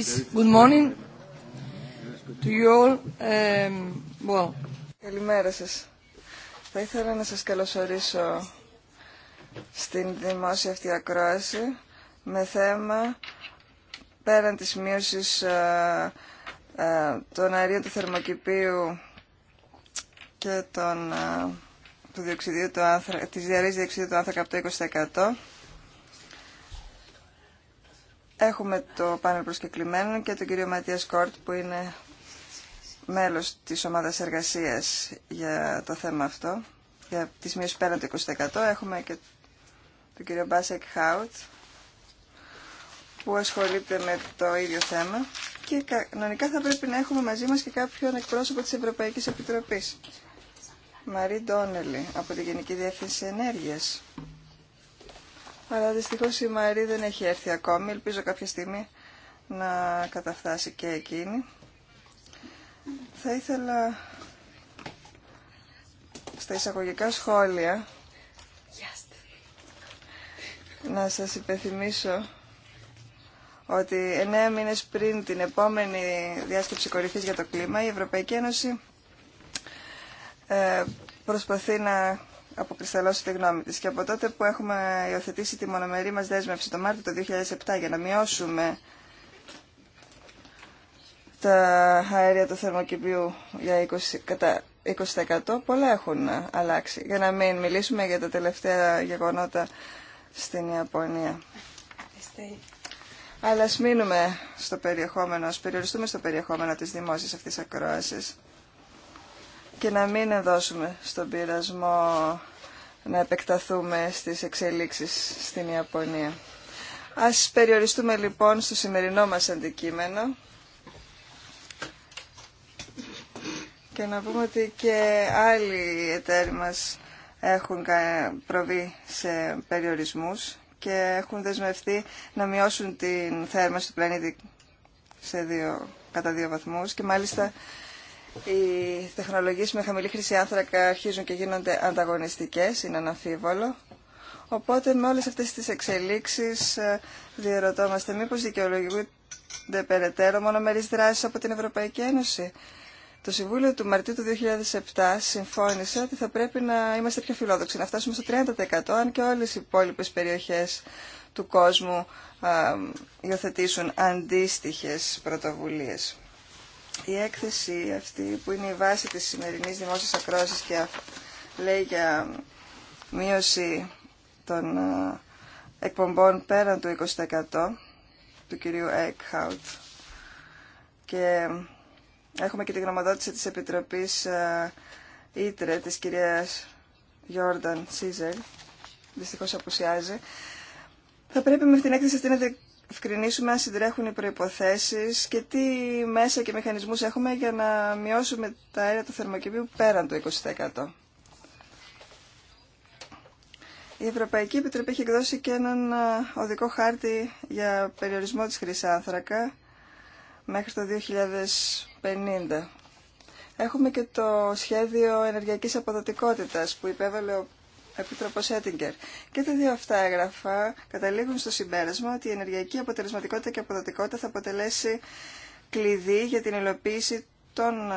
good morning um, well. Καλημέρα σας. Θα ήθελα να σας καλωσορίσω στην δημόσια αυτή ακρόαση με θέμα πέραν της μείωσης ε, ε, των αερίων του θερμοκηπίου και των, uh, του του άνθρακα, της διαρρής διοξιδίου του άνθρακα από το 20% Έχουμε το πάνελ προσκεκλημένο και τον κύριο Ματία Κόρτ που είναι μέλος της ομάδας εργασίας για το θέμα αυτό, για τις μείωσεις πέραν του 20%. Έχουμε και τον κύριο Μπάσεκ Χάουτ που ασχολείται με το ίδιο θέμα και κανονικά θα πρέπει να έχουμε μαζί μας και κάποιον εκπρόσωπο της Ευρωπαϊκής Επιτροπής. Μαρή Ντόνελη από τη Γενική Διεύθυνση Ενέργειας αλλά δυστυχώ η Μαρή δεν έχει έρθει ακόμη. Ελπίζω κάποια στιγμή να καταφτάσει και εκείνη. Θα ήθελα στα εισαγωγικά σχόλια να σας υπενθυμίσω ότι εννέα μήνες πριν την επόμενη διάσκεψη κορυφής για το κλίμα η Ευρωπαϊκή Ένωση ε, προσπαθεί να αποκρισταλώσει τη γνώμη της. Και από τότε που έχουμε υιοθετήσει τη μονομερή μας δέσμευση το Μάρτιο του 2007 για να μειώσουμε τα αέρια του θερμοκηπίου για 20, κατά 20% πολλά έχουν αλλάξει. Για να μην μιλήσουμε για τα τελευταία γεγονότα στην Ιαπωνία. Αλλά ας μείνουμε στο περιεχόμενο, ας περιοριστούμε στο περιεχόμενο της δημόσιας αυτής ακρόασης και να μην ενδώσουμε στον πειρασμό να επεκταθούμε στις εξελίξεις στην Ιαπωνία. Ας περιοριστούμε λοιπόν στο σημερινό μας αντικείμενο και να πούμε ότι και άλλοι εταίροι μας έχουν προβεί σε περιορισμούς και έχουν δεσμευτεί να μειώσουν την θέρμανση του πλανήτη σε δύο, κατά δύο βαθμούς και μάλιστα οι τεχνολογίες με χαμηλή χρήση άνθρακα αρχίζουν και γίνονται ανταγωνιστικές, είναι αναμφίβολο. Οπότε με όλες αυτές τις εξελίξεις ε, διερωτόμαστε μήπως δικαιολογούνται περαιτέρω μονομερείς δράσεις από την Ευρωπαϊκή Ένωση. Το Συμβούλιο του Μαρτίου του 2007 συμφώνησε ότι θα πρέπει να είμαστε πιο φιλόδοξοι, να φτάσουμε στο 30% αν και όλες οι υπόλοιπες περιοχές του κόσμου ε, υιοθετήσουν αντίστοιχες πρωτοβουλίες. Η έκθεση αυτή που είναι η βάση της σημερινής δημόσιας ακρόασης και λέει για μείωση των ε, εκπομπών πέραν του 20% του κυρίου Eckhout Και ε, έχουμε και τη γνωμοδότηση της Επιτροπής ε, Ήτρε της κυρίας Γιόρνταν Σίζελ, δυστυχώς απουσιάζει. Θα πρέπει με αυτήν την έκθεση αυτή να ευκρινίσουμε αν συντρέχουν οι προϋποθέσεις και τι μέσα και μηχανισμούς έχουμε για να μειώσουμε τα αέρια του θερμοκηπίου πέραν του 20%. Η Ευρωπαϊκή Επιτροπή έχει εκδώσει και έναν οδικό χάρτη για περιορισμό της χρυσά μέχρι το 2050. Έχουμε και το σχέδιο ενεργειακής αποδοτικότητας που υπέβαλε ο Επιτροπό Έτιγκερ. Και τα δύο αυτά έγγραφα καταλήγουν στο συμπέρασμα ότι η ενεργειακή αποτελεσματικότητα και αποδοτικότητα θα αποτελέσει κλειδί για την υλοποίηση των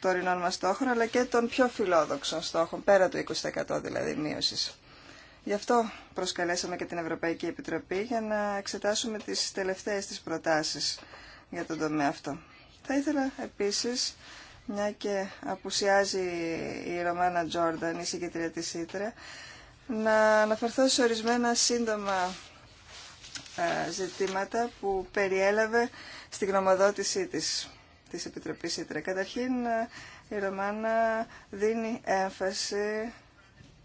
τωρινών μας στόχων αλλά και των πιο φιλόδοξων στόχων, πέρα του 20% δηλαδή μείωση. Γι' αυτό προσκαλέσαμε και την Ευρωπαϊκή Επιτροπή για να εξετάσουμε τις τελευταίες της προτάσεις για τον τομέα αυτό. Θα ήθελα επίσης μια και απουσιάζει η Ρωμάνα Τζόρνταν, η συγκεντρια της Ήτρα, να αναφερθώ σε ορισμένα σύντομα ε, ζητήματα που περιέλαβε στην γνωμοδότησή της, της Επιτροπής Ήτρα. Καταρχήν, ε, η Ρωμάνα δίνει έμφαση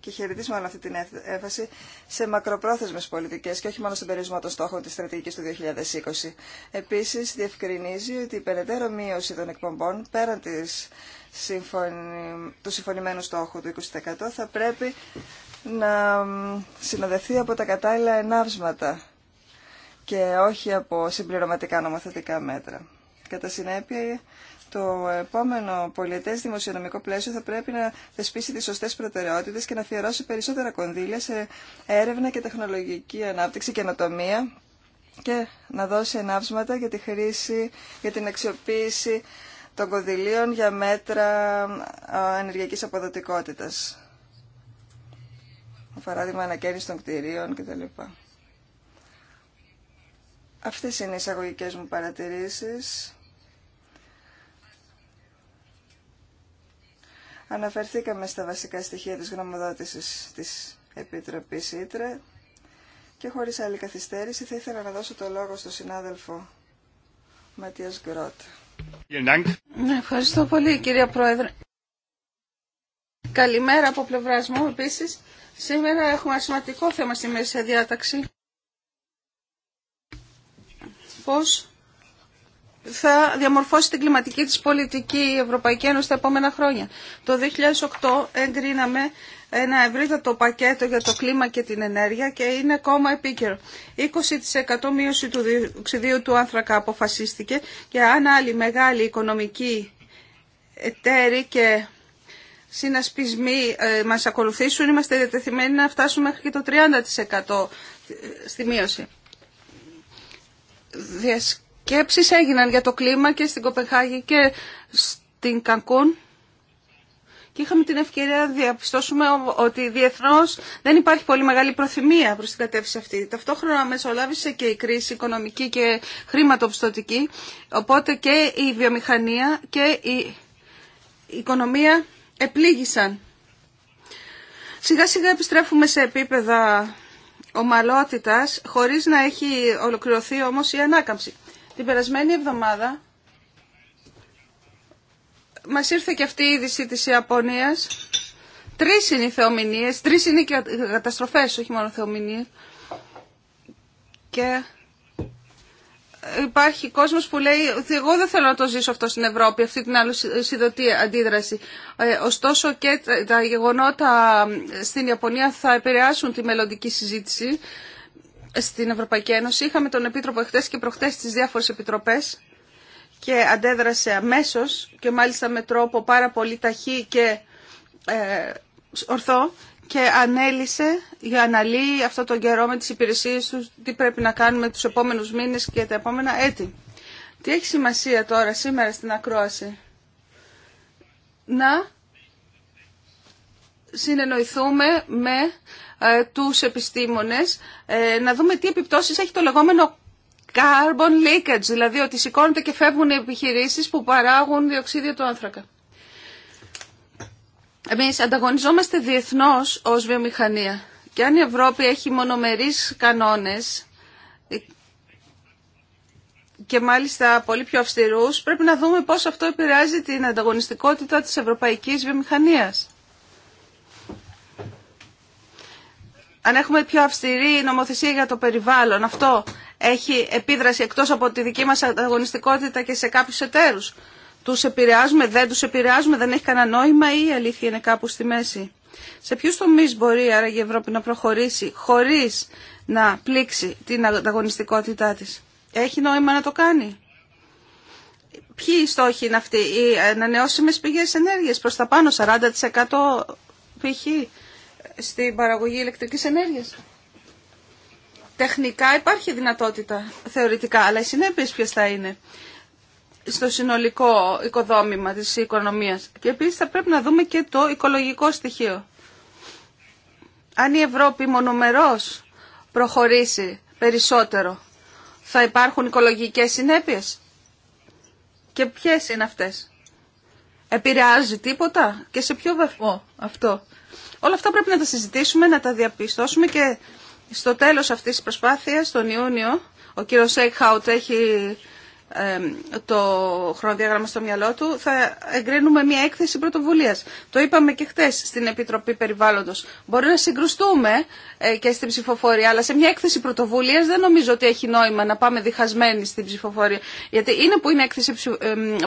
και χαιρετίζουμε όλη αυτή την έμφαση σε μακροπρόθεσμες πολιτικές και όχι μόνο στον περιορισμό των στόχων της στρατηγικής του 2020. Επίσης, διευκρινίζει ότι η περαιτέρω μείωση των εκπομπών πέραν της του συμφωνημένου στόχου του 20% θα πρέπει να συνοδευτεί από τα κατάλληλα ενάψματα και όχι από συμπληρωματικά νομοθετικά μέτρα. Κατά συνέπεια, το επόμενο πολιτές δημοσιονομικό πλαίσιο θα πρέπει να θεσπίσει τις σωστές προτεραιότητες και να αφιερώσει περισσότερα κονδύλια σε έρευνα και τεχνολογική ανάπτυξη και ενοτομία και να δώσει ενάψματα για τη χρήση, για την αξιοποίηση των κονδυλίων για μέτρα ενεργειακής αποδοτικότητας. Παράδειγμα, ανακαίνιση των κτηρίων κτλ. Αυτές είναι οι εισαγωγικέ μου παρατηρήσεις. Αναφερθήκαμε στα βασικά στοιχεία της γνωμοδότησης της Επιτροπής Ήτρε και χωρίς άλλη καθυστέρηση θα ήθελα να δώσω το λόγο στον συνάδελφο Ματίας Γκρότ. Ναι, ευχαριστώ πολύ κυρία Πρόεδρε. Καλημέρα από πλευρά μου επίσης. Σήμερα έχουμε ένα σημαντικό θέμα στη μέση διάταξη. Πώς θα διαμορφώσει την κλιματική της πολιτική η Ευρωπαϊκή Ένωση τα επόμενα χρόνια. Το 2008 εγκρίναμε ένα ευρύτατο πακέτο για το κλίμα και την ενέργεια και είναι ακόμα επίκαιρο. 20% μείωση του οξυδίου του άνθρακα αποφασίστηκε και αν άλλοι μεγάλοι οικονομικοί εταίροι και συνασπισμοί ε, μας ακολουθήσουν, είμαστε διατεθειμένοι να φτάσουμε μέχρι και το 30% στη μείωση σκέψεις έγιναν για το κλίμα και στην Κοπεχάγη και στην Κανκούν και είχαμε την ευκαιρία να διαπιστώσουμε ότι διεθνώ δεν υπάρχει πολύ μεγάλη προθυμία προ την κατεύθυνση αυτή. Ταυτόχρονα μεσολάβησε και η κρίση οικονομική και χρηματοπιστωτική, οπότε και η βιομηχανία και η οικονομία επλήγησαν. Σιγά σιγά επιστρέφουμε σε επίπεδα ομαλότητας, χωρίς να έχει ολοκληρωθεί όμως η ανάκαμψη. Την περασμένη εβδομάδα μας ήρθε και αυτή η είδηση της Ιαπωνίας. Τρεις είναι οι θεομηνίες, τρεις είναι και οι καταστροφές, όχι μόνο θεομηνίες. Και υπάρχει κόσμος που λέει ότι εγώ δεν θέλω να το ζήσω αυτό στην Ευρώπη, αυτή την άλλη συνδοτή αντίδραση. Ε, ωστόσο και τα γεγονότα στην Ιαπωνία θα επηρεάσουν τη μελλοντική συζήτηση στην Ευρωπαϊκή Ένωση. Είχαμε τον Επίτροπο εχθέ και προχθέ στις διάφορες επιτροπές και αντέδρασε αμέσω και μάλιστα με τρόπο πάρα πολύ ταχύ και ε, ορθό και ανέλησε για αναλύει αυτό τον καιρό με τι υπηρεσίε του τι πρέπει να κάνουμε τους επόμενους μήνες και τα επόμενα έτη. Τι έχει σημασία τώρα σήμερα στην ακρόαση. Να συνενοηθούμε με ε, τους επιστήμονες ε, να δούμε τι επιπτώσεις έχει το λεγόμενο carbon leakage, δηλαδή ότι σηκώνονται και φεύγουν οι επιχειρήσεις που παράγουν διοξίδιο του άνθρακα. Εμείς ανταγωνιζόμαστε διεθνώς ως βιομηχανία και αν η Ευρώπη έχει μονομερείς κανόνες και μάλιστα πολύ πιο αυστηρούς, πρέπει να δούμε πώς αυτό επηρεάζει την ανταγωνιστικότητα της ευρωπαϊκής βιομηχανίας. αν έχουμε πιο αυστηρή νομοθεσία για το περιβάλλον, αυτό έχει επίδραση εκτός από τη δική μας ανταγωνιστικότητα και σε κάποιους εταίρους. Τους επηρεάζουμε, δεν τους επηρεάζουμε, δεν έχει κανένα νόημα ή η αλήθεια είναι κάπου στη μέση. Σε ποιους τομείς μπορεί άρα η Ευρώπη να προχωρήσει χωρίς να πλήξει την ανταγωνιστικότητά της. Έχει νόημα να το κάνει. Ποιοι οι στόχοι είναι αυτοί, οι ανανεώσιμες πηγές ενέργειας προς τα πάνω, 40% π.χ στην παραγωγή ηλεκτρικής ενέργειας. Τεχνικά υπάρχει δυνατότητα θεωρητικά, αλλά οι συνέπειες ποιες θα είναι στο συνολικό οικοδόμημα της οικονομίας. Και επίσης θα πρέπει να δούμε και το οικολογικό στοιχείο. Αν η Ευρώπη μονομερός προχωρήσει περισσότερο, θα υπάρχουν οικολογικές συνέπειες. Και ποιες είναι αυτές. Επηρεάζει τίποτα και σε ποιο βαθμό αυτό. Όλα αυτά πρέπει να τα συζητήσουμε, να τα διαπιστώσουμε και στο τέλος αυτής της προσπάθειας, τον Ιούνιο, ο κύριος Χάουτ έχει το χρονοδιάγραμμα στο μυαλό του, θα εγκρίνουμε μια έκθεση πρωτοβουλία. Το είπαμε και χθε στην Επιτροπή Περιβάλλοντος. Μπορεί να συγκρουστούμε ε, και στην ψηφοφορία, αλλά σε μια έκθεση πρωτοβουλία δεν νομίζω ότι έχει νόημα να πάμε διχασμένοι στην ψηφοφορία. Γιατί είναι που είναι έκθεση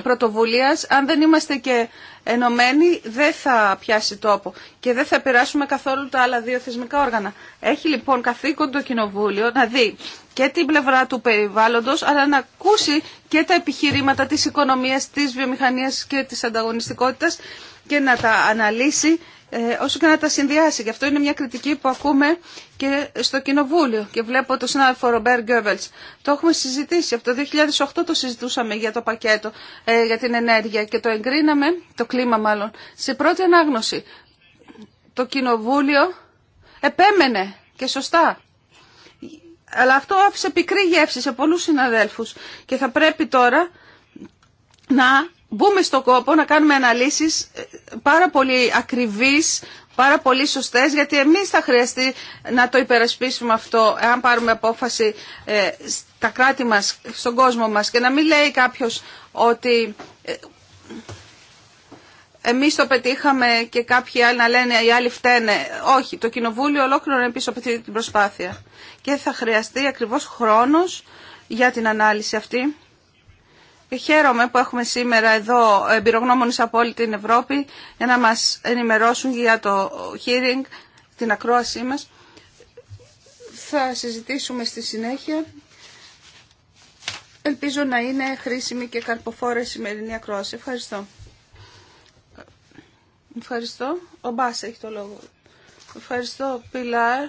πρωτοβουλία, αν δεν είμαστε και ενωμένη δεν θα πιάσει τόπο και δεν θα περάσουμε καθόλου τα άλλα δύο θεσμικά όργανα. Έχει λοιπόν καθήκον το Κοινοβούλιο να δει και την πλευρά του περιβάλλοντος, αλλά να ακούσει και τα επιχειρήματα της οικονομίας, της βιομηχανίας και της ανταγωνιστικότητας και να τα αναλύσει ε, όσο και να τα συνδυάσει. Γι' αυτό είναι μια κριτική που ακούμε και στο Κοινοβούλιο. Και βλέπω το συνάδελφο Ρομπέρ Γκέβελ. Το έχουμε συζητήσει. Από το 2008 το συζητούσαμε για το πακέτο ε, για την ενέργεια και το εγκρίναμε, το κλίμα μάλλον, σε πρώτη ανάγνωση. Το Κοινοβούλιο επέμενε και σωστά. Αλλά αυτό άφησε πικρή γεύση σε πολλούς συναδέλφους και θα πρέπει τώρα να μπούμε στο κόπο να κάνουμε αναλύσεις ε, πάρα πολύ ακριβείς, πάρα πολύ σωστές, γιατί εμείς θα χρειαστεί να το υπερασπίσουμε αυτό, αν πάρουμε απόφαση ε, στα κράτη μας, στον κόσμο μας και να μην λέει κάποιος ότι ε, εμείς το πετύχαμε και κάποιοι άλλοι να λένε οι άλλοι φταίνε. Όχι, το Κοινοβούλιο ολόκληρο είναι πίσω από την προσπάθεια. Και θα χρειαστεί ακριβώς χρόνος για την ανάλυση αυτή. Χαίρομαι που έχουμε σήμερα εδώ εμπειρογνώμονες από όλη την Ευρώπη για να μας ενημερώσουν για το hearing, την ακρόασή μας. Θα συζητήσουμε στη συνέχεια. Ελπίζω να είναι χρήσιμη και καρποφόρα η σημερινή ακρόαση. Ευχαριστώ. Ευχαριστώ. Ο Μπάς έχει το λόγο. Ευχαριστώ, Πιλάρ.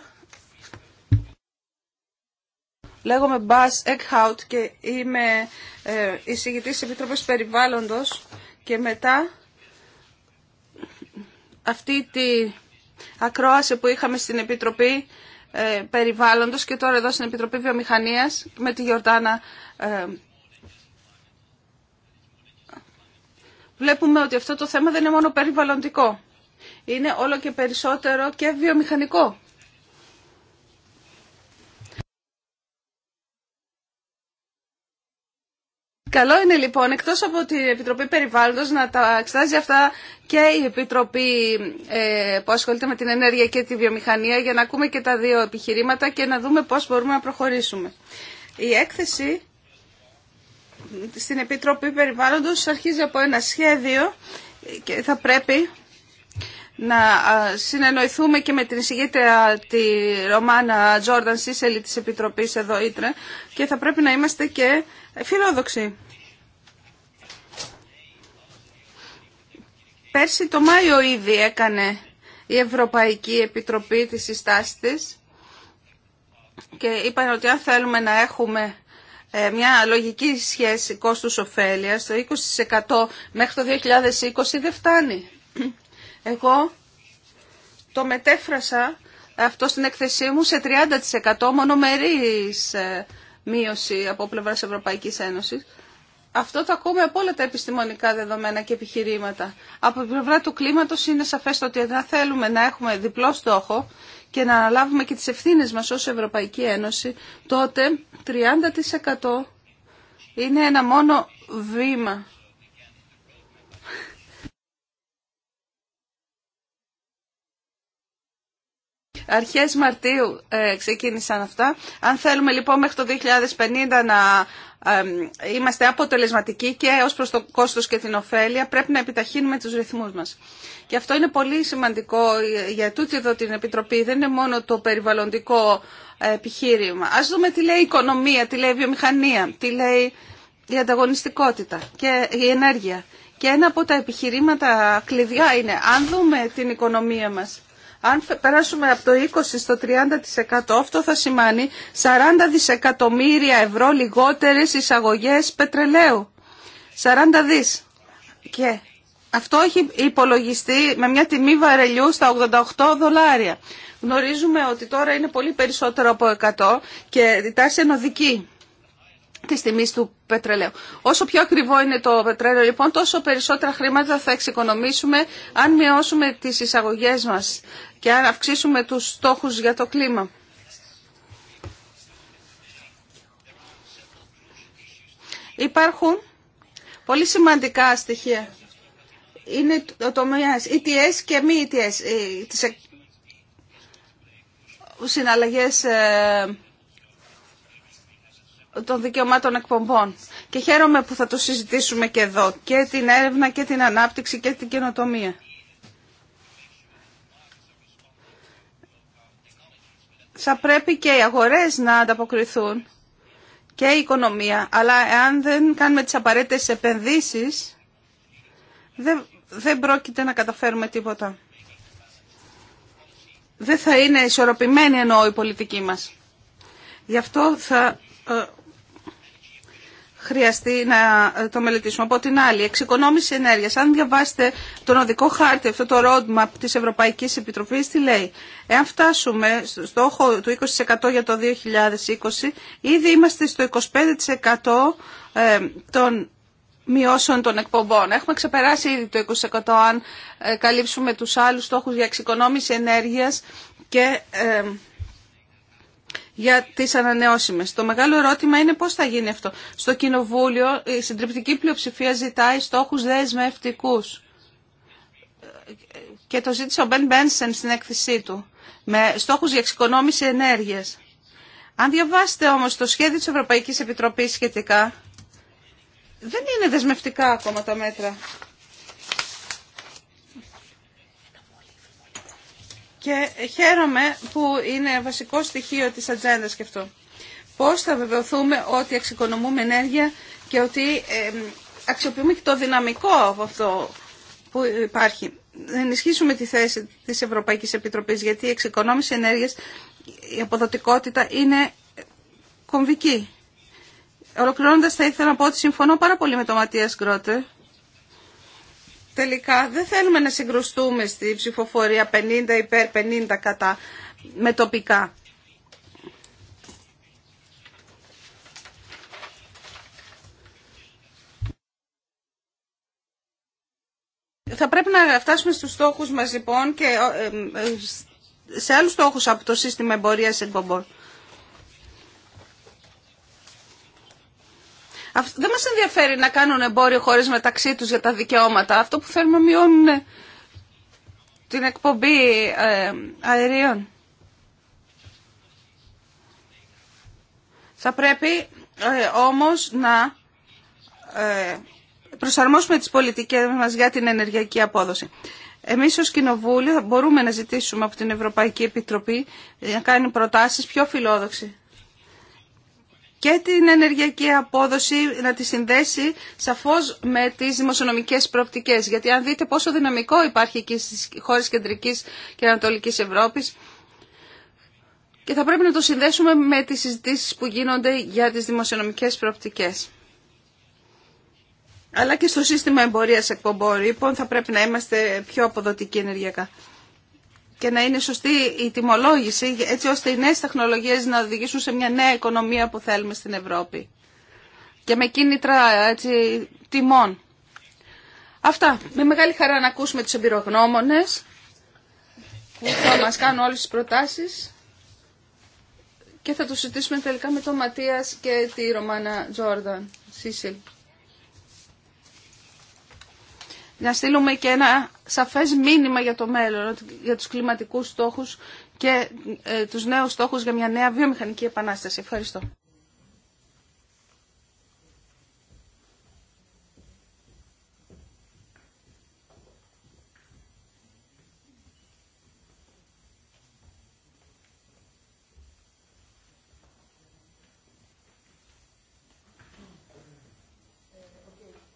Λέγομαι Μπάς Εκχάουτ και είμαι η ε, εισηγητής Επιτροπής Περιβάλλοντος και μετά αυτή τη ακρόαση που είχαμε στην Επιτροπή ε, Περιβάλλοντος και τώρα εδώ στην Επιτροπή Βιομηχανίας με τη Γιορτάνα ε, βλέπουμε ότι αυτό το θέμα δεν είναι μόνο περιβαλλοντικό. Είναι όλο και περισσότερο και βιομηχανικό. Καλό είναι λοιπόν, εκτό από την Επιτροπή περιβάλλοντο να τα εξετάζει αυτά και η Επιτροπή ε, που ασχολείται με την ενέργεια και τη βιομηχανία, για να ακούμε και τα δύο επιχειρήματα και να δούμε πώ μπορούμε να προχωρήσουμε. Η έκθεση στην Επιτροπή Περιβάλλοντος αρχίζει από ένα σχέδιο και θα πρέπει να συνεννοηθούμε και με την εισηγήτρια τη Ρωμάνα Τζόρνταν Σίσελη της Επιτροπής εδώ Ήτρε και θα πρέπει να είμαστε και φιλόδοξοι. Πέρσι το Μάιο ήδη έκανε η Ευρωπαϊκή Επιτροπή τη συστάσεις τη και είπαν ότι αν θέλουμε να έχουμε ε, μια λογική σχέση κόστους ωφέλειας, το 20% μέχρι το 2020 δεν φτάνει. Εγώ το μετέφρασα αυτό στην εκθεσή μου σε 30% μονομερής ε, μείωση από πλευράς Ευρωπαϊκής Ένωσης αυτό το ακούμε από όλα τα επιστημονικά δεδομένα και επιχειρήματα. Από την πλευρά του κλίματος είναι σαφές το ότι αν θέλουμε να έχουμε διπλό στόχο και να αναλάβουμε και τις ευθύνες μας ως Ευρωπαϊκή Ένωση, τότε 30% είναι ένα μόνο βήμα Αρχές Μαρτίου ε, ξεκίνησαν αυτά. Αν θέλουμε λοιπόν μέχρι το 2050 να είμαστε αποτελεσματικοί και ως προς το κόστος και την ωφέλεια πρέπει να επιταχύνουμε τους ρυθμούς μας. Και αυτό είναι πολύ σημαντικό για τούτη εδώ την Επιτροπή. Δεν είναι μόνο το περιβαλλοντικό ε, επιχείρημα. Ας δούμε τι λέει η οικονομία, τι λέει η βιομηχανία, τι λέει η ανταγωνιστικότητα και η ενέργεια. Και ένα από τα επιχειρήματα κλειδιά είναι, αν δούμε την οικονομία μας, αν περάσουμε από το 20% στο 30% αυτό θα σημαίνει 40 δισεκατομμύρια ευρώ λιγότερες εισαγωγές πετρελαίου. 40 δις. Και αυτό έχει υπολογιστεί με μια τιμή βαρελιού στα 88 δολάρια. Γνωρίζουμε ότι τώρα είναι πολύ περισσότερο από 100 και η τάση οδική τη τιμής του πετρελαίου. Όσο πιο ακριβό είναι το πετρέλαιο λοιπόν, τόσο περισσότερα χρήματα θα εξοικονομήσουμε αν μειώσουμε τις εισαγωγές μας και αν αυξήσουμε τους στόχους για το κλίμα. Υπάρχουν πολύ σημαντικά στοιχεία. Είναι το τομέα ETS και μη ETS, ε, τις συναλλαγές ε, των δικαιωμάτων εκπομπών. Και χαίρομαι που θα το συζητήσουμε και εδώ, και την έρευνα και την ανάπτυξη και την καινοτομία. Θα πρέπει και οι αγορές να ανταποκριθούν και η οικονομία, αλλά εάν δεν κάνουμε τις απαραίτητες επενδύσεις, δεν, δεν πρόκειται να καταφέρουμε τίποτα. Δεν θα είναι ισορροπημένη εννοώ η πολιτική μας. Γι' αυτό θα ε, χρειαστεί να ε, το μελετήσουμε. Από την άλλη, εξοικονόμηση ενέργειας. Αν διαβάσετε τον οδικό χάρτη, αυτό το roadmap της Ευρωπαϊκής Επιτροπή, τι λέει. Εάν φτάσουμε στο στόχο του 20% για το 2020, ήδη είμαστε στο 25% ε, των μειώσεων των εκπομπών. Έχουμε ξεπεράσει ήδη το 20% αν ε, καλύψουμε τους άλλους στόχους για εξοικονόμηση ενέργειας και για τις ανανεώσιμες. Το μεγάλο ερώτημα είναι πώς θα γίνει αυτό. Στο Κοινοβούλιο η συντριπτική πλειοψηφία ζητάει στόχους δεσμευτικούς. Και το ζήτησε ο Μπεν Μπένσεν στην έκθεσή του, με στόχους για εξοικονόμηση ενέργειας. Αν διαβάσετε όμως το σχέδιο της Ευρωπαϊκής Επιτροπής σχετικά, δεν είναι δεσμευτικά ακόμα τα μέτρα. Και χαίρομαι που είναι βασικό στοιχείο της ατζέντα και αυτό. Πώς θα βεβαιωθούμε ότι εξοικονομούμε ενέργεια και ότι αξιοποιούμε και το δυναμικό από αυτό που υπάρχει. Να ενισχύσουμε τη θέση της Ευρωπαϊκής Επιτροπής γιατί η εξοικονόμηση ενέργειας, η αποδοτικότητα είναι κομβική. Ολοκληρώνοντας θα ήθελα να πω ότι συμφωνώ πάρα πολύ με τον Ματίας Γκρότερ Τελικά δεν θέλουμε να συγκρουστούμε στη ψηφοφορία 50 υπέρ 50 κατά με τοπικά. Θα πρέπει να φτάσουμε στους στόχους μας λοιπόν και ε, ε, σε άλλους στόχους από το σύστημα εμπορίας εκπομπών. Δεν μας ενδιαφέρει να κάνουν εμπόριο χωρίς μεταξύ τους για τα δικαιώματα. Αυτό που θέλουμε μειώνουν την εκπομπή ε, αερίων. Θα πρέπει ε, όμως να ε, προσαρμόσουμε τις πολιτικές μας για την ενεργειακή απόδοση. Εμείς ως Κοινοβούλιο μπορούμε να ζητήσουμε από την Ευρωπαϊκή Επιτροπή να κάνει προτάσεις πιο φιλόδοξη και την ενεργειακή απόδοση να τη συνδέσει σαφώς με τις δημοσιονομικές προοπτικές. Γιατί αν δείτε πόσο δυναμικό υπάρχει εκεί στις χώρες κεντρικής και ανατολικής Ευρώπης, και θα πρέπει να το συνδέσουμε με τις συζητήσεις που γίνονται για τις δημοσιονομικές προοπτικές. Αλλά και στο σύστημα εμπορίας εκπομπών, λοιπόν, θα πρέπει να είμαστε πιο αποδοτικοί ενεργειακά και να είναι σωστή η τιμολόγηση έτσι ώστε οι νέες τεχνολογίες να οδηγήσουν σε μια νέα οικονομία που θέλουμε στην Ευρώπη και με κίνητρα έτσι, τιμών. Αυτά. Με μεγάλη χαρά να ακούσουμε τους εμπειρογνώμονες που θα μας κάνουν όλες τις προτάσεις και θα τους συζητήσουμε τελικά με τον Ματίας και τη Ρωμάνα Τζόρδαν, Σίσιλ να στείλουμε και ένα σαφές μήνυμα για το μέλλον, για τους κλιματικούς στόχους και ε, τους νέους στόχους για μια νέα βιομηχανική επανάσταση. Ευχαριστώ.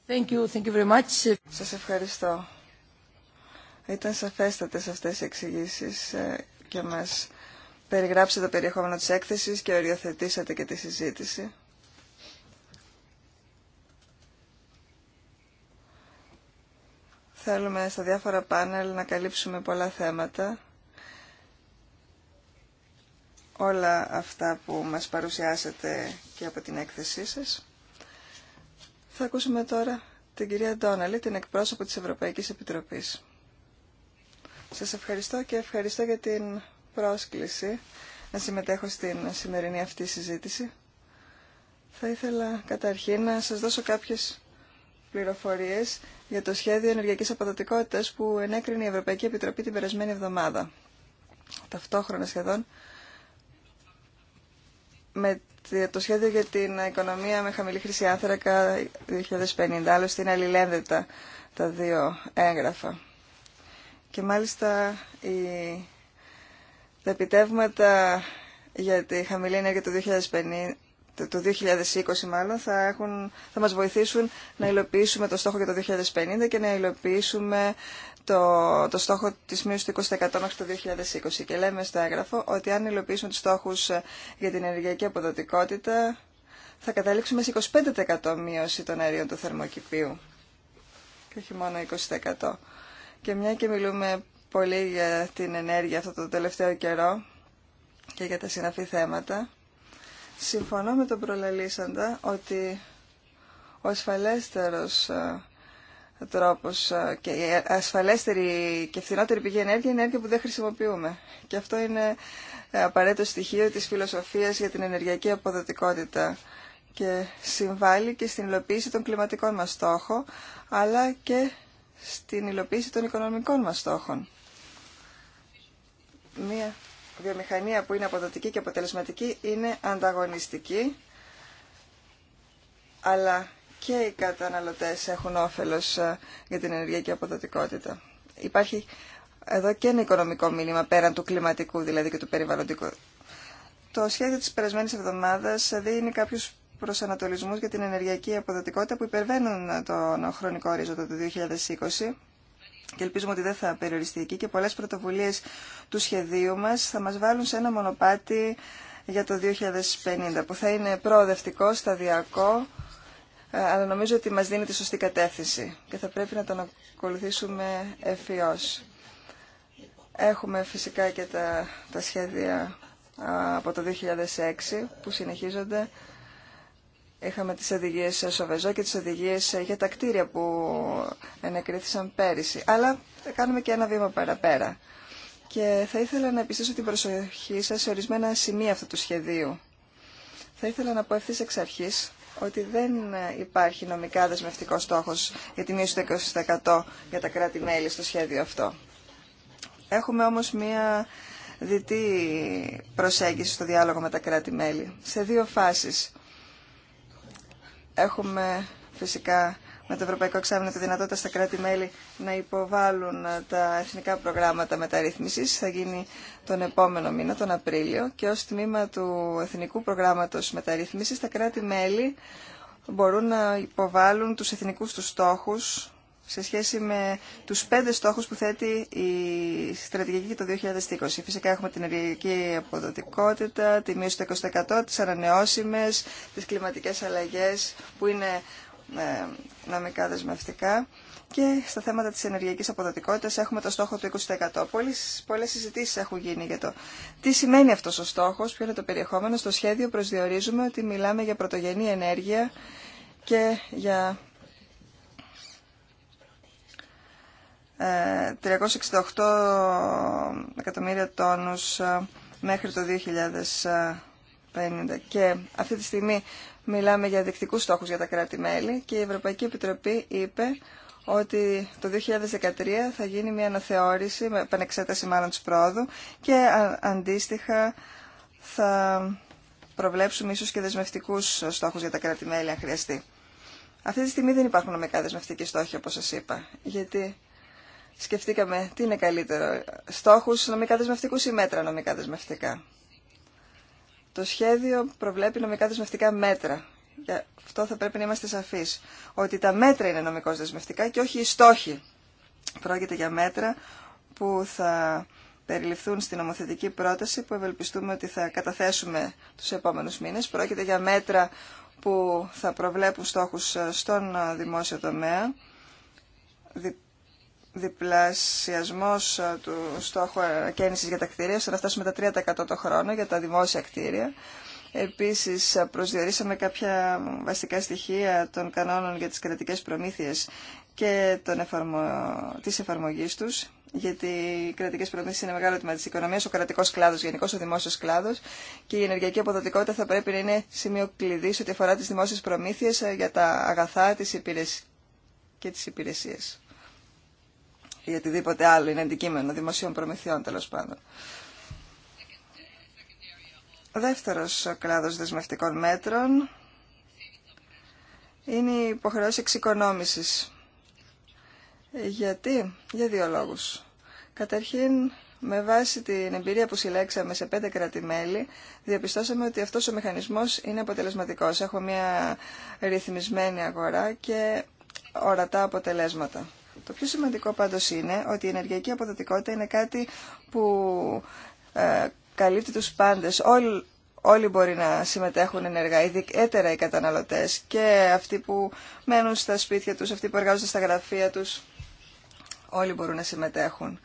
Thank Σας ευχαριστώ. Ήταν σαφέστατες αυτές οι εξηγήσεις ε, και μας περιγράψετε το περιεχόμενο της έκθεσης και οριοθετήσατε και τη συζήτηση. Θέλουμε στα διάφορα πάνελ να καλύψουμε πολλά θέματα. Όλα αυτά που μας παρουσιάσατε και από την έκθεσή σας. Θα ακούσουμε τώρα την κυρία Ντόναλη, την εκπρόσωπο της Ευρωπαϊκής Επιτροπής. Σας ευχαριστώ και ευχαριστώ για την πρόσκληση να συμμετέχω στην σημερινή αυτή συζήτηση. Θα ήθελα καταρχήν να σας δώσω κάποιες πληροφορίες για το σχέδιο ενεργειακής αποδοτικότητας που ενέκρινε η Ευρωπαϊκή Επιτροπή την περασμένη εβδομάδα. Ταυτόχρονα σχεδόν με το σχέδιο για την οικονομία με χαμηλή χρυσή άνθρακα 2050. Άλλωστε είναι αλληλένδετα τα δύο έγγραφα. Και μάλιστα η... τα επιτεύγματα για τη χαμηλή ενέργεια του 2050 το 2020 μάλλον θα, έχουν, θα μας βοηθήσουν να υλοποιήσουμε το στόχο για το 2050 και να υλοποιήσουμε το, το στόχο της μείωσης του 20% μέχρι το 2020 και λέμε στο έγγραφο ότι αν υλοποιήσουμε του στόχους ε, για την ενεργειακή αποδοτικότητα θα καταλήξουμε σε 25% μείωση των αερίων του θερμοκηπίου και όχι μόνο 20%. Και μια και μιλούμε πολύ για την ενέργεια αυτό το τελευταίο καιρό και για τα συναφή θέματα, συμφωνώ με τον προλαλήσαντα ότι ο ασφαλέστερος ε, ε, και η ασφαλέστερη και φθηνότερη πηγή ενέργεια είναι ενέργεια που δεν χρησιμοποιούμε. Και αυτό είναι ε, απαραίτητο στοιχείο της φιλοσοφίας για την ενεργειακή αποδοτικότητα και συμβάλλει και στην υλοποίηση των κλιματικών μα στόχων, αλλά και στην υλοποίηση των οικονομικών μα στόχων. Μία βιομηχανία που είναι αποδοτική και αποτελεσματική είναι ανταγωνιστική, αλλά και οι καταναλωτές έχουν όφελος ε, για την ενεργειακή αποδοτικότητα. Υπάρχει εδώ και ένα οικονομικό μήνυμα πέραν του κλιματικού δηλαδή και του περιβαλλοντικού. Το σχέδιο της περασμένης εβδομάδας δίνει κάποιους προσανατολισμούς για την ενεργειακή αποδοτικότητα που υπερβαίνουν τον χρονικό ορίζοντα του 2020 και ελπίζουμε ότι δεν θα περιοριστεί εκεί και πολλές πρωτοβουλίες του σχεδίου μας θα μας βάλουν σε ένα μονοπάτι για το 2050 που θα είναι προοδευτικό, σταδιακό ε, αλλά νομίζω ότι μας δίνει τη σωστή κατεύθυνση και θα πρέπει να τον ακολουθήσουμε ευφυώς. Έχουμε φυσικά και τα, τα σχέδια από το 2006 που συνεχίζονται. Είχαμε τις οδηγίες Σοβεζό και τις οδηγίες για τα κτίρια που ενεκρίθησαν πέρυσι. Αλλά θα κάνουμε και ένα βήμα παραπέρα. Και θα ήθελα να επιστήσω την προσοχή σας σε ορισμένα σημεία αυτού του σχεδίου. Θα ήθελα να πω ευθύς εξ αρχής ότι δεν υπάρχει νομικά δεσμευτικό στόχος για τη μείωση του 20% για τα κράτη-μέλη στο σχέδιο αυτό. Έχουμε όμως μία διτή προσέγγιση στο διάλογο με τα κράτη-μέλη σε δύο φάσεις. Έχουμε φυσικά με το Ευρωπαϊκό Εξάμεινο τη δυνατότητα στα κράτη-μέλη να υποβάλουν ε, τα εθνικά προγράμματα μεταρρύθμισης. Θα γίνει τον επόμενο μήνα, τον Απρίλιο, και ω τμήμα του Εθνικού προγράμματο Μεταρρύθμισης τα κράτη-μέλη μπορούν να υποβάλουν του εθνικού του στόχου σε σχέση με του πέντε στόχου που θέτει η στρατηγική το 2020. Φυσικά έχουμε την ενεργειακή αποδοτικότητα, τη μείωση του 20%, τι ανανεώσιμε, τι κλιματικέ αλλαγέ, που είναι ε, νομικά δεσμευτικά και στα θέματα της ενεργειακής αποδοτικότητας έχουμε το στόχο του 20%. Πολλές, πολλές συζητήσεις έχουν γίνει για το τι σημαίνει αυτός ο στόχος, ποιο είναι το περιεχόμενο. Στο σχέδιο προσδιορίζουμε ότι μιλάμε για πρωτογενή ενέργεια και για 368 ε, εκατομμύρια τόνους ε, μέχρι το 2050. Και αυτή τη στιγμή μιλάμε για δεικτικούς στόχους για τα κράτη-μέλη και η Ευρωπαϊκή Επιτροπή είπε ότι το 2013 θα γίνει μια αναθεώρηση, με επανεξέταση μάλλον της πρόοδου και αντίστοιχα θα προβλέψουμε ίσως και δεσμευτικούς στόχους για τα κράτη-μέλη αν χρειαστεί. Αυτή τη στιγμή δεν υπάρχουν νομικά δεσμευτικοί στόχοι όπως σας είπα, γιατί σκεφτήκαμε τι είναι καλύτερο, στόχους νομικά δεσμευτικούς ή μέτρα νομικά δεσμευτικά. Το σχέδιο προβλέπει νομικά δεσμευτικά μέτρα. Για αυτό θα πρέπει να είμαστε σαφείς. Ότι τα μέτρα είναι νομικώ δεσμευτικά και όχι οι στόχοι. Πρόκειται για μέτρα που θα περιληφθούν στην νομοθετική πρόταση που ευελπιστούμε ότι θα καταθέσουμε τους επόμενους μήνες. Πρόκειται για μέτρα που θα προβλέπουν στόχους στον δημόσιο τομέα διπλασιασμό ε, του στόχου ανακαίνηση ε, για τα κτίρια, ώστε να φτάσουμε τα 3% το χρόνο για τα δημόσια κτίρια. Επίση, ε, προσδιορίσαμε κάποια βασικά στοιχεία των κανόνων για τι κρατικέ προμήθειες και εφαρμο... της εφαρμογής γιατί οι κρατικέ προμήθειες είναι μεγάλο τμήμα τη οικονομία, ο κρατικό κλάδο, γενικώ ο δημόσιο κλάδο, και η ενεργειακή αποδοτικότητα θα πρέπει να είναι σημείο κλειδί ό,τι αφορά τι δημόσιε προμήθειε για τα αγαθά και τις υπηρεσίες ή οτιδήποτε άλλο είναι αντικείμενο δημοσίων προμηθειών τέλος πάντων. Ο δεύτερος κλάδος δεσμευτικών μέτρων είναι η υποχρεώση εξοικονόμησης. Γιατί? Για δύο λόγους. Καταρχήν, με βάση την εμπειρία που συλλέξαμε σε πέντε κράτη-μέλη, διαπιστώσαμε ότι αυτός Δεύτερο μηχανισμός είναι αποτελεσματικός. οτι αυτος ο μηχανισμος ειναι αποτελεσματικος εχω μια ρυθμισμένη αγορά και ορατά αποτελέσματα. Το πιο σημαντικό πάντως είναι ότι η ενεργειακή αποδοτικότητα είναι κάτι που ε, καλύπτει τους πάντες. Όλοι, μπορεί να συμμετέχουν ενεργά, ιδιαίτερα οι καταναλωτές και αυτοί που μένουν στα σπίτια τους, αυτοί που εργάζονται στα γραφεία τους. Όλοι μπορούν να συμμετέχουν.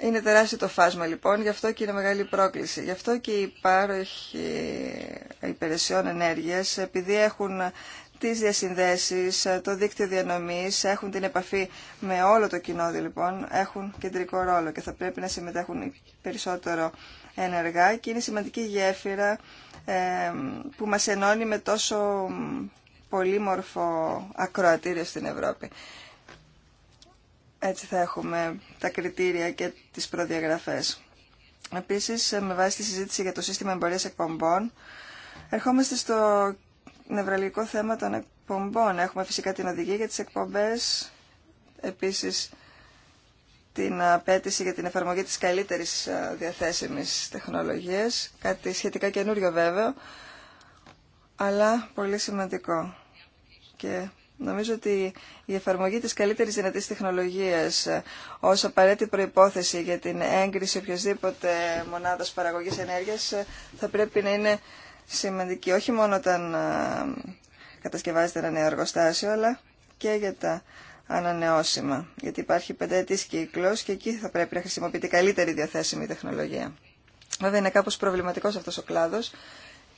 Είναι τεράστιο το φάσμα λοιπόν, γι' αυτό και είναι μεγάλη πρόκληση. Γι' αυτό και οι πάροχοι υπηρεσιών ενέργειας, επειδή έχουν τις διασυνδέσεις, το δίκτυο διανομής, έχουν την επαφή με όλο το κοινό, λοιπόν, έχουν κεντρικό ρόλο και θα πρέπει να συμμετέχουν περισσότερο ενεργά και είναι σημαντική γέφυρα ε, που μας ενώνει με τόσο πολύμορφο ακροατήριο στην Ευρώπη. Έτσι θα έχουμε τα κριτήρια και τις προδιαγραφές. Επίσης, με βάση τη συζήτηση για το σύστημα εμπορίας εκπομπών, ερχόμαστε στο νευραλικό θέμα των εκπομπών. Έχουμε φυσικά την οδηγία για τις εκπομπές, επίσης την απέτηση για την εφαρμογή της καλύτερης διαθέσιμης τεχνολογίας, κάτι σχετικά καινούριο βέβαια, αλλά πολύ σημαντικό. Και νομίζω ότι η εφαρμογή της καλύτερης δυνατής τεχνολογίας ως απαραίτητη προϋπόθεση για την έγκριση οποιασδήποτε μονάδας παραγωγής ενέργειας θα πρέπει να είναι σημαντική όχι μόνο όταν ε, κατασκευάζεται ένα νέο εργοστάσιο, αλλά και για τα ανανεώσιμα, γιατί υπάρχει πενταετής κύκλος και εκεί θα πρέπει να χρησιμοποιείται καλύτερη διαθέσιμη τεχνολογία. Βέβαια είναι κάπως προβληματικός αυτός ο κλάδος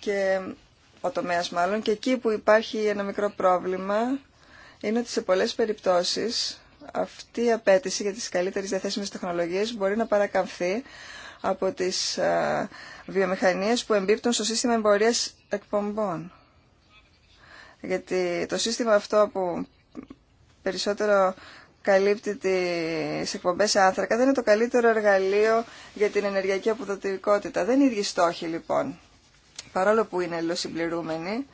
και ο τομέας μάλλον και εκεί που υπάρχει ένα μικρό πρόβλημα είναι ότι σε πολλές περιπτώσεις αυτή η απέτηση για τις καλύτερες διαθέσιμες τεχνολογίες μπορεί να παρακαμφθεί από τις ε, βιομηχανίες που εμπίπτουν στο σύστημα εμπορίας εκπομπών. Γιατί το σύστημα αυτό που περισσότερο καλύπτει τις εκπομπές άνθρακα δεν είναι το καλύτερο εργαλείο για την ενεργειακή αποδοτικότητα. Δεν είναι ίδιοι στόχοι λοιπόν, παρόλο που είναι ελλοσυμπληρούμενοι,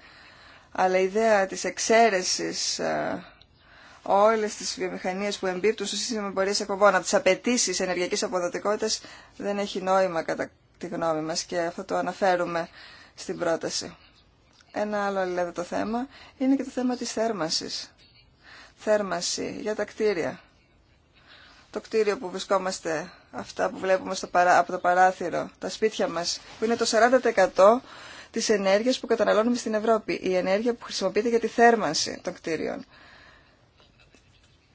αλλά η ιδέα της εξαίρεσης ε, Όλε τι βιομηχανίε που εμπίπτουν στο σύστημα εμπορίας εκπομπών από τι απαιτήσει ενεργειακή αποδοτικότητα δεν έχει νόημα κατά τη γνώμη μα και αυτό το αναφέρουμε στην πρόταση. Ένα άλλο αλληλεύθερο θέμα είναι και το θέμα τη θέρμανσης. Θέρμανση για τα κτίρια. Το κτίριο που βρισκόμαστε, αυτά που βλέπουμε στο παρά, από το παράθυρο, τα σπίτια μα, που είναι το 40% της ενέργειας που καταναλώνουμε στην Ευρώπη. Η ενέργεια που χρησιμοποιείται για τη θέρμανση των κτίριων.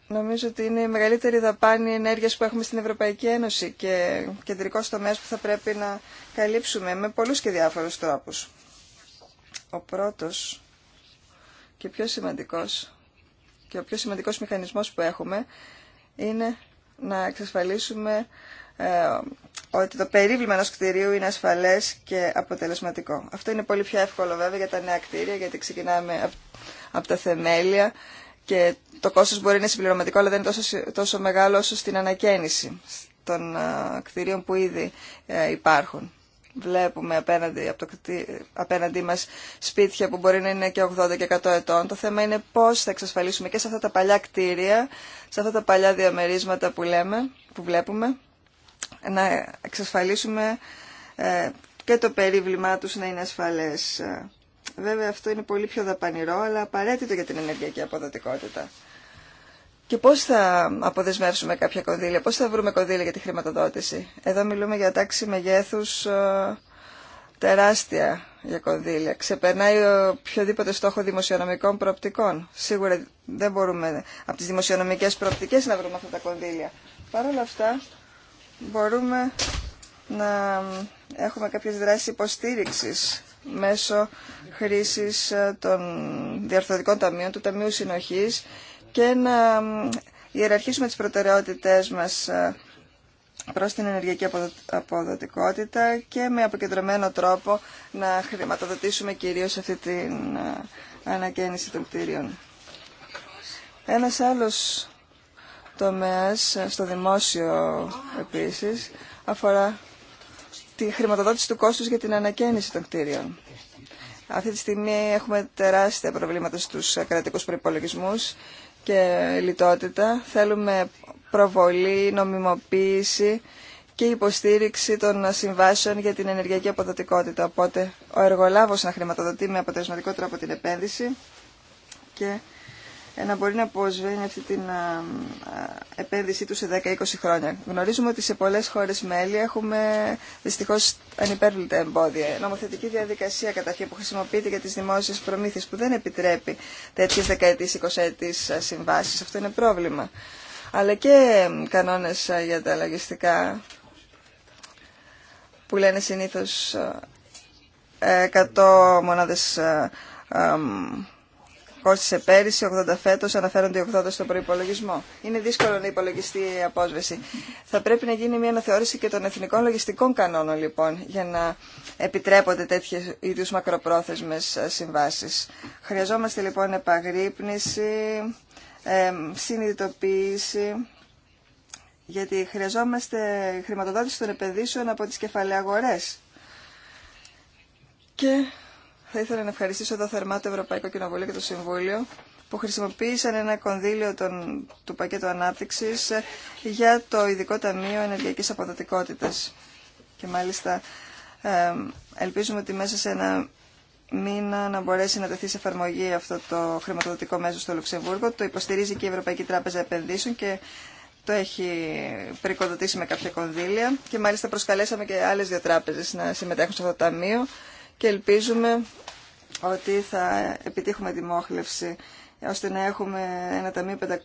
Νομίζω ότι είναι η μεγαλύτερη δαπάνη ενέργειας που έχουμε στην Ευρωπαϊκή Ένωση και κεντρικό τομέα που θα πρέπει να καλύψουμε με πολλούς και διάφορους τρόπους. Ο πρώτος και πιο σημαντικός και ο πιο σημαντικός μηχανισμός που έχουμε είναι να εξασφαλίσουμε ε, ότι το περίβλημα ενό κτηρίου είναι ασφαλέ και αποτελεσματικό. Αυτό είναι πολύ πιο εύκολο βέβαια για τα νέα κτίρια, γιατί ξεκινάμε από τα θεμέλια και το κόστος μπορεί να είναι συμπληρωματικό, αλλά δεν είναι τόσο, τόσο μεγάλο όσο στην ανακαίνιση των ε, κτηρίων που ήδη ε, υπάρχουν. Βλέπουμε απέναντι, από το, απέναντι μας σπίτια που μπορεί να είναι και 80 και 100 ετών. Το θέμα είναι πώς θα εξασφαλίσουμε και σε αυτά τα παλιά κτίρια, σε αυτά τα παλιά διαμερίσματα που, λέμε, που βλέπουμε, να εξασφαλίσουμε ε, και το περίβλημά τους να είναι ασφαλές. Βέβαια αυτό είναι πολύ πιο δαπανηρό, αλλά απαραίτητο για την ενεργειακή αποδοτικότητα. Και πώς θα αποδεσμεύσουμε κάποια κονδύλια, πώς θα βρούμε κονδύλια για τη χρηματοδότηση. Εδώ μιλούμε για τάξη μεγέθους ε, τεράστια για κονδύλια. Ξεπερνάει οποιοδήποτε στόχο δημοσιονομικών προοπτικών. Σίγουρα δεν μπορούμε από τις δημοσιονομικές προοπτικές να βρούμε αυτά τα κονδύλια. Παρ' όλα αυτά μπορούμε να ε, έχουμε κάποιες δράσεις υποστήριξης μέσω χρήσης ε, των διαρθρωτικών ταμείων, του Ταμείου Συνοχής και να ιεραρχήσουμε τις προτεραιότητές μας ε, προς την ενεργειακή αποδοτικότητα και με αποκεντρωμένο τρόπο να χρηματοδοτήσουμε κυρίως αυτή την ε, ανακαίνιση των κτίριων. Ένας άλλος τομέας στο δημόσιο επίσης αφορά τη χρηματοδότηση του κόστους για την ανακαίνιση των κτίριων. Αυτή τη στιγμή έχουμε τεράστια προβλήματα στους κρατικούς προϋπολογισμούς και λιτότητα. Θέλουμε προβολή, νομιμοποίηση και υποστήριξη των συμβάσεων για την ενεργειακή αποδοτικότητα. Οπότε ο εργολάβος να χρηματοδοτεί με αποτελεσματικό τρόπο την επένδυση και ε, να μπορεί να αποσβένει αυτή την ε, ε, επένδυσή του σε 10-20 χρόνια. Γνωρίζουμε ότι σε πολλές χώρες μέλη έχουμε δυστυχώς ανυπέρβλητα εμπόδια. Νομοθετική διαδικασία καταρχήν που χρησιμοποιείται για τις δημόσιες προμήθειες που δεν επιτρέπει τέτοιες δεκαετίες, 20 ετής συμβάσεις. Αυτό είναι πρόβλημα. Αλλά και κανόνες για τα λαγιστικά που λένε συνήθως 100 μονάδες σε πέρυσι, 80 φέτος, αναφέρονται 80 στον προϋπολογισμό. Είναι δύσκολο να υπολογιστεί η απόσβεση. Θα πρέπει να γίνει μια αναθεώρηση και των εθνικών λογιστικών κανόνων, λοιπόν, για να επιτρέπονται τέτοιες ίδιους μακροπρόθεσμες ε, συμβάσεις. Χρειαζόμαστε, λοιπόν, επαγρύπνηση, συνειδητοποίηση γιατί χρειαζόμαστε χρηματοδότηση των επενδύσεων από τις κεφαλαίες αγορές. Και θα ήθελα να ευχαριστήσω εδώ θερμά το Ευρωπαϊκό Κοινοβούλιο και το Συμβούλιο που χρησιμοποίησαν ένα κονδύλιο των, του πακέτου ανάπτυξης για το Ειδικό Ταμείο Ενεργειακής Αποδοτικότητας. Και μάλιστα ελπίζουμε ότι μέσα σε ένα μήνα να μπορέσει να τεθεί σε εφαρμογή αυτό το χρηματοδοτικό μέσο στο Λουξεμβούργο. Το υποστηρίζει και η Ευρωπαϊκή Τράπεζα Επενδύσεων και το έχει περικοδοτήσει με κάποια κονδύλια. Και μάλιστα προσκαλέσαμε και άλλες δύο τράπεζες να συμμετέχουν σε αυτό το ταμείο και ελπίζουμε ότι θα επιτύχουμε τη μόχλευση ώστε να έχουμε ένα ταμείο 500,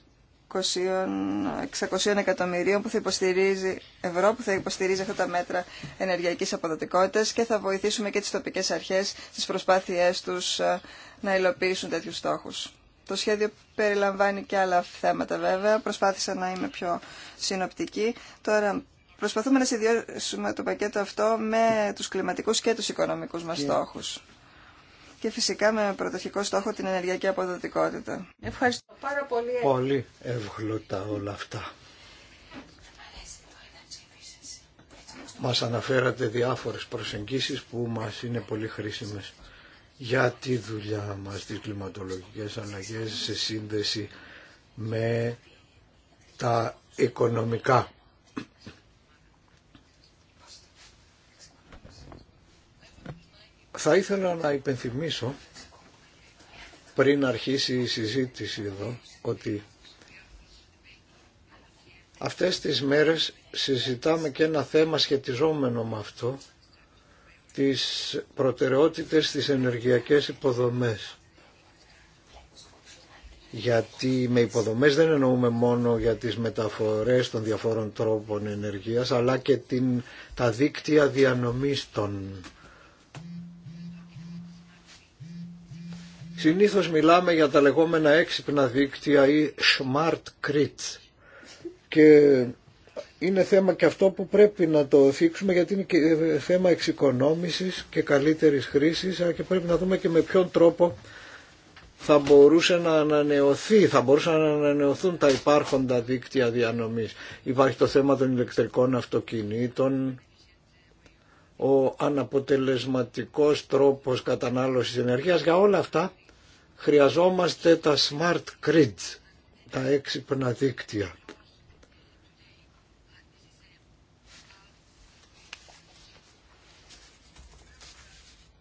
600 εκατομμυρίων που θα υποστηρίζει ευρώ, που θα υποστηρίζει αυτά τα μέτρα ενεργειακής αποδοτικότητας και θα βοηθήσουμε και τις τοπικές αρχές στις προσπάθειές τους ε, να υλοποιήσουν τέτοιους στόχους. Το σχέδιο περιλαμβάνει και άλλα θέματα βέβαια. Προσπάθησα να είμαι πιο συνοπτική. Τώρα Προσπαθούμε να συνδυάσουμε το πακέτο αυτό με τους κλιματικούς και τους οικονομικούς μας στόχους. Και φυσικά με πρωτοχικό στόχο την ενεργειακή αποδοτικότητα. Ευχαριστώ πάρα πολύ. Πολύ εύγλωτα όλα αυτά. Μας αναφέρατε διάφορες προσεγγίσεις που μας είναι πολύ χρήσιμες για τη δουλειά μας, τις κλιματολογικές αλλαγές σε σύνδεση με τα οικονομικά. Θα ήθελα να υπενθυμίσω πριν αρχίσει η συζήτηση εδώ ότι αυτές τις μέρες συζητάμε και ένα θέμα σχετιζόμενο με αυτό τις προτεραιότητες στις ενεργειακές υποδομές. Γιατί με υποδομές δεν εννοούμε μόνο για τις μεταφορές των διαφόρων τρόπων ενεργείας αλλά και την, τα δίκτυα διανομής των Συνήθως μιλάμε για τα λεγόμενα έξυπνα δίκτυα ή smart grids και είναι θέμα και αυτό που πρέπει να το θίξουμε γιατί είναι θέμα εξοικονόμησης και καλύτερης χρήσης αλλά και πρέπει να δούμε και με ποιον τρόπο θα μπορούσε να ανανεωθεί, θα μπορούσαν να ανανεωθούν τα υπάρχοντα δίκτυα διανομής. Υπάρχει το θέμα των ηλεκτρικών αυτοκινήτων, ο αναποτελεσματικός τρόπος κατανάλωσης ενεργείας. Για όλα αυτά χρειαζόμαστε τα smart grids, τα έξυπνα δίκτυα.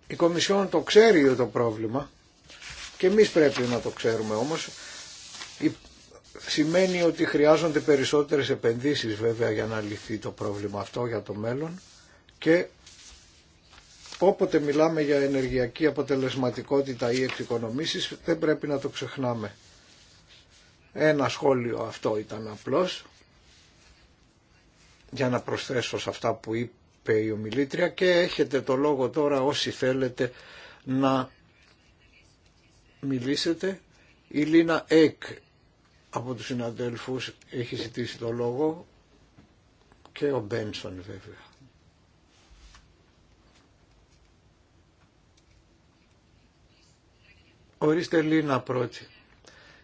Η Κομισιόν το ξέρει το πρόβλημα και εμείς πρέπει να το ξέρουμε όμως. Σημαίνει ότι χρειάζονται περισσότερες επενδύσεις βέβαια για να λυθεί το πρόβλημα αυτό για το μέλλον και όποτε μιλάμε για ενεργειακή αποτελεσματικότητα ή εξοικονομήσεις δεν πρέπει να το ξεχνάμε. Ένα σχόλιο αυτό ήταν απλώς για να προσθέσω σε αυτά που είπε η ομιλήτρια και έχετε το λόγο τώρα όσοι θέλετε να μιλήσετε. Η Λίνα Εκ από τους συναντέλφους έχει ζητήσει το λόγο και ο Μπένσον βέβαια. Ορίστε Λίνα πρώτη.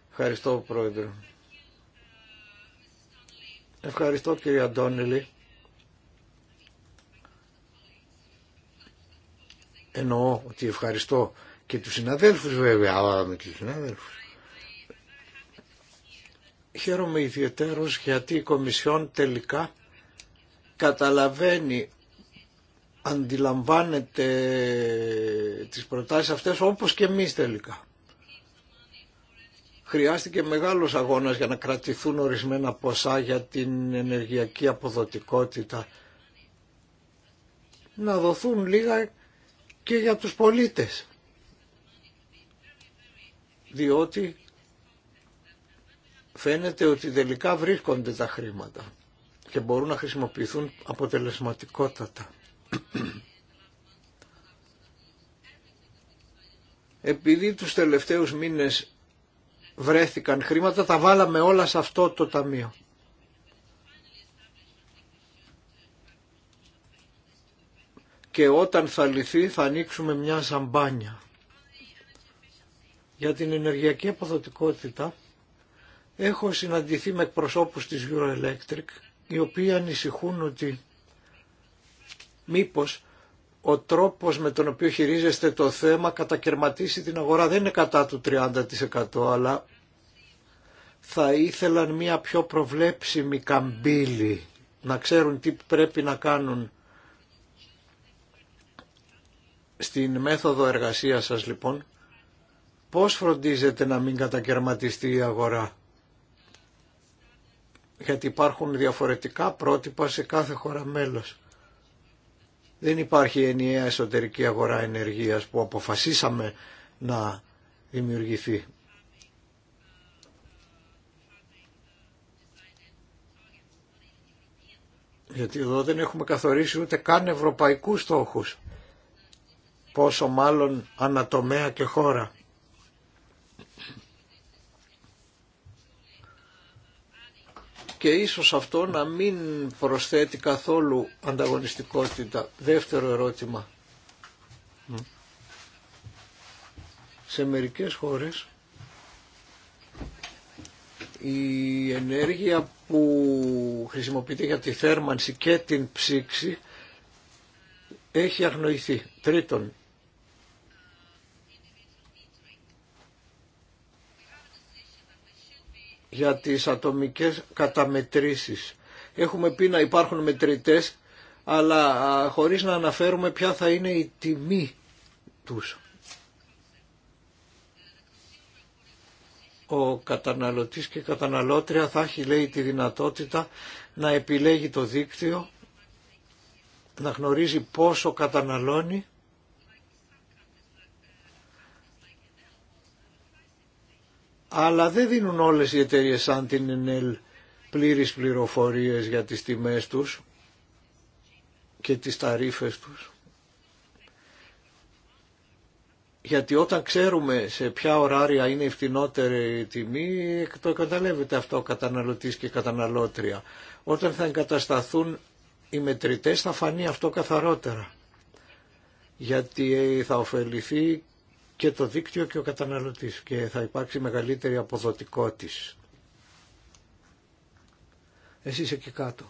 Ευχαριστώ πρόεδρε. Ευχαριστώ κύριε Αντώνηλη. Εννοώ ότι ευχαριστώ και τους συναδέλφους βέβαια, αλλά με τους συναδέλφους. Χαίρομαι ιδιαίτερος γιατί η Κομισιόν τελικά καταλαβαίνει αντιλαμβάνεται τις προτάσεις αυτές όπως και εμείς τελικά. Χρειάστηκε μεγάλος αγώνας για να κρατηθούν ορισμένα ποσά για την ενεργειακή αποδοτικότητα. Να δοθούν λίγα και για τους πολίτες. Διότι φαίνεται ότι τελικά βρίσκονται τα χρήματα και μπορούν να χρησιμοποιηθούν αποτελεσματικότατα. Επειδή τους τελευταίους μήνες βρέθηκαν χρήματα, τα βάλαμε όλα σε αυτό το ταμείο. Και όταν θα λυθεί θα ανοίξουμε μια σαμπάνια. Για την ενεργειακή αποδοτικότητα έχω συναντηθεί με εκπροσώπους της Euroelectric οι οποίοι ανησυχούν ότι μήπως ο τρόπος με τον οποίο χειρίζεστε το θέμα κατακαιρματίσει την αγορά. Δεν είναι κατά του 30% αλλά θα ήθελαν μια πιο προβλέψιμη καμπύλη να ξέρουν τι πρέπει να κάνουν στην μέθοδο εργασίας σας λοιπόν πώς φροντίζετε να μην κατακαιρματιστεί η αγορά γιατί υπάρχουν διαφορετικά πρότυπα σε κάθε χώρα μέλος δεν υπάρχει ενιαία εσωτερική αγορά ενεργείας που αποφασίσαμε να δημιουργηθεί. Γιατί εδώ δεν έχουμε καθορίσει ούτε καν ευρωπαϊκούς στόχους. Πόσο μάλλον ανατομέα και χώρα. και ίσως αυτό να μην προσθέτει καθόλου ανταγωνιστικότητα. Δεύτερο ερώτημα. Σε μερικές χώρες η ενέργεια που χρησιμοποιείται για τη θέρμανση και την ψήξη έχει αγνοηθεί. Τρίτον, για τις ατομικές καταμετρήσεις. Έχουμε πει να υπάρχουν μετρητές, αλλά χωρίς να αναφέρουμε ποια θα είναι η τιμή τους. Ο καταναλωτής και η καταναλώτρια θα έχει λέει τη δυνατότητα να επιλέγει το δίκτυο, να γνωρίζει πόσο καταναλώνει αλλά δεν δίνουν όλες οι εταιρείες σαν την ΕΝΕΛ πλήρεις πληροφορίες για τις τιμές τους και τις ταρίφες τους. Γιατί όταν ξέρουμε σε ποια ωράρια είναι η φτηνότερη τιμή, το εκμεταλλεύεται αυτό ο καταναλωτής και η καταναλώτρια. Όταν θα εγκατασταθούν οι μετρητές θα φανεί αυτό καθαρότερα. Γιατί θα ωφεληθεί και το δίκτυο και ο καταναλωτής και θα υπάρξει μεγαλύτερη αποδοτικότης. Εσείς εκεί κάτω.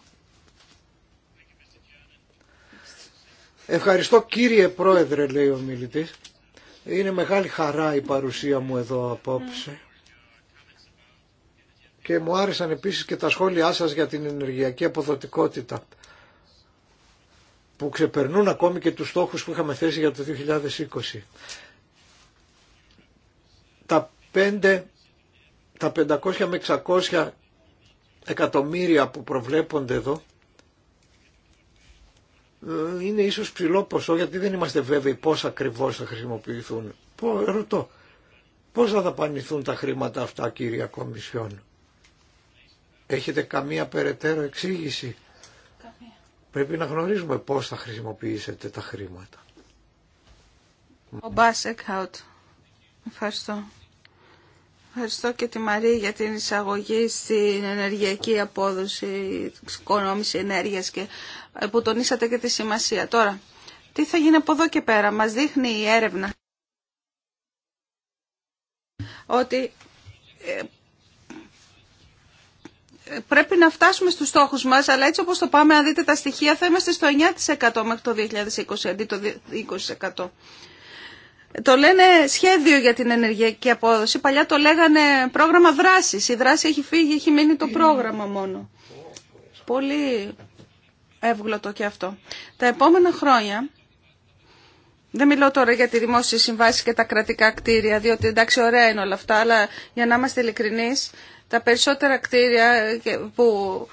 Ευχαριστώ κύριε Πρόεδρε λέει ο μιλητής. Είναι μεγάλη χαρά η παρουσία μου εδώ απόψε. Και μου άρεσαν επίσης και τα σχόλιά σας για την ενεργειακή αποδοτικότητα που ξεπερνούν ακόμη και τους στόχους που είχαμε θέσει για το 2020 τα 5 τα 500 με 600 εκατομμύρια που προβλέπονται εδώ ε, είναι ίσως ψηλό ποσό γιατί δεν είμαστε βέβαιοι πώς ακριβώς θα χρησιμοποιηθούν. Πω, ρωτώ, πώς θα δαπανηθούν τα χρήματα αυτά κύρια Κομισιόν. Έχετε καμία περαιτέρω εξήγηση. Καμία. Πρέπει να γνωρίζουμε πώς θα χρησιμοποιήσετε τα χρήματα. Ο Μπάσεκ Ευχαριστώ. Ευχαριστώ και τη Μαρή για την εισαγωγή στην ενεργειακή απόδοση, οικονόμηση ενέργειας και ε, που τονίσατε και τη σημασία. Τώρα, τι θα γίνει από εδώ και πέρα. Μας δείχνει η έρευνα ότι ε, ε, πρέπει να φτάσουμε στους στόχους μας, αλλά έτσι όπως το πάμε, αν δείτε τα στοιχεία, θα είμαστε στο 9% μέχρι το 2020, αντί το 20%. Το λένε σχέδιο για την ενεργειακή απόδοση. Παλιά το λέγανε πρόγραμμα δράσης. Η δράση έχει φύγει, έχει μείνει το πρόγραμμα μόνο. Πολύ εύγλωτο και αυτό. Τα επόμενα χρόνια, δεν μιλώ τώρα για τη δημόσια συμβάση και τα κρατικά κτίρια, διότι εντάξει ωραία είναι όλα αυτά, αλλά για να είμαστε ειλικρινεί, τα περισσότερα κτίρια που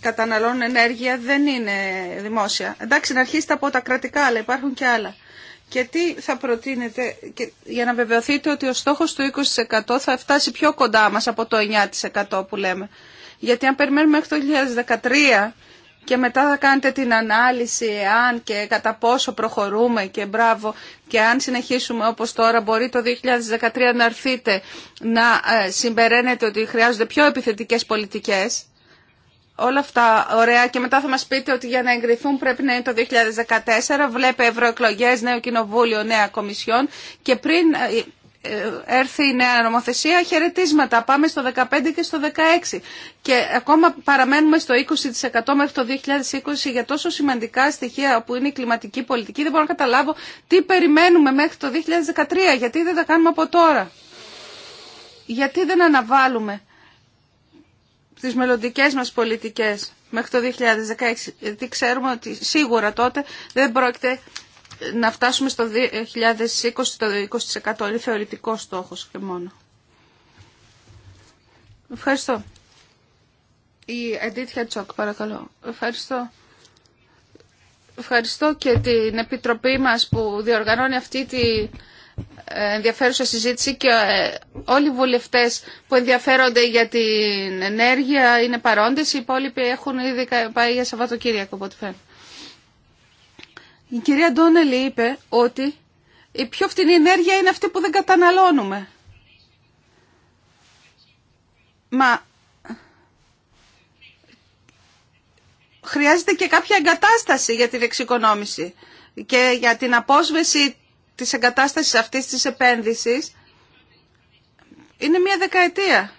καταναλώνουν ενέργεια δεν είναι δημόσια. Εντάξει, να αρχίσετε από τα κρατικά, αλλά υπάρχουν και άλλα και τι θα προτείνετε για να βεβαιωθείτε ότι ο στόχος του 20% θα φτάσει πιο κοντά μας από το 9% που λέμε. Γιατί αν περιμένουμε μέχρι το 2013 και μετά θα κάνετε την ανάλυση αν και κατά πόσο προχωρούμε και μπράβο και αν συνεχίσουμε όπως τώρα μπορεί το 2013 να έρθείτε να ε, συμπεραίνετε ότι χρειάζονται πιο επιθετικές πολιτικές όλα αυτά ωραία και μετά θα μας πείτε ότι για να εγκριθούν πρέπει να είναι το 2014. Βλέπε ευρωεκλογέ, νέο κοινοβούλιο, νέα κομισιόν και πριν ε, ε, έρθει η νέα νομοθεσία, χαιρετίσματα. Πάμε στο 15 και στο 16. Και ακόμα παραμένουμε στο 20% μέχρι το 2020 για τόσο σημαντικά στοιχεία που είναι η κλιματική πολιτική. Δεν μπορώ να καταλάβω τι περιμένουμε μέχρι το 2013, γιατί δεν τα κάνουμε από τώρα. Γιατί δεν αναβάλουμε τις μελλοντικέ μας πολιτικές μέχρι το 2016, γιατί ξέρουμε ότι σίγουρα τότε δεν πρόκειται να φτάσουμε στο 2020 το 20%. Είναι θεωρητικό στόχος και μόνο. Ευχαριστώ. Η Αντίτια Τσόκ, παρακαλώ. Ευχαριστώ. Ευχαριστώ και την Επιτροπή μας που διοργανώνει αυτή τη ενδιαφέρουσα συζήτηση και ε, όλοι οι βουλευτές που ενδιαφέρονται για την ενέργεια είναι παρόντες. Οι υπόλοιποι έχουν ήδη πάει για Σαββατοκύριακο, από ό,τι φαίνεται. Η κυρία Ντόνελη είπε ότι η πιο φτηνή ενέργεια είναι αυτή που δεν καταναλώνουμε. Μα χρειάζεται και κάποια εγκατάσταση για την εξοικονόμηση και για την απόσβεση της εγκατάστασης αυτής της επένδυσης είναι μία δεκαετία.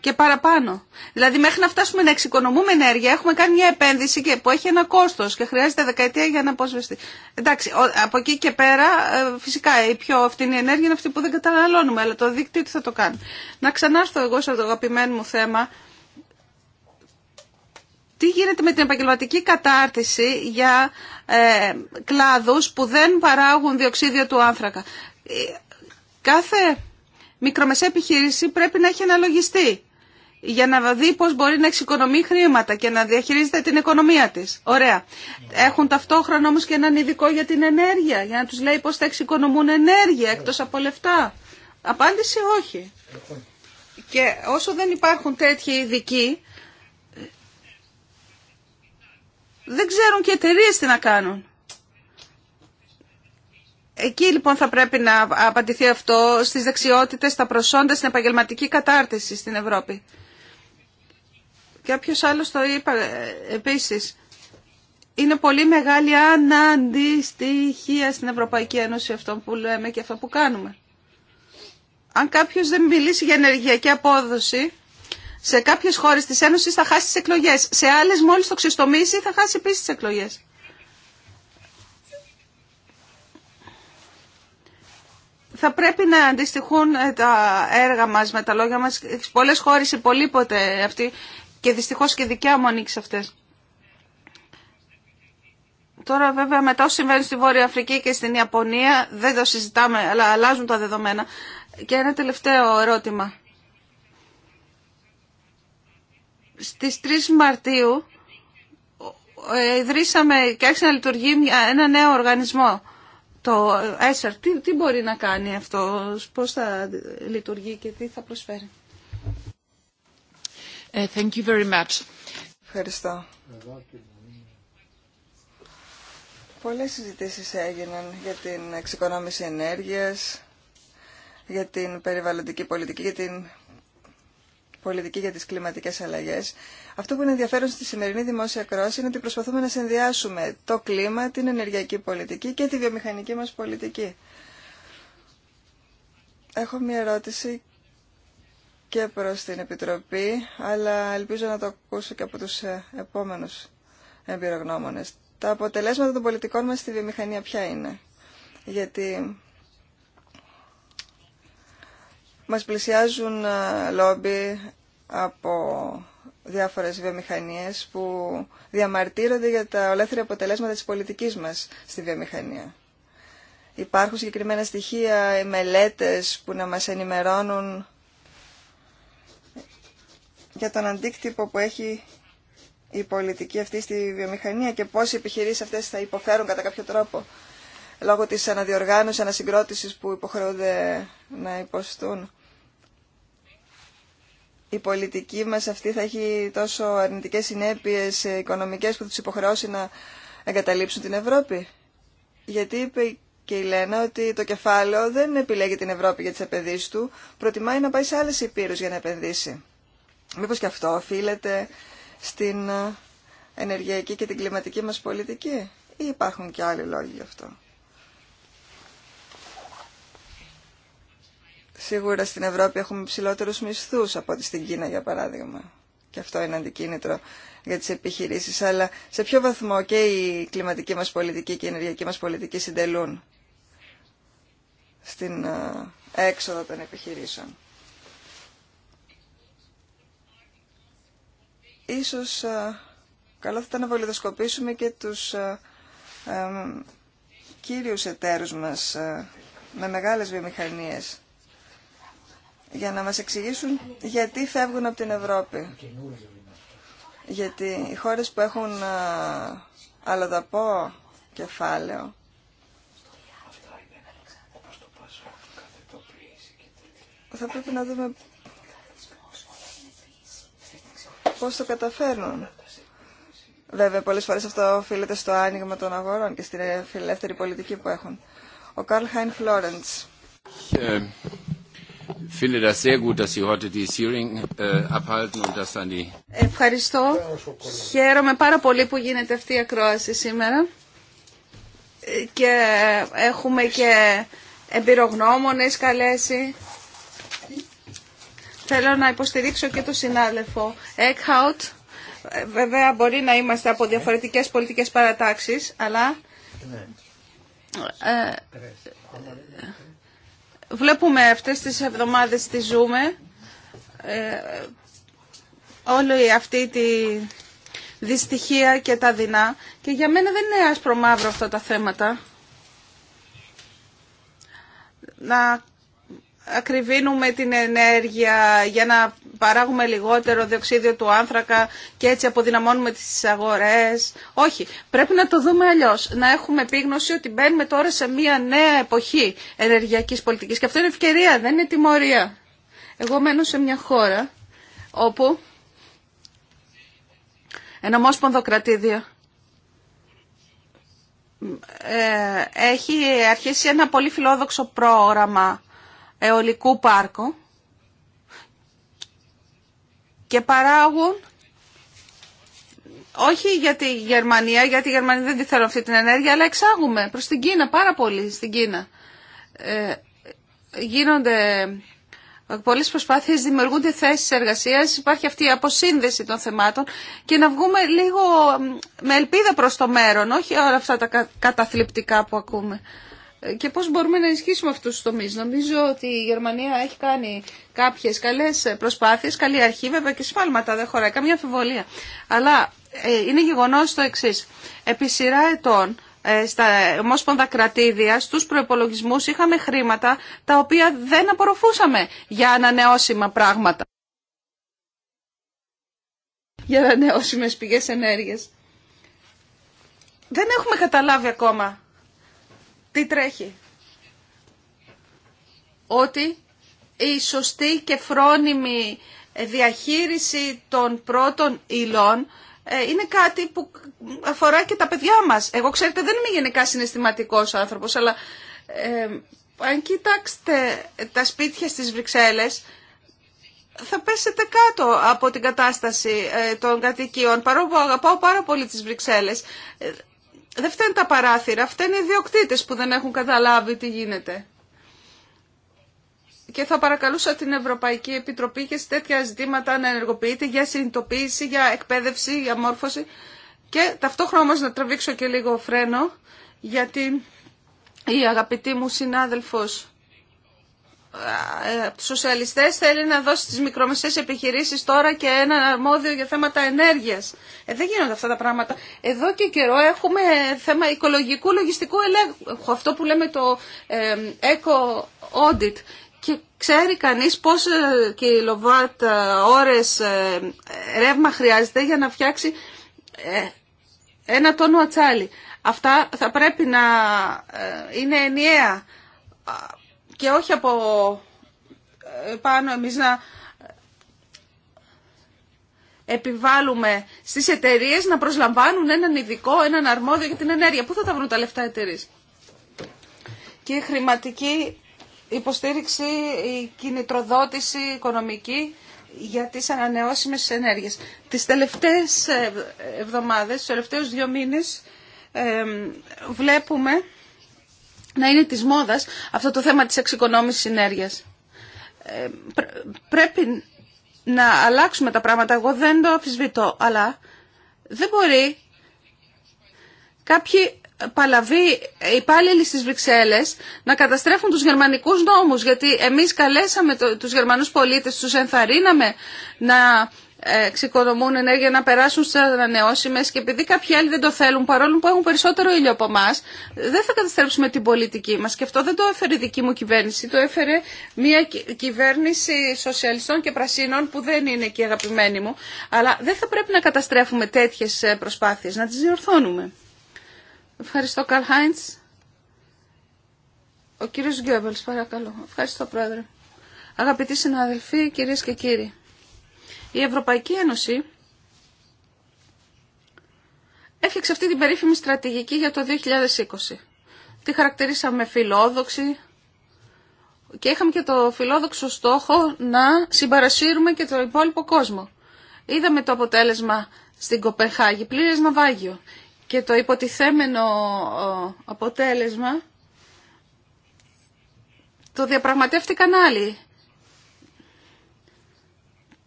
Και παραπάνω. Δηλαδή μέχρι να φτάσουμε να εξοικονομούμε ενέργεια έχουμε κάνει μια επένδυση που έχει ένα κόστος και χρειάζεται δεκαετία για να αποσβεστεί. Εντάξει, από εκεί και πέρα ε, φυσικά η πιο φτηνή ενέργεια είναι αυτή που δεν καταναλώνουμε, αλλά το δίκτυο τι θα το κάνει. Να ξανάρθω εγώ στο αγαπημένο μου θέμα τι γίνεται με την επαγγελματική κατάρτιση για ε, κλάδους που δεν παράγουν διοξίδιο του άνθρακα. Ε, κάθε μικρομεσαία επιχείρηση πρέπει να έχει αναλογιστεί για να δει πώς μπορεί να εξοικονομεί χρήματα και να διαχειρίζεται την οικονομία της. Ωραία. Έχουν ταυτόχρονα όμως και έναν ειδικό για την ενέργεια, για να τους λέει πώς θα εξοικονομούν ενέργεια εκτός από λεφτά. Απάντηση όχι. Και όσο δεν υπάρχουν τέτοιοι ειδικοί, δεν ξέρουν και εταιρείε τι να κάνουν. Εκεί λοιπόν θα πρέπει να απαντηθεί αυτό στις δεξιότητες, στα προσόντα, στην επαγγελματική κατάρτιση στην Ευρώπη. Κάποιο άλλο το είπα ε, επίσης. Είναι πολύ μεγάλη αναντιστοιχία στην Ευρωπαϊκή Ένωση αυτό που λέμε και αυτό που κάνουμε. Αν κάποιος δεν μιλήσει για ενεργειακή απόδοση, σε κάποιες χώρες της Ένωση θα χάσει τι εκλογές. Σε άλλες μόλις το ξεστομίσει θα χάσει επίσης τι εκλογές. θα πρέπει να αντιστοιχούν ε, τα έργα μας με τα λόγια μα. Σε πολλές χώρες υπολείπονται αυτοί και δυστυχώ και δικιά μου ανήκει αυτές. Τώρα βέβαια μετά όσο συμβαίνει στη Βόρεια Αφρική και στην Ιαπωνία δεν το συζητάμε αλλά αλλάζουν τα δεδομένα. Και ένα τελευταίο ερώτημα. Στις 3 Μαρτίου ε, ιδρύσαμε και άρχισε να λειτουργεί ένα νέο οργανισμό. Το ΕΣΑΡ, τι, μπορεί να κάνει αυτό, πώς θα λειτουργεί και τι θα προσφέρει. Ε, thank you very much. Ευχαριστώ. Πολλές συζητήσεις έγιναν για την εξοικονόμηση ενέργειας, για την περιβαλλοντική πολιτική, για την πολιτική για τις κλιματικές αλλαγές. Αυτό που είναι ενδιαφέρον στη σημερινή δημόσια κρόση είναι ότι προσπαθούμε να συνδυάσουμε το κλίμα, την ενεργειακή πολιτική και τη βιομηχανική μας πολιτική. Έχω μια ερώτηση και προς την Επιτροπή, αλλά ελπίζω να το ακούσω και από τους ε, επόμενους εμπειρογνώμονες. Τα αποτελέσματα των πολιτικών μας στη βιομηχανία ποια είναι. Γιατί μας πλησιάζουν λόμπι από διάφορες βιομηχανίες που διαμαρτύρονται για τα ολέθρια αποτελέσματα της πολιτικής μας στη βιομηχανία. Υπάρχουν συγκεκριμένα στοιχεία, οι μελέτες που να μας ενημερώνουν για τον αντίκτυπο που έχει η πολιτική αυτή στη βιομηχανία και πώς οι επιχειρήσεις αυτές θα υποφέρουν κατά κάποιο τρόπο λόγω της αναδιοργάνωσης, ανασυγκρότησης που υποχρεούνται να υποστούν η πολιτική μας αυτή θα έχει τόσο αρνητικές συνέπειες οικονομικές που θα τους υποχρεώσει να εγκαταλείψουν την Ευρώπη. Γιατί είπε και η Λένα ότι το κεφάλαιο δεν επιλέγει την Ευρώπη για τις επενδύσεις του, προτιμάει να πάει σε άλλες υπήρους για να επενδύσει. Μήπως και αυτό οφείλεται στην ε, ενεργειακή και την κλιματική μας πολιτική ή υπάρχουν και άλλοι λόγοι γι' αυτό. Σίγουρα στην Ευρώπη έχουμε ψηλότερους μισθούς από ό,τι στην Κίνα, για παράδειγμα. Και αυτό είναι αντικίνητρο για τις επιχειρήσεις. Αλλά σε ποιο βαθμό και η κλιματική μας πολιτική και η ενεργειακή μας πολιτική συντελούν στην ε, έξοδο των επιχειρήσεων. Ίσως ε, καλό θα ήταν να βολιδοσκοπήσουμε και τους ε, κύριους εταίρους μας με μεγάλες βιομηχανίες για να μας εξηγήσουν γιατί φεύγουν από την Ευρώπη. Γιατί οι χώρες που έχουν αλλοδαπό κεφάλαιο θα πρέπει να δούμε πώς το καταφέρνουν. Βέβαια, πολλές φορές αυτό οφείλεται στο άνοιγμα των αγορών και στην ελεύθερη πολιτική που έχουν. Ο Καρλ Χάιν Φλόρεντς. Ε, finde das sehr gut, dass Sie heute äh, Ευχαριστώ. Χαίρομαι πάρα πολύ που γίνεται αυτή η ακρόαση σήμερα και έχουμε και εμπειρογνώμονες καλέσει. Θέλω να υποστηρίξω και το συνάδελφο Eckhout. Ε, βέβαια μπορεί να είμαστε από διαφορετικές πολιτικές παρατάξεις, αλλά... Ε, Βλέπουμε αυτές τις εβδομάδες τι ζούμε, ε, όλη αυτή τη δυστυχία και τα δεινά και για μένα δεν είναι άσπρο μαύρο αυτά τα θέματα. Να ακριβίνουμε την ενέργεια για να παράγουμε λιγότερο διοξίδιο του άνθρακα και έτσι αποδυναμώνουμε τις αγορές. Όχι, πρέπει να το δούμε αλλιώς. Να έχουμε επίγνωση ότι μπαίνουμε τώρα σε μια νέα εποχή ενεργειακής πολιτικής. Και αυτό είναι ευκαιρία, δεν είναι τιμωρία. Εγώ μένω σε μια χώρα όπου ένα μόσπονδο κρατήδιο ε, έχει αρχίσει ένα πολύ φιλόδοξο πρόγραμμα αιωλικού πάρκου και παράγουν όχι για τη Γερμανία, γιατί η Γερμανία δεν τη θέλουν αυτή την ενέργεια, αλλά εξάγουμε προς την Κίνα, πάρα πολύ στην Κίνα. Ε, γίνονται πολλές προσπάθειες, δημιουργούνται θέσεις εργασίας, υπάρχει αυτή η αποσύνδεση των θεμάτων και να βγούμε λίγο με ελπίδα προς το μέρον, όχι όλα αυτά τα καταθλιπτικά που ακούμε και πώς μπορούμε να ενισχύσουμε αυτούς τους τομείς. Νομίζω ότι η Γερμανία έχει κάνει κάποιες καλές προσπάθειες, καλή αρχή βέβαια και σφάλματα δεν χωράει, καμία αμφιβολία. Αλλά ε, είναι γεγονός το εξή. Επί σειρά ετών ε, στα ομόσπονδα κρατήδια, στους προϋπολογισμούς είχαμε χρήματα τα οποία δεν απορροφούσαμε για ανανεώσιμα πράγματα. Για ανανεώσιμες πηγές ενέργειας. Δεν έχουμε καταλάβει ακόμα τι τρέχει. Ότι η σωστή και φρόνιμη διαχείριση των πρώτων υλών ε, είναι κάτι που αφορά και τα παιδιά μας. Εγώ ξέρετε δεν είμαι γενικά συναισθηματικός άνθρωπος, αλλά ε, αν κοιτάξετε τα σπίτια στις Βρυξέλλες, θα πέσετε κάτω από την κατάσταση ε, των κατοικίων. Παρόλο που αγαπάω πάρα πολύ τις Βρυξέλλες, δεν φταίνουν τα παράθυρα, φταίνουν οι διοκτήτες που δεν έχουν καταλάβει τι γίνεται. Και θα παρακαλούσα την Ευρωπαϊκή Επιτροπή και σε τέτοια ζητήματα να ενεργοποιείται για συνειδητοποίηση, για εκπαίδευση, για μόρφωση και ταυτόχρονα να τραβήξω και λίγο φρένο γιατί η αγαπητή μου συνάδελφος ε, από τους σοσιαλιστές θέλει να δώσει τις μικρομεσαίες επιχειρήσεις τώρα και ένα αρμόδιο για θέματα ενέργειας. Ε, δεν γίνονται αυτά τα πράγματα. Εδώ και καιρό έχουμε θέμα οικολογικού λογιστικού ελέγχου, αυτό που λέμε το eco audit. Και ξέρει κανείς πόσα ε, κιλοβάτ ώρες ε, ρεύμα χρειάζεται για να φτιάξει ένα τόνο ατσάλι. Αυτά θα πρέπει να είναι ενιαία και όχι από ε, πάνω εμείς να επιβάλλουμε στις εταιρείες να προσλαμβάνουν έναν ειδικό, έναν αρμόδιο για την ενέργεια. Πού θα τα βρουν τα λεφτά εταιρείες. Και η χρηματική υποστήριξη, η κινητροδότηση οικονομική για τις ανανεώσιμες ενέργειες. Τις τελευταίες ε, εβδομάδες, τους τελευταίους δύο μήνες, ε, βλέπουμε να είναι της μόδας αυτό το θέμα της εξοικονόμησης συνέργειας. Ε, πρέπει να αλλάξουμε τα πράγματα, εγώ δεν το αφισβητώ, αλλά δεν μπορεί κάποιοι παλαβοί υπάλληλοι στις Βρυξέλλες να καταστρέφουν τους γερμανικούς νόμους, γιατί εμείς καλέσαμε τους γερμανούς πολίτες, τους ενθαρρύναμε να εξοικονομούν ενέργεια να περάσουν στι ανανεώσιμε και επειδή κάποιοι άλλοι δεν το θέλουν, παρόλο που έχουν περισσότερο ήλιο από εμά, δεν θα καταστρέψουμε την πολιτική μα. Και αυτό δεν το έφερε η δική μου κυβέρνηση. Το έφερε μια κυβέρνηση σοσιαλιστών και πρασίνων που δεν είναι και αγαπημένη μου. Αλλά δεν θα πρέπει να καταστρέφουμε τέτοιε προσπάθειε, να τι διορθώνουμε. Ευχαριστώ, Καρλ Χάιντ. Ο κύριο Γκέμπελ, παρακαλώ. Ευχαριστώ, Πρόεδρε. Αγαπητοί συναδελφοί, κυρίε και κύριοι. Η Ευρωπαϊκή Ένωση έφτιαξε αυτή την περίφημη στρατηγική για το 2020. Τη χαρακτηρίσαμε φιλόδοξη και είχαμε και το φιλόδοξο στόχο να συμπαρασύρουμε και το υπόλοιπο κόσμο. Είδαμε το αποτέλεσμα στην Κοπεχάγη, πλήρες ναυάγιο. Και το υποτιθέμενο αποτέλεσμα το διαπραγματεύτηκαν άλλοι.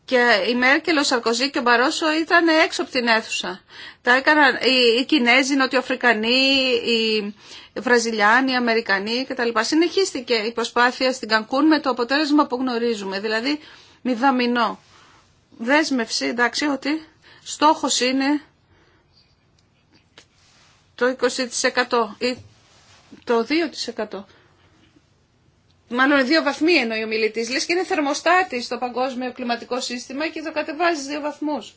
Και η Μέρκελ, ο Σαρκοζή και ο Μπαρόσο ήταν έξω από την αίθουσα. Τα έκαναν οι, Κινέζοι, οι Νοτιοαφρικανοί, οι Βραζιλιάνοι, οι Αμερικανοί κτλ. Συνεχίστηκε η προσπάθεια στην Κανκούν με το αποτέλεσμα που γνωρίζουμε, δηλαδή μηδαμινό. Δέσμευση, εντάξει, ότι στόχος είναι το 20% ή το 2% μάλλον δύο βαθμοί εννοεί ο μιλητή. λες και είναι θερμοστάτη στο παγκόσμιο κλιματικό σύστημα και το κατεβάζει δύο βαθμούς.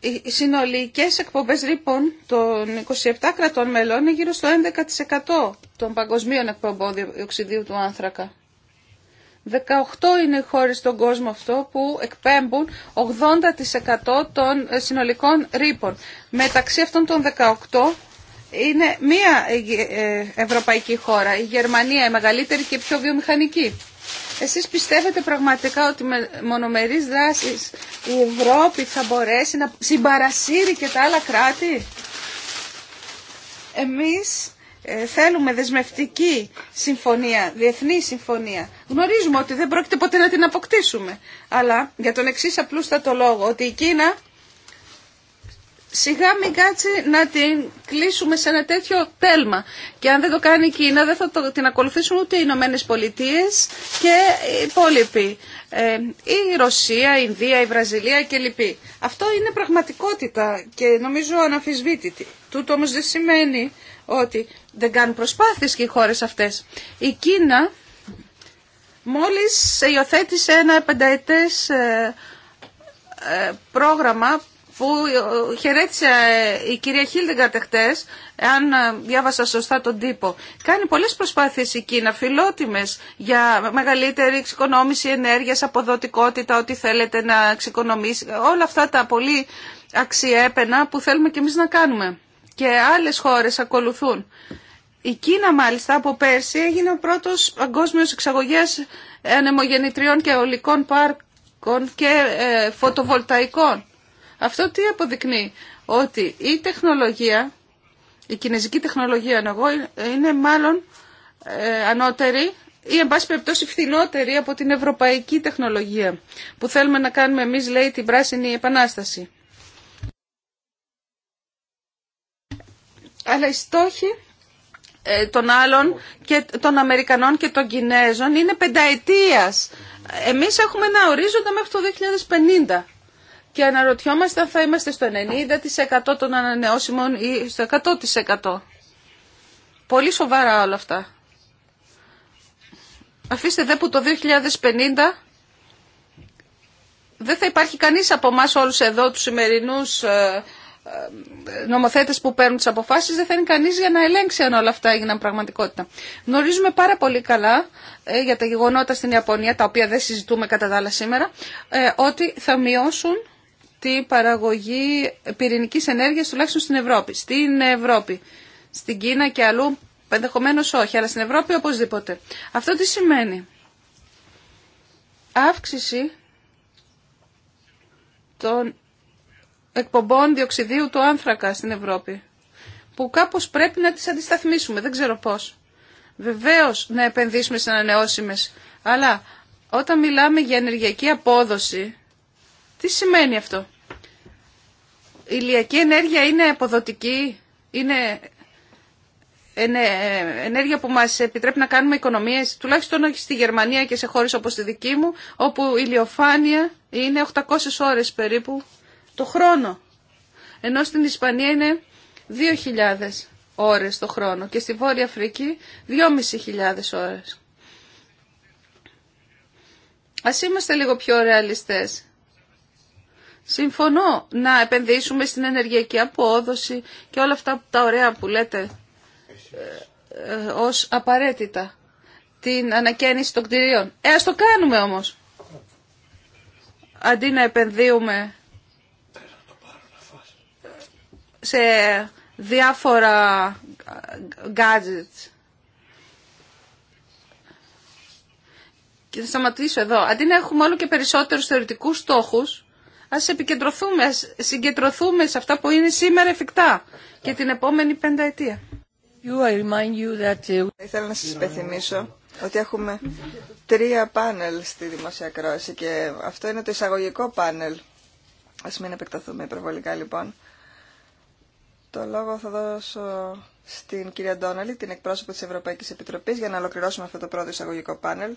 Οι συνολικέ εκπομπές ρήπων λοιπόν, των 27 κρατών μελών είναι γύρω στο 11% των παγκοσμίων εκπομπών διοξιδίου του άνθρακα. 18 είναι οι χώρες στον κόσμο αυτό που εκπέμπουν 80% των συνολικών ρήπων. Μεταξύ αυτών των 18 είναι μία ε, ε, ευρωπαϊκή χώρα, η Γερμανία, η μεγαλύτερη και πιο βιομηχανική. Εσείς πιστεύετε πραγματικά ότι με μονομερείς δράσεις η Ευρώπη θα μπορέσει να συμπαρασύρει και τα άλλα κράτη. Εμείς ε, θέλουμε δεσμευτική συμφωνία, διεθνή συμφωνία. Γνωρίζουμε ότι δεν πρόκειται ποτέ να την αποκτήσουμε. Αλλά για τον εξή απλούστατο λόγο, ότι η Κίνα σιγά μην κάτσει να την κλείσουμε σε ένα τέτοιο τέλμα. Και αν δεν το κάνει η Κίνα δεν θα το, την ακολουθήσουν ούτε οι Ηνωμένε Πολιτείε και οι υπόλοιποι. Ε, η Ρωσία, η Ινδία, η Βραζιλία κλπ. Αυτό είναι πραγματικότητα και νομίζω αναφυσβήτητη. Τούτο όμως δεν σημαίνει ότι δεν κάνουν προσπάθειες και οι χώρες αυτές. Η Κίνα μόλις υιοθέτησε ένα πενταετές ε, ε, πρόγραμμα που ε, χαιρέτησε ε, η κυρία Χίλντεγκαρτ τεχτέ, αν ε, διάβασα σωστά τον τύπο. Κάνει πολλέ προσπάθειες η Κίνα, φιλότιμες, για μεγαλύτερη εξοικονόμηση ενέργειας, αποδοτικότητα, ό,τι θέλετε να εξοικονομήσει. Όλα αυτά τα πολύ αξιέπαινα που θέλουμε κι εμεί να κάνουμε. Και άλλες χώρες ακολουθούν. Η Κίνα μάλιστα από πέρσι έγινε ο πρώτο παγκόσμιο εξαγωγέ ανεμογεννητριών και ολικών πάρκων και φωτοβολταϊκών. Αυτό τι αποδεικνύει, ότι η τεχνολογία, η κινέζικη τεχνολογία εγώ, είναι μάλλον ε, ανώτερη ή εν πάση περιπτώσει φθηνότερη από την ευρωπαϊκή τεχνολογία που θέλουμε να κάνουμε εμείς λέει την πράσινη επανάσταση. Αλλά οι στόχοι ε, των άλλων και των Αμερικανών και των Κινέζων είναι πενταετίας. Εμείς έχουμε ένα ορίζοντα μέχρι το 2050 και αναρωτιόμαστε αν θα είμαστε στο 90% των ανανεώσιμων ή στο 100%. Πολύ σοβαρά όλα αυτά. Αφήστε δε που το 2050 δεν θα υπάρχει κανείς από εμά όλους εδώ τους σημερινούς ε, ε, νομοθέτες που παίρνουν τις αποφάσεις δεν θα είναι κανείς για να ελέγξει αν όλα αυτά έγιναν πραγματικότητα. Γνωρίζουμε πάρα πολύ καλά ε, για τα γεγονότα στην Ιαπωνία, τα οποία δεν συζητούμε κατά τα άλλα σήμερα, ότι θα μειώσουν τη παραγωγή πυρηνική ενέργεια τουλάχιστον στην Ευρώπη. Στην Ευρώπη, στην Κίνα και αλλού ενδεχομένω όχι, αλλά στην Ευρώπη οπωσδήποτε. Αυτό τι σημαίνει. Αύξηση των εκπομπών διοξιδίου του άνθρακα στην Ευρώπη, που κάπω πρέπει να τις αντισταθμίσουμε, δεν ξέρω πώς. Βεβαίως να επενδύσουμε σε ανανεώσιμε. αλλά όταν μιλάμε για ενεργειακή απόδοση, τι σημαίνει αυτό. Η ηλιακή ενέργεια είναι αποδοτική, είναι ενέργεια που μας επιτρέπει να κάνουμε οικονομίες, τουλάχιστον όχι στη Γερμανία και σε χώρες όπως τη δική μου, όπου η ηλιοφάνεια είναι 800 ώρες περίπου το χρόνο. Ενώ στην Ισπανία είναι 2.000 ώρες το χρόνο και στη Βόρεια Αφρική 2.500 ώρες. Ας είμαστε λίγο πιο ρεαλιστές. Συμφωνώ να επενδύσουμε στην ενεργειακή απόδοση και όλα αυτά τα ωραία που λέτε ε, ε ως απαραίτητα. Την ανακαίνιση των κτηρίων. Ε, το κάνουμε όμως. Αντί να επενδύουμε σε διάφορα gadgets. Και θα σταματήσω εδώ. Αντί να έχουμε όλο και περισσότερους θεωρητικούς στόχους, Ας επικεντρωθούμε, ας συγκεντρωθούμε σε αυτά που είναι σήμερα εφικτά και την επόμενη πενταετία. You, uh, Ήθελα να σας υπενθυμίσω ότι έχουμε τρία πάνελ στη Δημοσία κρόση και αυτό είναι το εισαγωγικό πάνελ. Ας μην επεκταθούμε υπερβολικά λοιπόν. Το λόγο θα δώσω στην κυρία Ντόναλη, την εκπρόσωπο της Ευρωπαϊκής Επιτροπής, για να ολοκληρώσουμε αυτό το πρώτο εισαγωγικό πάνελ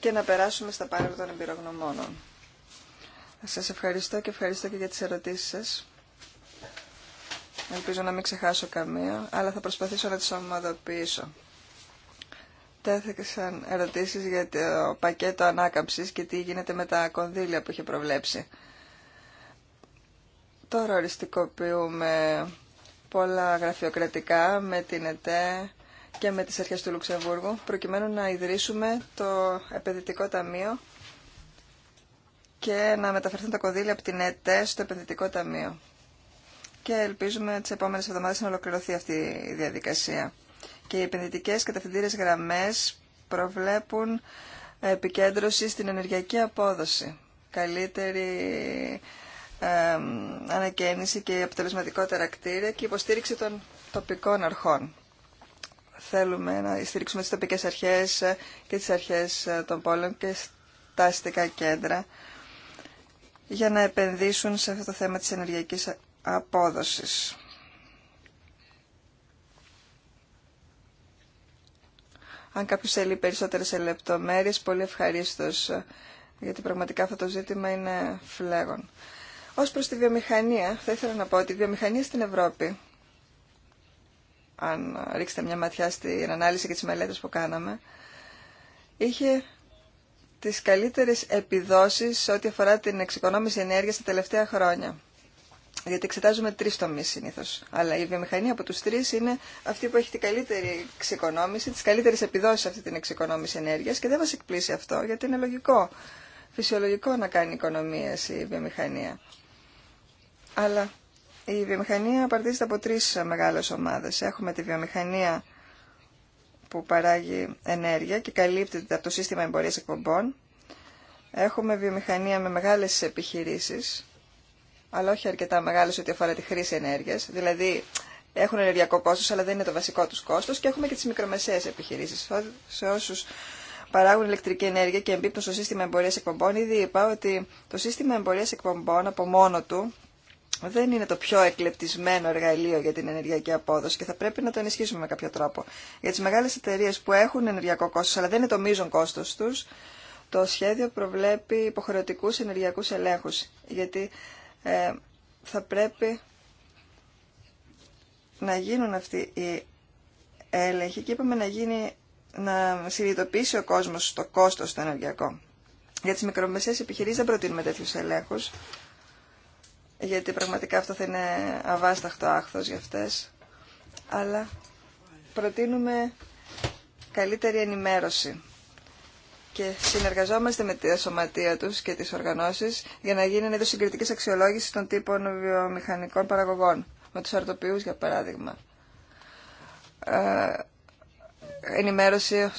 και να περάσουμε στα πάνελ των εμπειρογνωμόνων. Σας ευχαριστώ και ευχαριστώ και για τις ερωτήσεις σας. Ελπίζω να μην ξεχάσω καμία, αλλά θα προσπαθήσω να τις ομαδοποιήσω. Τέθηκαν ερωτήσεις για το πακέτο ανάκαμψης και τι γίνεται με τα κονδύλια που είχε προβλέψει. Τώρα οριστικοποιούμε πολλά γραφειοκρατικά με την ΕΤΕ και με τις αρχές του Λουξεμβούργου, προκειμένου να ιδρύσουμε το επενδυτικό ταμείο και να μεταφερθούν τα κονδύλια από την ΕΤΕ στο επενδυτικό ταμείο. Και ελπίζουμε τις επόμενες εβδομάδες να ολοκληρωθεί αυτή η διαδικασία. Και οι επενδυτικές κατευθυντήρες γραμμές προβλέπουν επικέντρωση στην ενεργειακή απόδοση. Καλύτερη ε, ανακαίνιση και αποτελεσματικότερα κτίρια και υποστήριξη των τοπικών αρχών. Θέλουμε να στηρίξουμε τις τοπικές αρχές και τις αρχές των πόλεων και τα αστικά κέντρα για να επενδύσουν σε αυτό το θέμα της ενεργειακής απόδοσης. Αν κάποιος θέλει περισσότερες λεπτομέρειες, πολύ ευχαρίστως, γιατί πραγματικά αυτό το ζήτημα είναι φλέγον. Ως προς τη βιομηχανία, θα ήθελα να πω ότι η βιομηχανία στην Ευρώπη, αν ρίξετε μια ματιά στην ανάλυση και τις μελέτες που κάναμε, είχε τις καλύτερες επιδόσεις ό,τι αφορά την εξοικονόμηση ενέργειας τα τελευταία χρόνια. Γιατί εξετάζουμε τρει τομείς συνήθω. Αλλά η βιομηχανία από τους τρει είναι αυτή που έχει την καλύτερη εξοικονόμηση, τις καλύτερες επιδόσεις σε αυτή την εξοικονόμηση ενέργεια και δεν μα εκπλήσει αυτό γιατί είναι λογικό, φυσιολογικό να κάνει οικονομίε η βιομηχανία. Αλλά η βιομηχανία απαρτίζεται από τρει μεγάλες ομάδες. Έχουμε τη βιομηχανία που παράγει ενέργεια και καλύπτεται από το σύστημα εμπορίας εκπομπών. Έχουμε βιομηχανία με μεγάλες επιχειρήσεις, αλλά όχι αρκετά μεγάλες ό,τι αφορά τη χρήση ενέργειας. Δηλαδή έχουν ενεργειακό κόστος, αλλά δεν είναι το βασικό τους κόστος. Και έχουμε και τις μικρομεσαίες επιχειρήσεις. Σε όσους παράγουν ηλεκτρική ενέργεια και εμπίπτουν στο σύστημα εμπορίας εκπομπών, ήδη είπα ότι το σύστημα εμπορίας εκπομπών από μόνο του δεν είναι το πιο εκλεπτισμένο εργαλείο για την ενεργειακή απόδοση και θα πρέπει να το ενισχύσουμε με κάποιο τρόπο. Για τις μεγάλες εταιρείε που έχουν ενεργειακό κόστος αλλά δεν είναι το μείζον κόστος τους, το σχέδιο προβλέπει υποχρεωτικούς ενεργειακούς ελέγχους γιατί ε, θα πρέπει να γίνουν αυτοί οι έλεγχοι και είπαμε να, γίνει, να συνειδητοποιήσει ο κόσμος το κόστος το ενεργειακό. Για τις μικρομεσαίες επιχειρήσεις δεν προτείνουμε τέτοιους ελέγχους γιατί πραγματικά αυτό θα είναι αβάσταχτο άχθος για αυτές, αλλά προτείνουμε καλύτερη ενημέρωση και συνεργαζόμαστε με τη σωματεία τους και τις οργανώσεις για να γίνουν εδώ είδος συγκριτικής των τύπων βιομηχανικών παραγωγών, με τους αρτοποιούς για παράδειγμα. Ε, ενημέρωση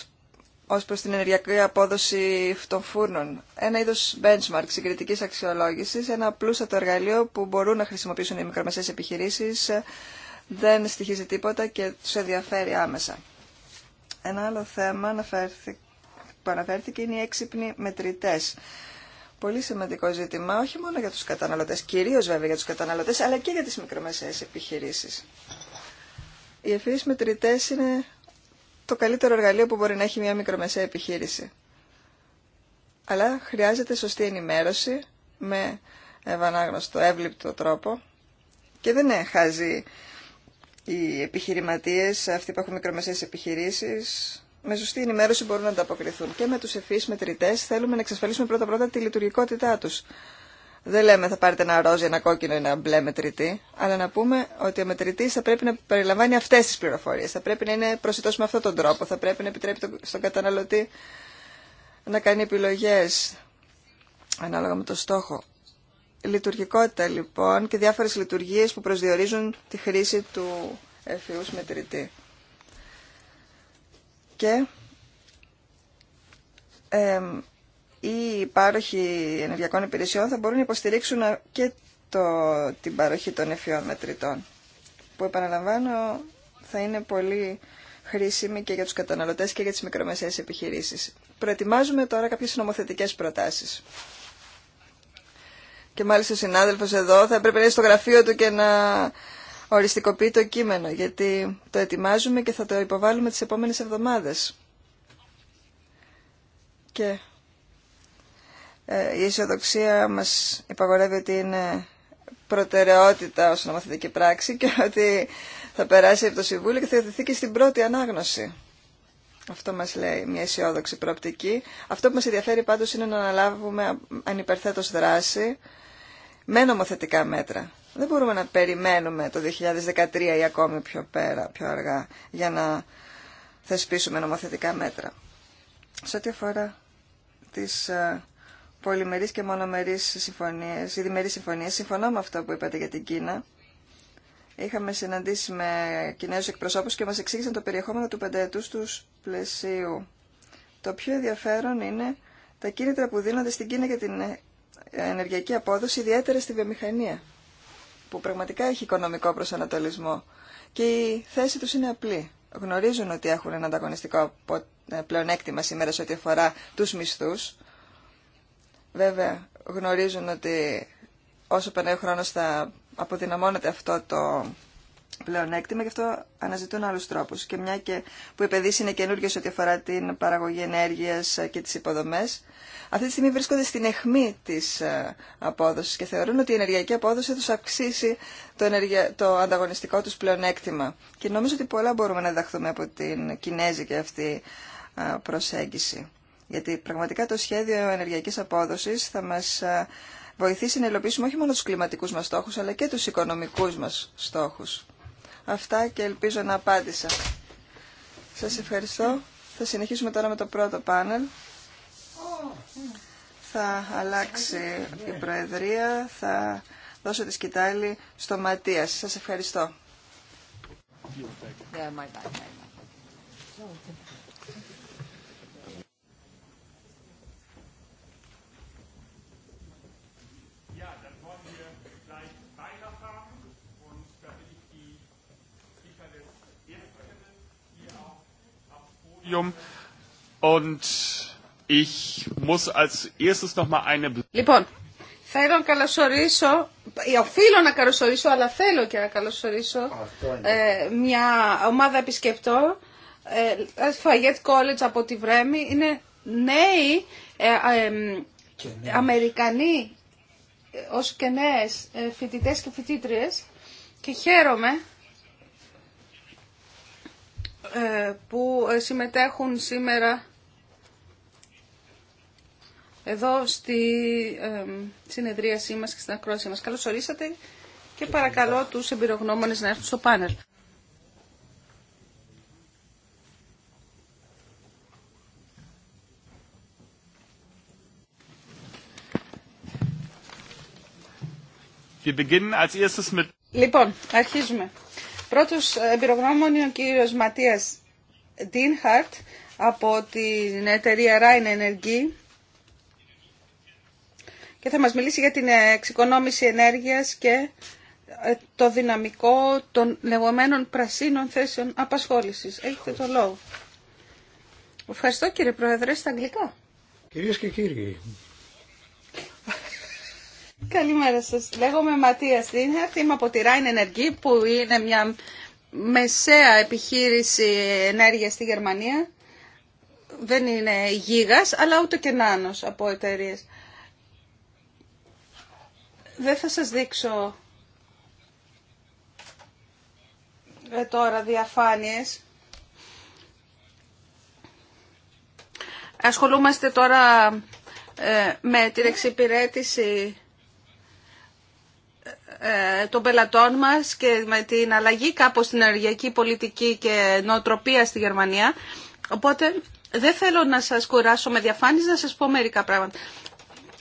ως προς την ενεργειακή απόδοση των φούρνων. Ένα είδος benchmark συγκριτικής αξιολόγηση, ένα πλούστατο εργαλείο που μπορούν να χρησιμοποιήσουν οι μικρομεσαίες επιχειρήσεις, δεν στοιχίζει τίποτα και τους ενδιαφέρει άμεσα. Ένα άλλο θέμα που αναφέρθηκε είναι οι έξυπνοι μετρητέ. Πολύ σημαντικό ζήτημα, όχι μόνο για τους καταναλωτές, κυρίως βέβαια για τους καταναλωτές, αλλά και για τις μικρομεσαίες επιχειρήσεις. Οι ευφύες μετρητέ είναι το καλύτερο εργαλείο που μπορεί να έχει μια μικρομεσαία επιχείρηση. Αλλά χρειάζεται σωστή ενημέρωση με ευανάγνωστο, εύληπτο τρόπο και δεν χάζει οι επιχειρηματίες, αυτοί που έχουν μικρομεσαίες επιχειρήσεις, με σωστή ενημέρωση μπορούν να ανταποκριθούν. Και με τους ευφύς μετρητές θέλουμε να εξασφαλίσουμε πρώτα-πρώτα τη λειτουργικότητά τους. Δεν λέμε θα πάρετε ένα ή ένα ένα κόκκινο, ένα μπλε μετρητή, αλλά να πούμε ότι ο μετρητή θα πρέπει να περιλαμβάνει αυτέ τι πληροφορίε. Θα πρέπει να είναι προσιτό με αυτόν τον τρόπο. Θα πρέπει να επιτρέπει στον καταναλωτή να κάνει επιλογέ ανάλογα με το στόχο. Λειτουργικότητα λοιπόν και διάφορες λειτουργίες που προσδιορίζουν τη χρήση του εφιούς μετρητή. Και οι υπάροχοι ενεργειακών υπηρεσιών θα μπορούν να υποστηρίξουν και το, την παροχή των εφιών μετρητών, που επαναλαμβάνω θα είναι πολύ χρήσιμη και για τους καταναλωτές και για τις μικρομεσαίες επιχειρήσεις. Προετοιμάζουμε τώρα κάποιες νομοθετικές προτάσεις. Και μάλιστα ο συνάδελφος εδώ θα έπρεπε να είναι στο γραφείο του και να οριστικοποιεί το κείμενο, γιατί το ετοιμάζουμε και θα το υποβάλουμε τις επόμενες εβδομάδες. Και ε, η αισιοδοξία μας υπαγορεύει ότι είναι προτεραιότητα ως νομοθετική πράξη και ότι θα περάσει από το Συμβούλιο και θα και στην πρώτη ανάγνωση. Αυτό μας λέει μια αισιόδοξη προοπτική. Αυτό που μας ενδιαφέρει πάντως είναι να αναλάβουμε ανυπερθέτως δράση με νομοθετικά μέτρα. Δεν μπορούμε να περιμένουμε το 2013 ή ακόμη πιο πέρα, πιο αργά, για να θεσπίσουμε νομοθετικά μέτρα. Σε ό,τι αφορά τις ε, πολυμερείς και μονομερείς συμφωνίες, οι διμερείς συμφωνίες. Συμφωνώ με αυτό που είπατε για την Κίνα. Είχαμε συναντήσει με Κινέζους εκπροσώπους και μας εξήγησαν το περιεχόμενο του πενταετούς του πλαισίου. Το πιο ενδιαφέρον είναι τα κίνητρα που δίνονται στην Κίνα για την ενεργειακή απόδοση, ιδιαίτερα στη βιομηχανία, που πραγματικά έχει οικονομικό προσανατολισμό. Και η θέση τους είναι απλή. Γνωρίζουν ότι έχουν ένα ανταγωνιστικό ε, πλεονέκτημα σήμερα σε ό,τι αφορά τους μισθούς Βέβαια, γνωρίζουν ότι όσο περνάει ο χρόνο θα αποδυναμώνεται αυτό το πλεονέκτημα, γι' αυτό αναζητούν άλλους τρόπους. Και μια και που η παιδίση είναι καινούργια ό,τι αφορά την παραγωγή ενέργειας και τις υποδομές, αυτή τη στιγμή βρίσκονται στην αιχμή της ε, απόδοσης και θεωρούν ότι η ενεργειακή απόδοση θα τους αυξήσει το, ενεργεια... το ανταγωνιστικό τους πλεονέκτημα. Και νομίζω ότι πολλά μπορούμε να διδαχθούμε από την κινέζικη αυτή ε, προσέγγιση. Γιατί πραγματικά το σχέδιο ενεργειακής απόδοσης θα μας ε, βοηθήσει να υλοποιήσουμε όχι μόνο τους κλιματικούς μας στόχους, αλλά και τους οικονομικούς μας στόχους. Αυτά και ελπίζω να απάντησα. Σας ευχαριστώ. Θα συνεχίσουμε τώρα με το πρώτο πάνελ. Θα αλλάξει η Προεδρία, θα δώσω τη σκητάλη στο Ματίας. Σας ευχαριστώ. Und ich muss als erstes noch Λοιπόν, θέλω να καλωσορίσω, ε, οφείλω να καλωσορίσω, αλλά θέλω και να καλωσορίσω ε, μια ομάδα επισκεπτών, ε, Φαγέτ College από τη Βρέμη, είναι νέοι ε, ε Αμερικανοί, ε, ως και νέες φοιτητές και φοιτήτριες και χαίρομαι ε, που ε, συμμετέχουν σήμερα εδώ στη ε, συνεδρίασή μας και στην ακρόαση μας. Καλώς ορίσατε και παρακαλώ τους εμπειρογνώμονες να έρθουν στο πάνελ. Λοιπόν, αρχίζουμε. Πρώτος εμπειρογνώμων είναι ο κύριος Ματίας Ντίνχαρτ από την εταιρεία Rhein Energy και θα μας μιλήσει για την εξοικονόμηση ενέργειας και ε, το δυναμικό των λεγόμενων πρασίνων θέσεων απασχόλησης. Έχετε το λόγο. Ευχαριστώ κύριε Πρόεδρε στα αγγλικά. Κυρίες και κύριοι, Καλημέρα σας. Λέγομαι Ματία Δίνερτ, είμαι από τη Rhein Energy που είναι μια μεσαία επιχείρηση ενέργειας στη Γερμανία. Δεν είναι γίγας αλλά ούτε και νάνος από εταιρείε. Δεν θα σας δείξω ε, τώρα διαφάνειες. Ασχολούμαστε τώρα ε, με την εξυπηρέτηση ε, των πελατών μας και με την αλλαγή κάπως στην ενεργειακή πολιτική και νοοτροπία στη Γερμανία. Οπότε δεν θέλω να σας κουράσω με διαφάνειες, να σας πω μερικά πράγματα.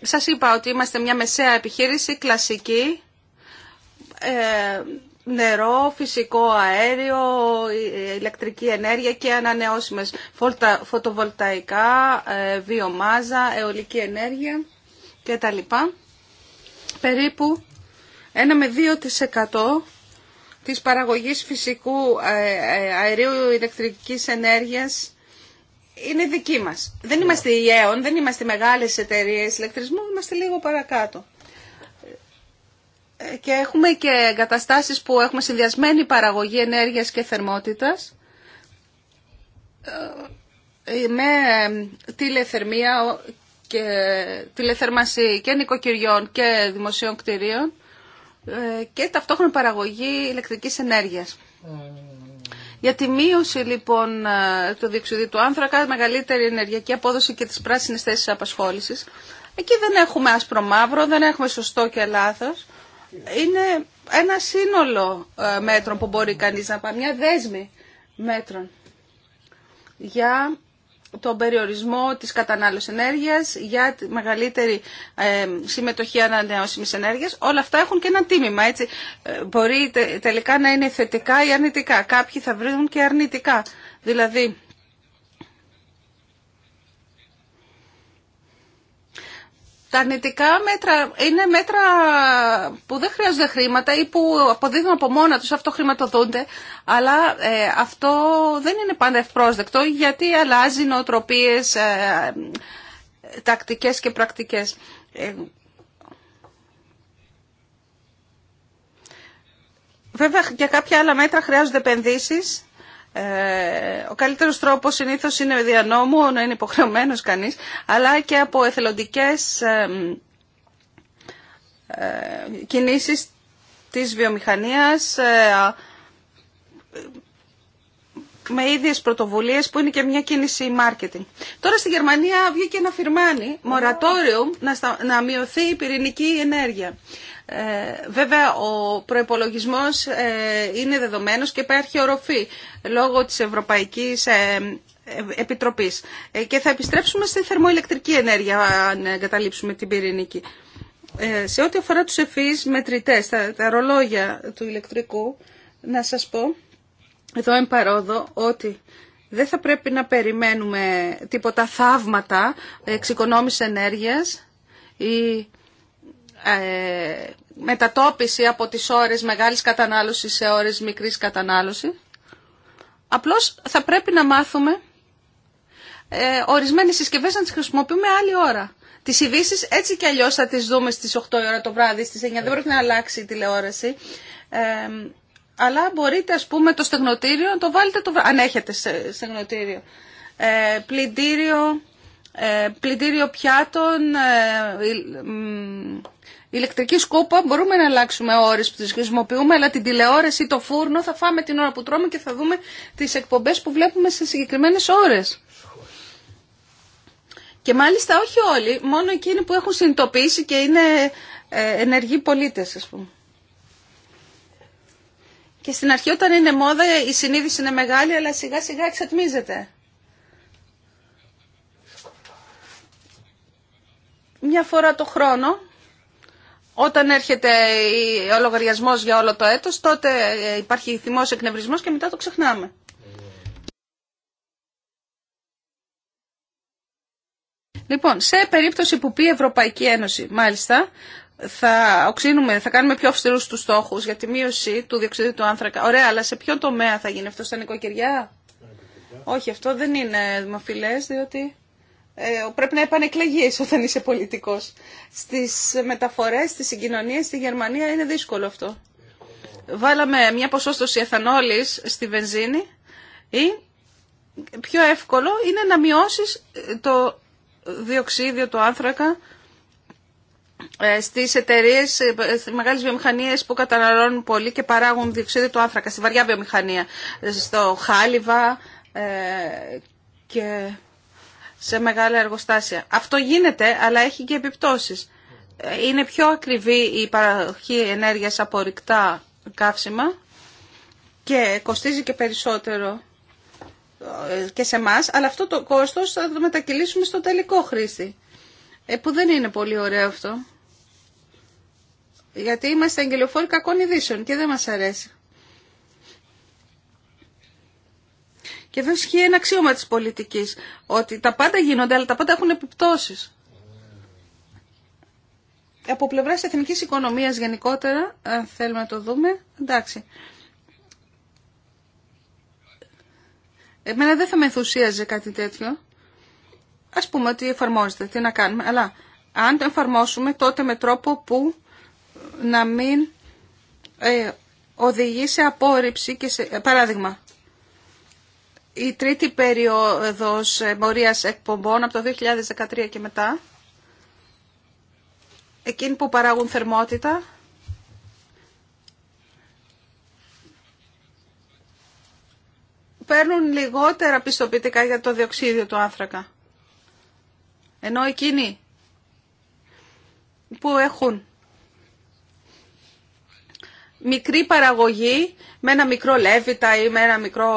Σας είπα ότι είμαστε μια μεσαία επιχείρηση, κλασική, ε, νερό, φυσικό αέριο, ε, ηλεκτρική ενέργεια και ανανεώσιμες φωτοβολταϊκά, βιομάζα, αιωλική ενέργεια κτλ. Περίπου ένα με 2% της παραγωγής φυσικού ε, ε, αερίου ηλεκτρικής ενέργειας είναι δική μας. Δεν ναι. είμαστε η δεν είμαστε μεγάλες εταιρείες ηλεκτρισμού, είμαστε λίγο παρακάτω. Ε, και έχουμε και εγκαταστάσεις που έχουμε συνδυασμένη παραγωγή ενέργειας και θερμότητας με τηλεθερμία και τηλεθερμασία και νοικοκυριών και δημοσίων κτηρίων ε, και ταυτόχρονα παραγωγή ηλεκτρικής ενέργειας. Για τη μείωση λοιπόν ε, του διεξουδίου του άνθρακα, μεγαλύτερη ενεργειακή απόδοση και τις πράσινες θέσεις απασχόλησης. Εκεί δεν έχουμε άσπρο μαύρο, δεν έχουμε σωστό και λάθος. Είναι ένα σύνολο ε, μέτρων που μπορεί κανείς να πάει, μια δέσμη μέτρων για τον περιορισμό της κατανάλωσης ενέργειας, για τη μεγαλύτερη ε, συμμετοχή ανανεώσιμης ενέργειας. Όλα αυτά έχουν και ένα τίμημα, έτσι. Ε, μπορεί τελικά να είναι θετικά ή αρνητικά. Κάποιοι θα βρουν και αρνητικά. Δηλαδή, Τα αρνητικά μέτρα είναι μέτρα που δεν χρειάζονται χρήματα ή που αποδίδουν από μόνα τους, αυτό χρηματοδούνται, αλλά ε, αυτό δεν είναι πάντα ευπρόσδεκτο γιατί αλλάζει νοοτροπίες, ε, τακτικές και πρακτικές. Ε, βέβαια, για κάποια άλλα μέτρα χρειάζονται επενδύσεις ε, ο καλύτερος τρόπος συνήθως είναι διανόμου, να είναι υποχρεωμένος κανείς, αλλά και από εθελοντικές ε, ε, κινήσεις της βιομηχανίας με ίδιες πρωτοβουλίες που είναι και μια κίνηση marketing. Τώρα στη Γερμανία βγήκε ένα φυρμάνι, moratorium να, να μειωθεί η πυρηνική ενέργεια. Ε, βέβαια, ο προϋπολογισμός ε, είναι δεδομένος και υπάρχει οροφή λόγω της Ευρωπαϊκής ε, Επιτροπής. και θα επιστρέψουμε στη θερμοηλεκτρική ενέργεια, αν εγκαταλείψουμε την πυρηνική. σε ό,τι αφορά τους ευφύς μετρητές, τα, ρολόγια του ηλεκτρικού, να σας πω, εδώ εν παρόδο, ότι δεν θα πρέπει να περιμένουμε τίποτα θαύματα εξοικονόμησης ενέργειας ή ε, μετατόπιση από τις ώρες μεγάλης κατανάλωσης σε ώρες μικρής κατανάλωσης. Απλώς θα πρέπει να μάθουμε ε, ορισμένες συσκευές να τις χρησιμοποιούμε άλλη ώρα. Τις ειδήσει έτσι κι αλλιώς θα τις δούμε στις 8 ώρα το βράδυ, στις 9. Δεν πρέπει να αλλάξει η τηλεόραση. Ε, αλλά μπορείτε ας πούμε το στεγνοτήριο να το βάλετε το βράδυ, αν έχετε στεγνοτήριο. Ε, πλυντήριο, ε, πλυντήριο πιάτων, ε, ηλεκτρική σκούπα μπορούμε να αλλάξουμε ώρε που τι χρησιμοποιούμε, αλλά την τηλεόραση ή το φούρνο θα φάμε την ώρα που τρώμε και θα δούμε τι εκπομπέ που βλέπουμε σε συγκεκριμένε ώρε. Και μάλιστα όχι όλοι, μόνο εκείνοι που έχουν συνειδητοποιήσει και είναι ε, ενεργοί πολίτε ας πούμε. Και στην αρχή όταν είναι μόδα η συνείδηση είναι μεγάλη, αλλά σιγά σιγά εξατμίζεται. Μια φορά το χρόνο όταν έρχεται ο λογαριασμό για όλο το έτος, τότε ε, υπάρχει θυμός εκνευρισμός και μετά το ξεχνάμε. Λοιπόν, σε περίπτωση που πει η Ευρωπαϊκή Ένωση, μάλιστα, θα οξύνουμε, θα κάνουμε πιο αυστηρούς τους στόχους για τη μείωση του διοξιδίου του άνθρακα. Ωραία, αλλά σε ποιο τομέα θα γίνει αυτό, στα νοικοκυριά. Όχι, αυτό δεν είναι δημοφιλές, διότι ε, πρέπει να επανεκλεγείς όταν είσαι πολιτικός. Στις μεταφορές, στις συγκοινωνίες, στη Γερμανία είναι δύσκολο αυτό. Βάλαμε μια ποσόστοση εθανόλης στη βενζίνη ή πιο εύκολο είναι να μειώσεις ε, το διοξίδιο του άνθρακα ε, στις εταιρείε, στις μεγάλες βιομηχανίες που καταναλώνουν πολύ και παράγουν διοξίδιο του άνθρακα, στη βαριά βιομηχανία, στο χάλιβα και σε μεγάλα εργοστάσια. Αυτό γίνεται, αλλά έχει και επιπτώσεις. Είναι πιο ακριβή η παραγωγή ενέργειας από ρηκτά καύσιμα και κοστίζει και περισσότερο ε, και σε εμά, αλλά αυτό το κόστος θα το μετακυλήσουμε στο τελικό χρήστη. Ε, που δεν είναι πολύ ωραίο αυτό. Γιατί είμαστε αγγελοφόροι κακών ειδήσεων και δεν μας αρέσει. Και δεν ισχύει ένα αξίωμα τη πολιτική. ότι τα πάντα γίνονται, αλλά τα πάντα έχουν επιπτώσεις. Από πλευράς εθνική οικονομίας γενικότερα, αν θέλουμε να το δούμε, εντάξει. Εμένα δεν θα με ενθουσίαζε κάτι τέτοιο. Ας πούμε ότι εφαρμόζεται, τι να κάνουμε. Αλλά αν το εφαρμόσουμε τότε με τρόπο που να μην ε, οδηγεί σε απόρριψη και σε... Παράδειγμα, η τρίτη περίοδος μορίας εκπομπών από το 2013 και μετά, εκείνοι που παράγουν θερμότητα, παίρνουν λιγότερα πιστοποιητικά για το διοξίδιο του άνθρακα. Ενώ εκείνοι που έχουν μικρή παραγωγή με ένα μικρό λέβητα ή με ένα μικρό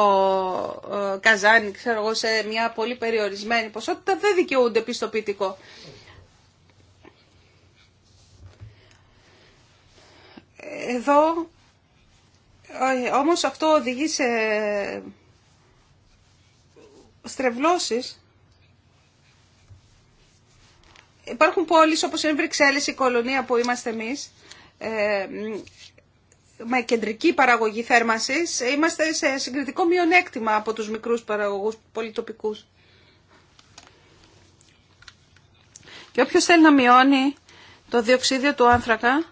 ε, καζάνι, ξέρω εγώ, σε μια πολύ περιορισμένη ποσότητα, δεν δικαιούνται πιστοποιητικό. Εδώ ε, όμως αυτό οδηγεί σε στρεβλώσεις υπάρχουν πόλεις όπως είναι Βρυξέλλες, η κολονία που είμαστε εμείς, ε, με κεντρική παραγωγή θέρμανσης είμαστε σε συγκριτικό μειονέκτημα από τους μικρούς παραγωγούς πολυτοπικούς. Και όποιος θέλει να μειώνει το διοξίδιο του άνθρακα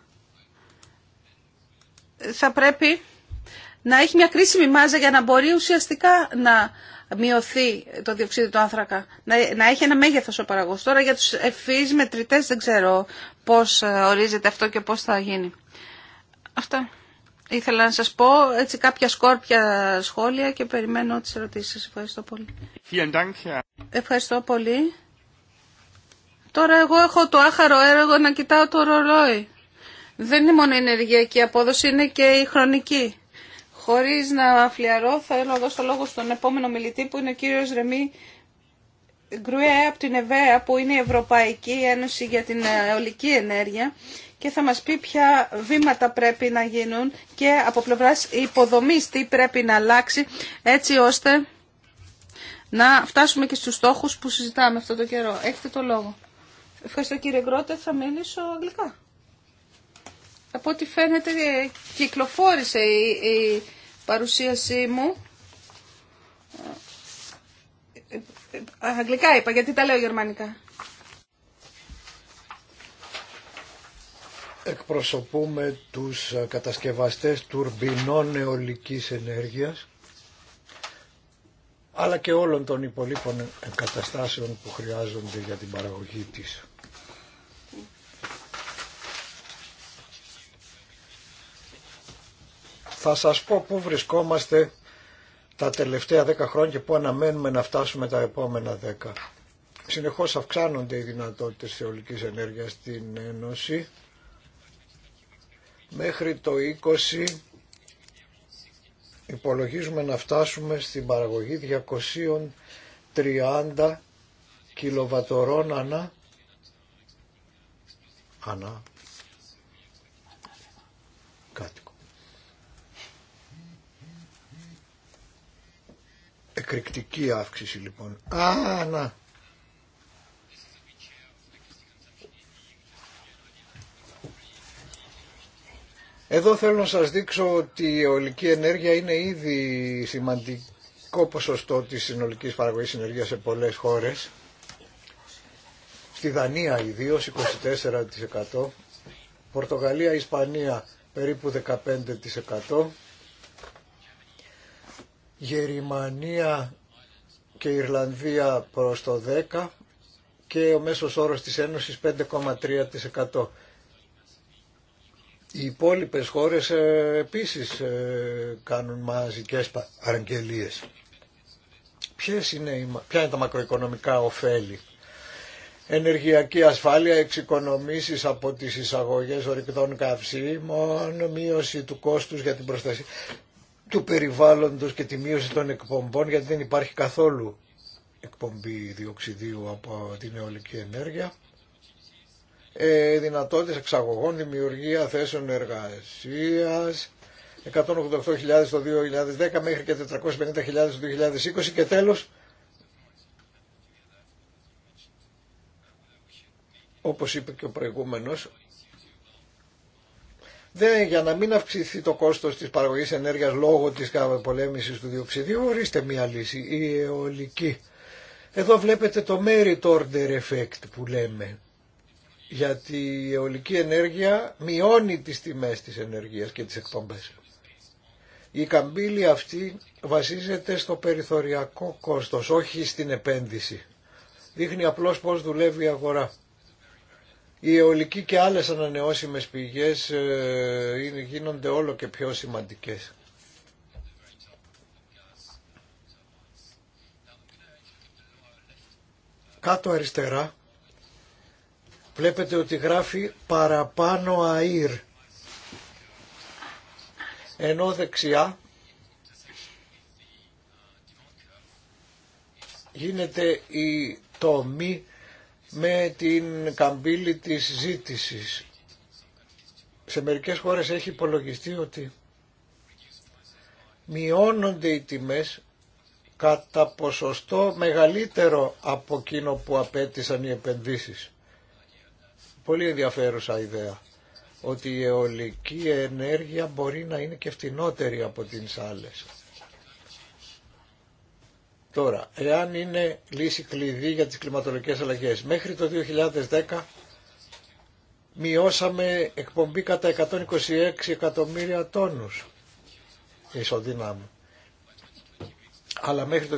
θα πρέπει να έχει μια κρίσιμη μάζα για να μπορεί ουσιαστικά να μειωθεί το διοξίδιο του άνθρακα. Να, έχει ένα μέγεθος ο παραγωγός. Τώρα για τους ευφύς μετρητές δεν ξέρω πώς ε, ορίζεται αυτό και πώς θα γίνει. Αυτά. Ήθελα να σας πω έτσι κάποια σκόρπια σχόλια και περιμένω τις ερωτήσεις σας. Ευχαριστώ πολύ. Ευχαριστώ πολύ. Τώρα εγώ έχω το άχαρο έργο να κοιτάω το ρολόι. Δεν είναι μόνο η ενεργειακή απόδοση, είναι και η χρονική. Χωρίς να αφλιαρώ, θέλω να δώσω λόγο στον επόμενο μιλητή που είναι ο κύριος Ρεμί Γκρουέ από την ΕΒΕΑ που είναι η Ευρωπαϊκή Ένωση για την Αεολική Ενέργεια και θα μας πει ποια βήματα πρέπει να γίνουν και από πλευράς υποδομής τι πρέπει να αλλάξει έτσι ώστε να φτάσουμε και στους στόχους που συζητάμε αυτό το καιρό. Έχετε το λόγο. Ευχαριστώ κύριε Γκρότε, θα μιλήσω αγγλικά. Από ό,τι φαίνεται κυκλοφόρησε η παρουσίασή μου. Ε, ε, αγγλικά είπα, γιατί τα λέω γερμανικά. εκπροσωπούμε τους κατασκευαστές τουρμπινών αιωλικής ενέργειας αλλά και όλων των υπολείπων εγκαταστάσεων που χρειάζονται για την παραγωγή της. Θα σας πω πού βρισκόμαστε τα τελευταία 10 χρόνια και πού αναμένουμε να φτάσουμε τα επόμενα 10. Συνεχώς αυξάνονται οι δυνατότητες θεολικής ενέργειας στην Ένωση Μέχρι το 20 υπολογίζουμε να φτάσουμε στην παραγωγή 230 κιλοβατορών ανά ανά κάτοικο. Εκρηκτική αύξηση λοιπόν. Α, Εδώ θέλω να σας δείξω ότι η ολική ενέργεια είναι ήδη σημαντικό ποσοστό της συνολικής παραγωγής ενέργειας σε πολλές χώρες. Στη Δανία ιδίω 24%, Πορτογαλία, Ισπανία περίπου 15%, Γερμανία και Ιρλανδία προς το 10% και ο μέσος όρος της Ένωσης 5,3%. Οι υπόλοιπες χώρες ε, επίσης ε, κάνουν μαζικές παραγγελίες. Ποιες είναι, ποια είναι τα μακροοικονομικά ωφέλη. Ενεργειακή ασφάλεια, εξοικονομήσεις από τις εισαγωγές ορυκτών καυσίμων, μείωση του κόστους για την προστασία του περιβάλλοντος και τη μείωση των εκπομπών γιατί δεν υπάρχει καθόλου εκπομπή διοξιδίου από την αιωλική ενέργεια ε, δυνατότητες εξαγωγών, δημιουργία θέσεων εργασίας, 188.000 το 2010 μέχρι και 450.000 το 2020 και τέλος όπως είπε και ο προηγούμενος για να μην αυξηθεί το κόστος της παραγωγής ενέργειας λόγω της πολέμησης του διοξιδίου ορίστε μια λύση η αιωλική εδώ βλέπετε το merit order effect που λέμε γιατί η αιωλική ενέργεια μειώνει τις τιμές της ενεργείας και τις εκπομπές. Η καμπύλη αυτή βασίζεται στο περιθωριακό κόστος, όχι στην επένδυση. Δείχνει απλώς πώς δουλεύει η αγορά. Η αιωλική και άλλες ανανεώσιμες πηγές ε, γίνονται όλο και πιο σημαντικές. Κάτω αριστερά Βλέπετε ότι γράφει παραπάνω αΐρ, Ενώ δεξιά γίνεται η τομή με την καμπύλη της ζήτησης. Σε μερικές χώρες έχει υπολογιστεί ότι μειώνονται οι τιμές κατά ποσοστό μεγαλύτερο από εκείνο που απέτησαν οι επενδύσεις. Πολύ ενδιαφέρουσα ιδέα ότι η αιωλική ενέργεια μπορεί να είναι και φτηνότερη από τις άλλες. Τώρα, εάν είναι λύση κλειδί για τις κλιματολογικές αλλαγές, μέχρι το 2010 μειώσαμε εκπομπή κατά 126 εκατομμύρια τόνους ισοδυνάμου αλλά μέχρι το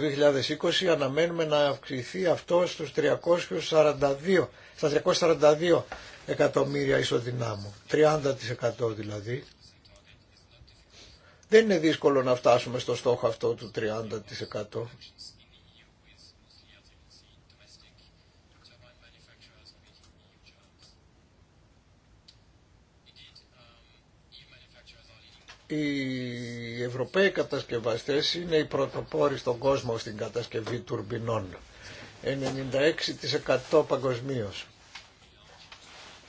2020 αναμένουμε να αυξηθεί αυτό στους 342, στα 342 εκατομμύρια ισοδυνάμου, 30% δηλαδή. Δεν είναι δύσκολο να φτάσουμε στο στόχο αυτό του 30%. Οι Ευρωπαίοι κατασκευαστές είναι οι πρωτοπόροι στον κόσμο στην κατασκευή τουρμπινών. 96% παγκοσμίω.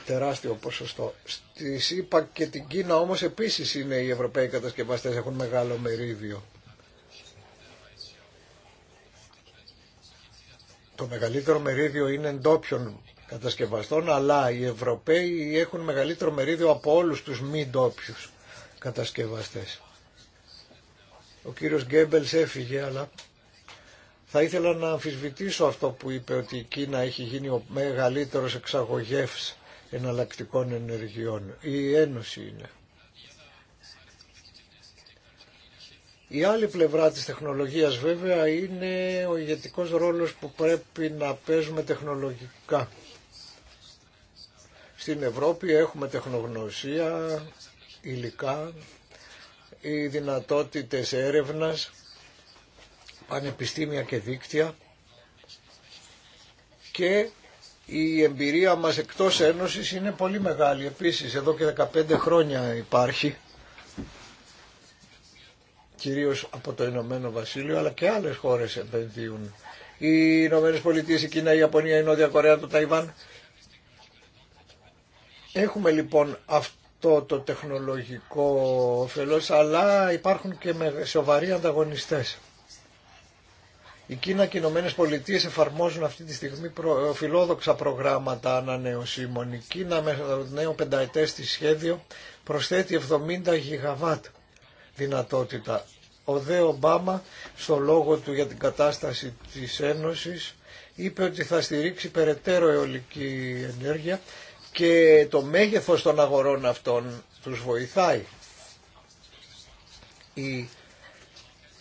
Τεράστιο ποσοστό. Στη ΣΥΠΑ και την Κίνα όμως επίσης είναι οι Ευρωπαίοι κατασκευαστές, έχουν μεγάλο μερίδιο. Το μεγαλύτερο μερίδιο είναι εντόπιον κατασκευαστών, αλλά οι Ευρωπαίοι έχουν μεγαλύτερο μερίδιο από όλους τους μη ντόπιου κατασκευαστές. Ο κύριος Γκέμπελς έφυγε, αλλά θα ήθελα να αμφισβητήσω αυτό που είπε ότι η Κίνα έχει γίνει ο μεγαλύτερος εξαγωγεύς εναλλακτικών ενεργειών. Η Ένωση είναι. Η άλλη πλευρά της τεχνολογίας βέβαια είναι ο ηγετικός ρόλος που πρέπει να παίζουμε τεχνολογικά. Στην Ευρώπη έχουμε τεχνογνωσία, υλικά, οι δυνατότητες έρευνας, πανεπιστήμια και δίκτυα και η εμπειρία μας εκτός Ένωσης είναι πολύ μεγάλη. Επίσης, εδώ και 15 χρόνια υπάρχει, κυρίως από το Ηνωμένο Βασίλειο, αλλά και άλλες χώρες επενδύουν. Οι Ηνωμένε Πολιτείε, η Κίνα, η Ιαπωνία, η Νότια Κορέα, το Ταϊβάν. Έχουμε λοιπόν αυτό το τεχνολογικό όφελος, αλλά υπάρχουν και με σοβαροί ανταγωνιστές. Η Κίνα και οι Ηνωμένε Πολιτείε εφαρμόζουν αυτή τη στιγμή φιλόδοξα προγράμματα ανανεωσίμων. Η Κίνα με το νέο πενταετές της σχέδιο προσθέτει 70 γιγαβάτ δυνατότητα. Ο Δε Ομπάμα στο λόγο του για την κατάσταση της Ένωσης είπε ότι θα στηρίξει περαιτέρω αιωλική ενέργεια και το μέγεθος των αγορών αυτών τους βοηθάει. Η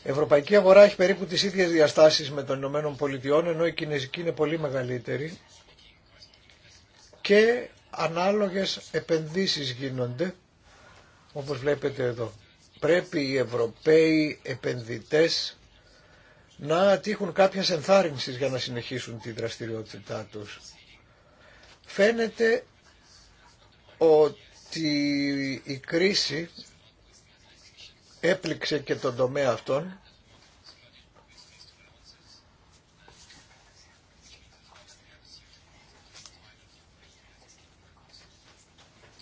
ευρωπαϊκή αγορά έχει περίπου τις ίδιες διαστάσεις με των Ηνωμένων Πολιτειών ενώ η κινέζικη είναι πολύ μεγαλύτερη και ανάλογες επενδύσεις γίνονται όπως βλέπετε εδώ. Πρέπει οι Ευρωπαίοι επενδυτές να τύχουν κάποιας ενθάρρυνσης για να συνεχίσουν τη δραστηριότητά τους. Φαίνεται ότι η κρίση έπληξε και τον τομέα αυτόν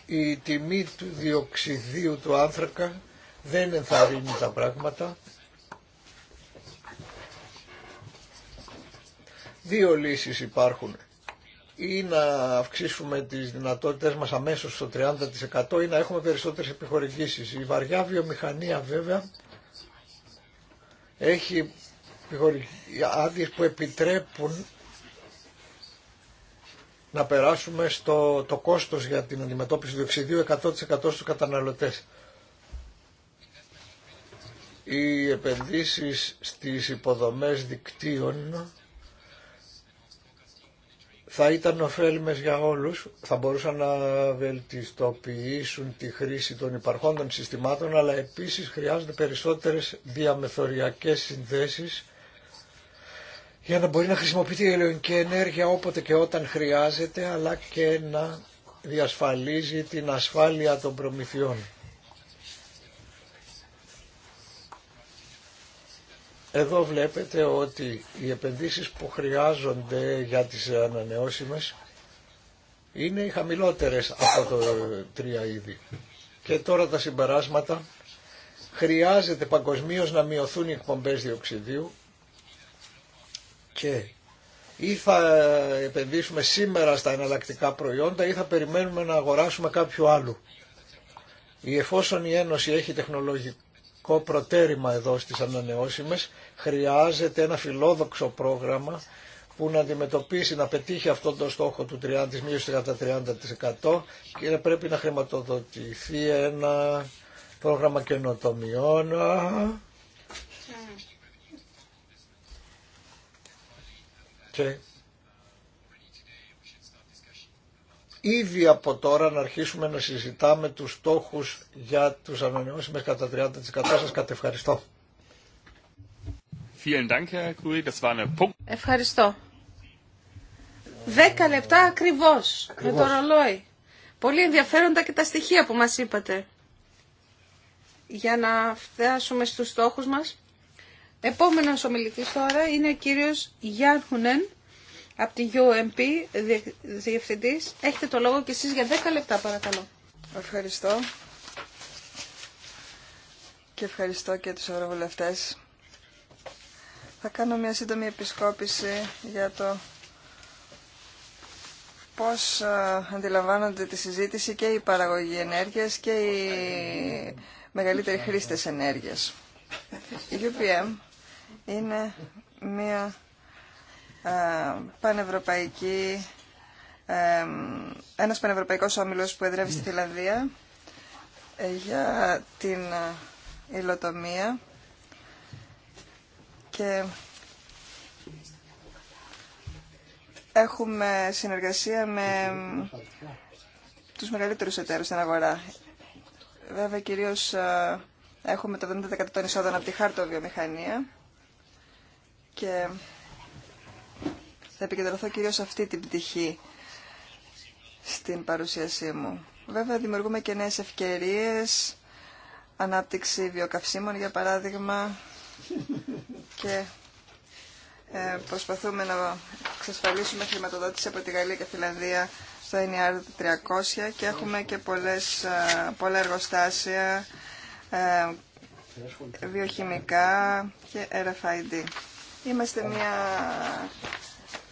η τιμή του διοξιδίου του άνθρακα δεν ενθαρρύνει τα πράγματα. Δύο λύσεις υπάρχουν ή να αυξήσουμε τις δυνατότητες μας αμέσως στο 30% ή να έχουμε περισσότερες επιχορηγήσεις. Η βαριά βιομηχανία βέβαια έχει άδειε που επιτρέπουν να περάσουμε στο το κόστος για την αντιμετώπιση του οξυδίου 100% στους καταναλωτές. Οι επενδύσεις στις υποδομές δικτύων θα ήταν ωφέλιμες για όλους, θα μπορούσαν να βελτιστοποιήσουν τη χρήση των υπαρχόντων συστημάτων, αλλά επίσης χρειάζονται περισσότερες διαμεθοριακές συνδέσεις για να μπορεί να χρησιμοποιείται η ελληνική ενέργεια όποτε και όταν χρειάζεται, αλλά και να διασφαλίζει την ασφάλεια των προμηθειών. Εδώ βλέπετε ότι οι επενδύσεις που χρειάζονται για τις ανανεώσιμες είναι οι χαμηλότερες από το τρία είδη. Και τώρα τα συμπεράσματα. Χρειάζεται παγκοσμίω να μειωθούν οι εκπομπές διοξιδίου και ή θα επενδύσουμε σήμερα στα εναλλακτικά προϊόντα ή θα περιμένουμε να αγοράσουμε κάποιο άλλο. Η εφόσον η Ένωση έχει τεχνολογικό βασικό προτέρημα εδώ στις ανανεώσιμες. Χρειάζεται ένα φιλόδοξο πρόγραμμα που να αντιμετωπίσει, να πετύχει αυτόν τον στόχο του 30, της μείωσης κατά 30% και πρέπει να χρηματοδοτηθεί ένα πρόγραμμα καινοτομιών. Και ήδη από τώρα να αρχίσουμε να συζητάμε τους στόχους για τους ανανεώσιμες κατά 30%. Σας κατευχαριστώ. Ευχαριστώ. Δέκα λεπτά ακριβώς, με το ρολόι. Πολύ ενδιαφέροντα και τα στοιχεία που μας είπατε. Για να φτάσουμε στους στόχους μας. Επόμενος ομιλητής τώρα είναι ο κύριος Χουνέν από την UMP, διευθυντής. Έχετε το λόγο και εσείς για 10 λεπτά παρακαλώ. Ευχαριστώ. Και ευχαριστώ και τους ευρωβουλευτές. Θα κάνω μια σύντομη επισκόπηση για το πώς αντιλαμβάνονται τη συζήτηση και η παραγωγή ενέργειας και οι μεγαλύτεροι χρήστες ενέργειας. Η UPM είναι μια ε, πανευρωπαϊκή, ε, ένας πανευρωπαϊκός όμιλος που εδρεύει στη Φιλανδία ε, για την υλοτομία και έχουμε συνεργασία με τους μεγαλύτερους εταίρους στην αγορά. Βέβαια κυρίως έχουμε το 70% των εισόδων από τη χάρτοβιομηχανία και θα επικεντρωθώ κυρίως σε αυτή την πτυχή στην παρουσίασή μου. Βέβαια, δημιουργούμε και νέες ευκαιρίες, ανάπτυξη βιοκαυσίμων, για παράδειγμα, και ε, προσπαθούμε να εξασφαλίσουμε χρηματοδότηση από τη Γαλλία και Φιλανδία στο NER 300 και έχουμε και πολλές, ε, πολλά εργοστάσια ε, βιοχημικά και RFID. Είμαστε μια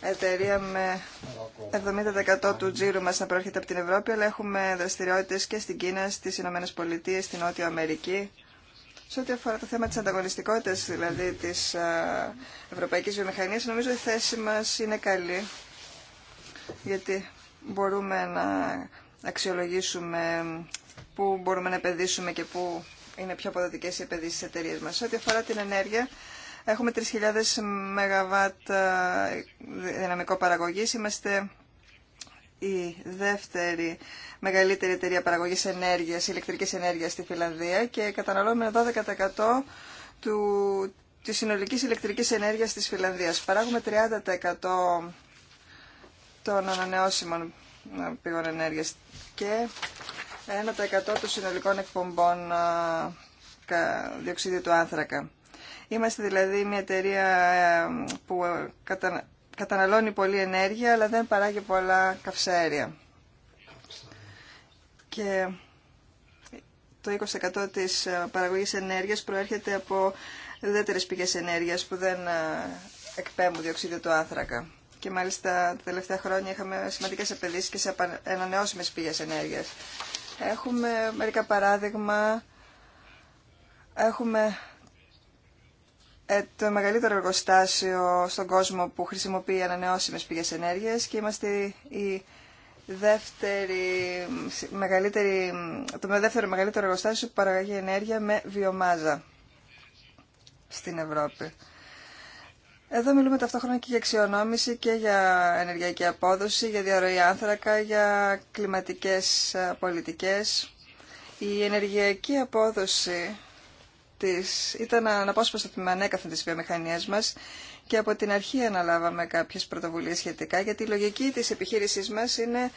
εταιρεία με 70% του τζίρου μας να προέρχεται από την Ευρώπη, αλλά έχουμε δραστηριότητες και στην Κίνα, στις Ηνωμένες Πολιτείες, στην Νότια Αμερική. Σε ό,τι αφορά το θέμα της ανταγωνιστικότητας, δηλαδή της ευρωπαϊκής βιομηχανίας, νομίζω η θέση μας είναι καλή, γιατί μπορούμε να αξιολογήσουμε πού μπορούμε να επενδύσουμε και πού είναι πιο αποδοτικές οι επενδύσεις της εταιρείας μας. Σε ό,τι αφορά την ενέργεια, Έχουμε 3.000 ΜΒ ε, δυναμικό παραγωγής. Είμαστε η δεύτερη μεγαλύτερη εταιρεία παραγωγής ενέργειας, ηλεκτρικής ενέργειας στη Φιλανδία και καταναλώνουμε 12% του, της συνολικής ηλεκτρικής ενέργειας της Φιλανδίας. Παράγουμε 30% των ανανεώσιμων ε, πηγών ενέργειας και 1% των συνολικών εκπομπών ε, διοξίδιου του άνθρακα. Είμαστε δηλαδή μια εταιρεία ε, που ε, καταναλώνει πολλή ενέργεια, αλλά δεν παράγει πολλά καυσαέρια. Και το 20% της ε, παραγωγής ενέργειας προέρχεται από δεύτερες πηγές ενέργειας που δεν εκπέμπουν διοξίδιο του άνθρακα. Και μάλιστα τα τελευταία χρόνια είχαμε σημαντικές επενδύσεις και σε ανανεώσιμες πηγές ενέργειας. Έχουμε μερικά παράδειγμα. Έχουμε ε, το μεγαλύτερο εργοστάσιο στον κόσμο που χρησιμοποιεί ανανεώσιμες πηγές ενέργειας και είμαστε η δεύτερη, μεγαλύτερη, το δεύτερο μεγαλύτερο εργοστάσιο που παραγωγεί ενέργεια με βιομάζα στην Ευρώπη. Εδώ μιλούμε ταυτόχρονα και για αξιονόμηση και για ενεργειακή απόδοση, για διαρροή άνθρακα, για κλιματικές πολιτικές. Η ενεργειακή απόδοση της, ήταν αναπόσπαστο τμήμα ανέκαθεν της βιομηχανίας μας και από την αρχή αναλάβαμε κάποιες πρωτοβουλίες σχετικά γιατί η λογική της επιχείρησής μας είναι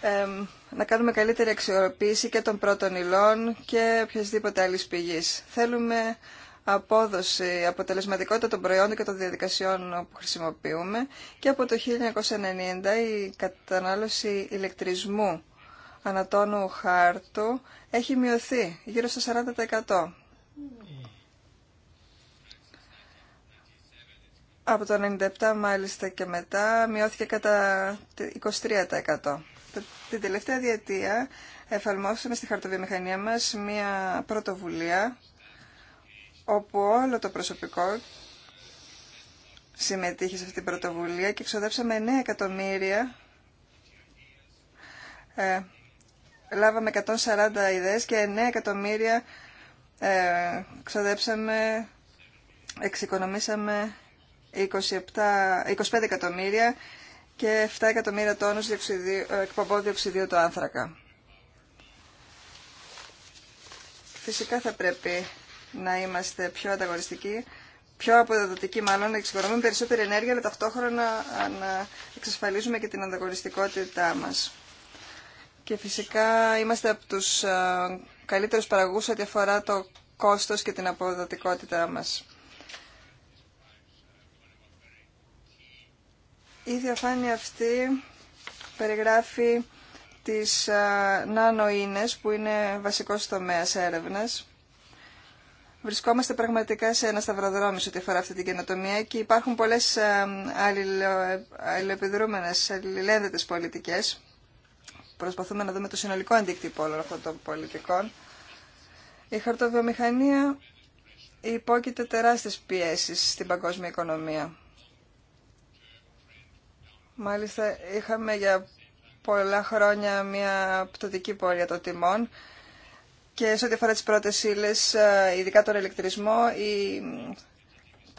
ε, να κάνουμε καλύτερη αξιοποίηση και των πρώτων υλών και οποιασδήποτε άλλη πηγή. Θέλουμε απόδοση, αποτελεσματικότητα των προϊόντων και των διαδικασιών που χρησιμοποιούμε και από το 1990 η κατανάλωση ηλεκτρισμού ανατόνου χάρτου έχει μειωθεί γύρω στο 40%. Από το 97 μάλιστα και μετά μειώθηκε κατά 23%. Την τελευταία διετία εφαρμόσαμε στη χαρτοβιομηχανία μας μία πρωτοβουλία όπου όλο το προσωπικό συμμετείχε σε αυτή την πρωτοβουλία και ξοδέψαμε 9 εκατομμύρια. Ε, λάβαμε 140 ιδέες και 9 εκατομμύρια ε, ξοδέψαμε, εξοικονομήσαμε 27, 25 εκατομμύρια και 7 εκατομμύρια τόνους ε, εκπομπών διοξιδίου του άνθρακα. Φυσικά θα πρέπει να είμαστε πιο ανταγωνιστικοί, πιο αποδοτικοί μάλλον, να εξοικονομούμε περισσότερη ενέργεια, αλλά ταυτόχρονα να εξασφαλίζουμε και την ανταγωνιστικότητά μας. Και φυσικά είμαστε από τους ε, καλύτερους παραγούς ό,τι αφορά το κόστος και την αποδοτικότητά μας. Η διαφάνεια αυτή περιγράφει τις νανοίνες που είναι βασικός τομέας έρευνας. Βρισκόμαστε πραγματικά σε ένα σταυροδρόμι σε ό,τι αφορά αυτή την καινοτομία και υπάρχουν πολλές αλληλεπιδρούμενες, αλληλένδετες πολιτικές προσπαθούμε να δούμε το συνολικό αντίκτυπο όλων αυτών των πολιτικών. Η χαρτοβιομηχανία υπόκειται τεράστιες πιέσεις στην παγκόσμια οικονομία. Μάλιστα είχαμε για πολλά χρόνια μια πτωτική πορεία των τιμών και σε ό,τι αφορά τις πρώτες ύλες, ε, ειδικά τον ηλεκτρισμό, η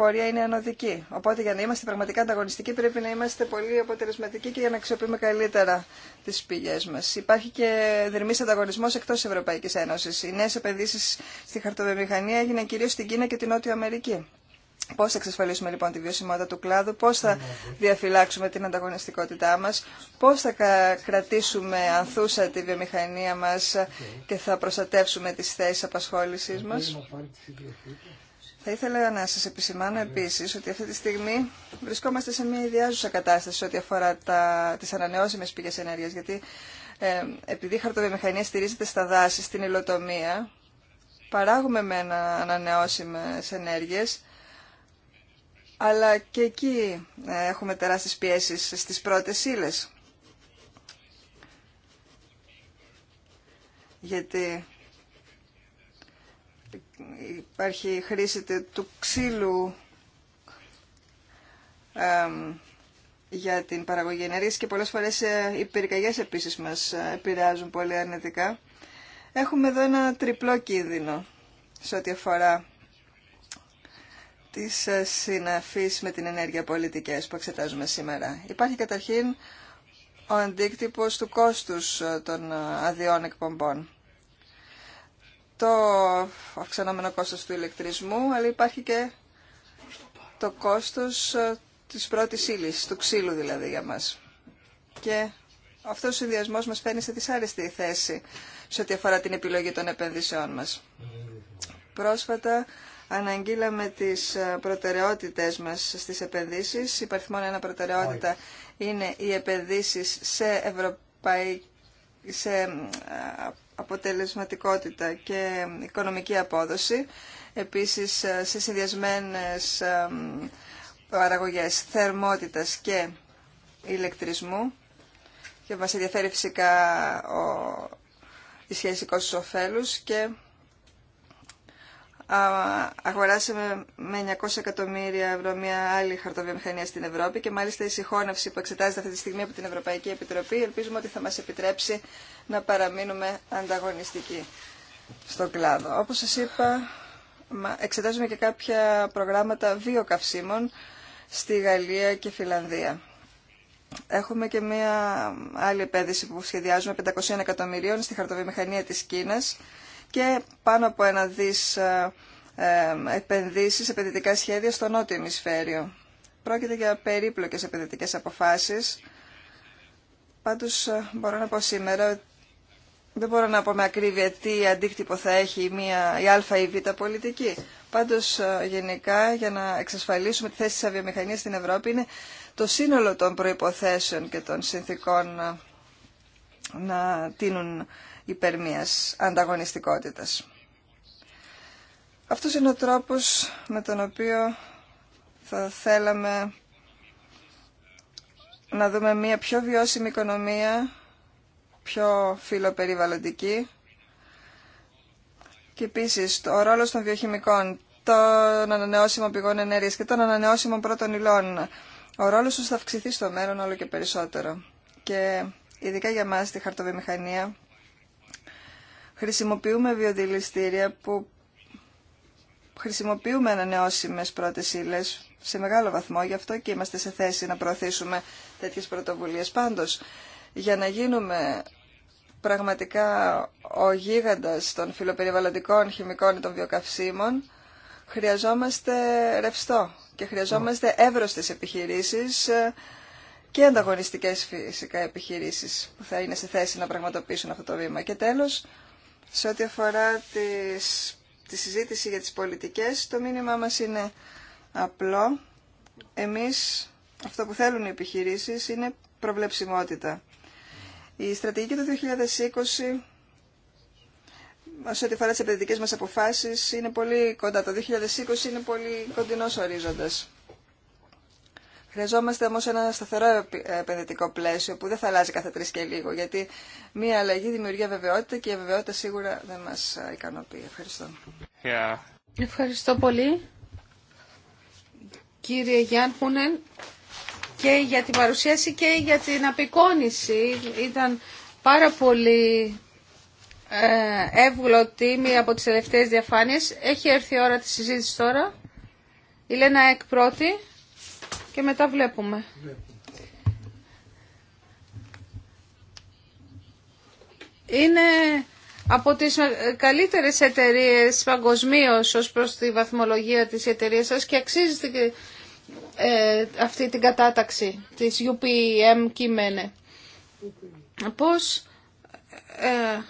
πορεία είναι ανωδική. Οπότε για να είμαστε πραγματικά ανταγωνιστικοί πρέπει να είμαστε πολύ αποτελεσματικοί και για να αξιοποιούμε καλύτερα τι πηγέ μα. Υπάρχει και δερμή ανταγωνισμό εκτό Ευρωπαϊκή Ένωση. Οι νέε επενδύσει στη χαρτοβιομηχανία έγιναν κυρίω στην Κίνα και την Νότια Αμερική. Πώ θα εξασφαλίσουμε λοιπόν τη βιωσιμότητα του κλάδου, πώ θα διαφυλάξουμε την ανταγωνιστικότητά μα, πώ θα κρατήσουμε ανθούσα τη βιομηχανία μα και θα προστατεύσουμε τι θέσει απασχόλησή μα. Θα ήθελα να σας επισημάνω επίσης ότι αυτή τη στιγμή βρισκόμαστε σε μια ιδιάζουσα κατάσταση ό,τι αφορά τα, τις ανανεώσιμες πηγές ενέργειας, γιατί ε, επειδή η χαρτοβιομηχανία στηρίζεται στα δάση, στην υλοτομία, παράγουμε με ανανεώσιμες ενέργειες, αλλά και εκεί ε, έχουμε τεράστιες πιέσεις στις πρώτες ύλες. Γιατί υπάρχει χρήση του ξύλου για την παραγωγή ενέργειας και πολλές φορές ε, οι πυρκαγιές επίσης μας ε, επηρεάζουν πολύ αρνητικά. Έχουμε εδώ ένα τριπλό κίνδυνο σε ό,τι αφορά τις ε, συναφείς με την ενέργεια πολιτικές που εξετάζουμε σήμερα. Υπάρχει καταρχήν ο αντίκτυπος του κόστους των αδειών εκπομπών το αυξανόμενο κόστος του ηλεκτρισμού, αλλά υπάρχει και το κόστος ε, της πρώτης ύλη, του ξύλου δηλαδή για μας. Και αυτός ο συνδυασμός μας φέρνει σε δυσάρεστη θέση σε ό,τι αφορά την επιλογή των επενδύσεών μας. Πρόσφατα αναγγείλαμε τις ε, προτεραιότητες μας στις επενδύσεις. μόνο ένα προτεραιότητα είναι οι επενδύσεις σε, Ευρωπαϊκή. Ε, αποτελεσματικότητα και οικονομική απόδοση. Επίσης, ε, σε συνδυασμένες ε, παραγωγές θερμότητας και ηλεκτρισμού και μας ενδιαφέρει φυσικά ο, η σχέση κόστος-οφέλους και αγοράσαμε με 900 εκατομμύρια ευρώ μια άλλη χαρτοβιομηχανία στην Ευρώπη και μάλιστα η συγχώνευση που εξετάζεται αυτή τη στιγμή από την Ευρωπαϊκή Επιτροπή ελπίζουμε ότι θα μας επιτρέψει να παραμείνουμε ανταγωνιστικοί στον κλάδο. Όπως σας είπα, εξετάζουμε και κάποια προγράμματα βιοκαυσίμων στη Γαλλία και Φιλανδία. Έχουμε και μια άλλη επένδυση που σχεδιάζουμε 500 εκατομμυρίων στη χαρτοβιομηχανία της Κίνας και πάνω από ένα δις ε, ε, επενδύσεις, επενδυτικά σχέδια στο νότιο ημισφαίριο. Πρόκειται για περίπλοκες επενδυτικές αποφάσεις. Πάντως ε, μπορώ να πω σήμερα δεν μπορώ να πω με ακρίβεια τι αντίκτυπο θα έχει η, μία, η α ή β πολιτική. Πάντως γενικά για να εξασφαλίσουμε τη θέση της αβιομηχανίας στην Ευρώπη είναι το σύνολο των προϋποθέσεων και των συνθήκων να τίνουν υπερμίας ανταγωνιστικότητας. Αυτός είναι ο τρόπος με τον οποίο θα θέλαμε να δούμε μια πιο βιώσιμη οικονομία, πιο φιλοπεριβαλλοντική και επίσης ο ρόλος των βιοχημικών, των ανανεώσιμων πηγών ενέργειας και των ανανεώσιμων πρώτων υλών. Ο ρόλος τους θα αυξηθεί στο μέλλον όλο και περισσότερο. Και ειδικά για μας τη χαρτοβιομηχανία Χρησιμοποιούμε βιοδηληστήρια που χρησιμοποιούμε ανανεώσιμες πρώτες ύλε σε μεγάλο βαθμό, γι' αυτό και είμαστε σε θέση να προωθήσουμε τέτοιες πρωτοβουλίες. Πάντως, για να γίνουμε πραγματικά ο γίγαντας των φιλοπεριβαλλοντικών χημικών και των βιοκαυσίμων, χρειαζόμαστε ρευστό και χρειαζόμαστε εύρωστες επιχειρήσεις και ανταγωνιστικές φυσικά επιχειρήσεις που θα είναι σε θέση να πραγματοποιήσουν αυτό το βήμα. Και τέλος, σε ό,τι αφορά τις, τη συζήτηση για τις πολιτικές, το μήνυμά μας είναι απλό. Εμείς, αυτό που θέλουν οι επιχειρήσεις είναι προβλεψιμότητα. Η στρατηγική του 2020 σε ό,τι αφορά τι επενδυτικές μα αποφάσει, είναι πολύ κοντά. Το 2020 είναι πολύ κοντινό ορίζοντας. Χρειαζόμαστε όμως ένα σταθερό επενδυτικό πλαίσιο που δεν θα αλλάζει κάθε τρει και λίγο, γιατί μία αλλαγή δημιουργεί αβεβαιότητα και η αβεβαιότητα σίγουρα δεν μας ικανοποιεί. Ευχαριστώ. Yeah. Ευχαριστώ πολύ, κύριε Γιάνν Χούνεν, και για την παρουσίαση και για την απεικόνηση. Ήταν πάρα πολύ ε, εύγλωτη μία από τις τελευταίες διαφάνειες. Έχει έρθει η ώρα της συζήτησης τώρα. Η Λένα Εκ πρώτη και μετά βλέπουμε. Είναι από τις καλύτερες εταιρείες παγκοσμίω ως προς τη βαθμολογία της εταιρείας σας και αξίζει ε, αυτή την κατάταξη της UPM Κείμενε. Πώς ε,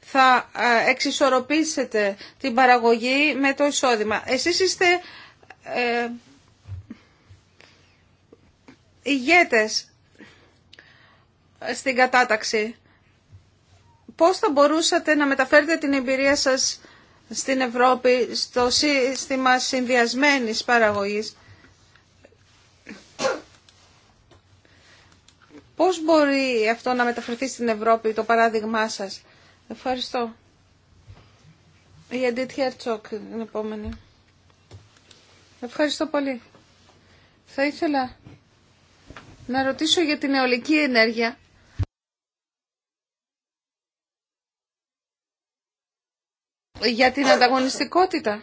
θα ε, εξισορροπήσετε την παραγωγή με το εισόδημα. Εσείς είστε ηγέτες στην κατάταξη. Πώς θα μπορούσατε να μεταφέρετε την εμπειρία σας στην Ευρώπη στο σύστημα συνδυασμένης παραγωγής. Πώς μπορεί αυτό να μεταφερθεί στην Ευρώπη, το παράδειγμά σας. Ευχαριστώ. Η Αντίτ Χερτσόκ, την επόμενη. Ευχαριστώ πολύ. Θα ήθελα να ρωτήσω για την αιωλική ενέργεια. Για την ανταγωνιστικότητα.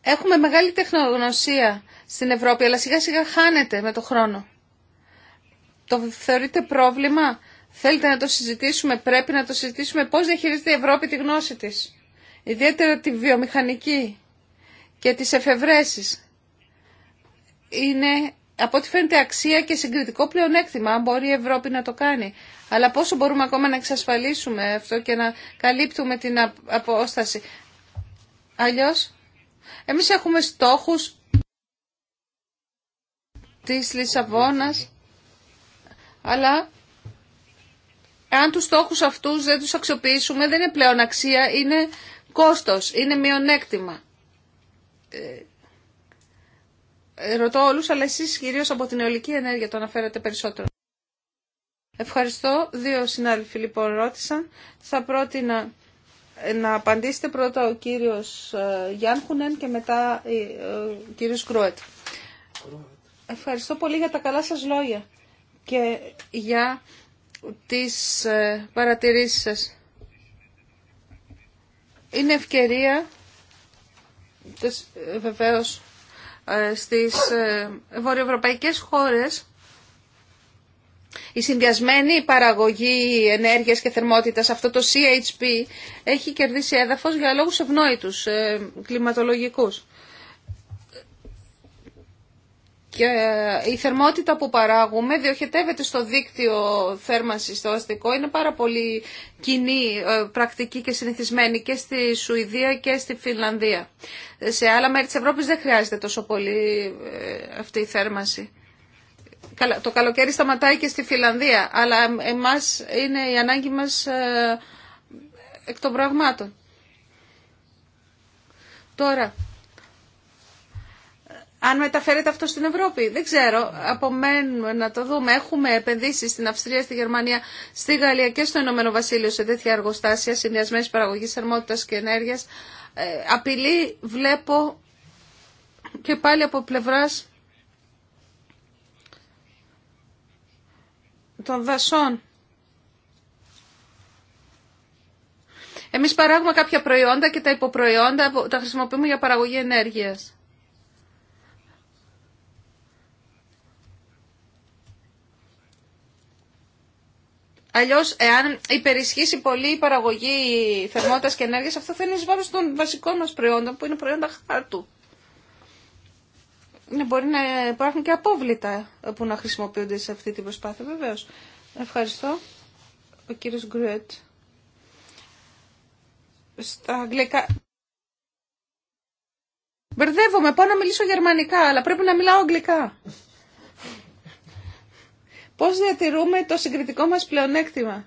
Έχουμε μεγάλη τεχνογνωσία στην Ευρώπη, αλλά σιγά σιγά χάνεται με το χρόνο. Το θεωρείτε πρόβλημα, θέλετε να το συζητήσουμε, πρέπει να το συζητήσουμε πώς διαχειρίζεται η Ευρώπη τη γνώση της. Ιδιαίτερα τη βιομηχανική και τις εφευρέσεις είναι από ό,τι φαίνεται αξία και συγκριτικό πλεονέκτημα, αν μπορεί η Ευρώπη να το κάνει. Αλλά πόσο μπορούμε ακόμα να εξασφαλίσουμε αυτό και να καλύπτουμε την απόσταση. Αλλιώς, εμείς έχουμε στόχους της λισαβόνα. αλλά αν τους στόχους αυτούς δεν τους αξιοποιήσουμε, δεν είναι πλέον αξία, είναι κόστος, είναι μειονέκτημα. Ε, ρωτώ όλους, αλλά εσείς κυρίω από την αιωλική ενέργεια το αναφέρατε περισσότερο. Ευχαριστώ. Δύο συνάδελφοι λοιπόν ρώτησαν. Θα πρότεινα να απαντήσετε πρώτα ο κύριος ε, Γιάνχουνεν και μετά ε, ο κύριος Κρούετ. Ευχαριστώ πολύ για τα καλά σας λόγια και για τις ε, παρατηρήσεις σας. Είναι ευκαιρία, βεβαίως, ε, στις ε, βορειοευρωπαϊκές χώρες η συνδυασμένη παραγωγή ενέργειας και θερμότητας, αυτό το CHP, έχει κερδίσει έδαφος για λόγους ευνόητους, ε, κλιματολογικούς. Και ε, η θερμότητα που παράγουμε διοχετεύεται στο δίκτυο θέρμανσης στο αστικό. Είναι πάρα πολύ κοινή, ε, πρακτική και συνηθισμένη και στη Σουηδία και στη Φινλανδία. Σε άλλα μέρη της Ευρώπης δεν χρειάζεται τόσο πολύ ε, αυτή η θέρμανση. Το καλοκαίρι σταματάει και στη Φιλανδία, αλλά εμάς είναι η ανάγκη μας εκ των πραγμάτων. Τώρα, αν μεταφέρεται αυτό στην Ευρώπη. Δεν ξέρω, απομένουμε να το δούμε. Έχουμε επενδύσει στην Αυστρία, στη Γερμανία, στη Γαλλία και στο Ηνωμένο Βασίλειο σε τέτοια εργοστάσια συνδυασμένη παραγωγή θερμότητα και ενέργεια. Ε, απειλή βλέπω και πάλι από πλευρά των δασών. Εμείς παράγουμε κάποια προϊόντα και τα υποπροϊόντα τα χρησιμοποιούμε για παραγωγή ενέργειας. Αλλιώ, εάν υπερισχύσει πολύ η παραγωγή θερμότητα και ενέργεια. αυτό θα είναι βάρο των βασικών μα προϊόντων, που είναι προϊόντα χάρτου. Ναι, μπορεί να υπάρχουν και απόβλητα που να χρησιμοποιούνται σε αυτή την προσπάθεια, βεβαίω. Ευχαριστώ. Ο κύριος Γκρουέτ. Στα αγγλικά... Μπερδεύομαι, πάω να μιλήσω γερμανικά, αλλά πρέπει να μιλάω αγγλικά. Πώς διατηρούμε το συγκριτικό μας πλεονέκτημα.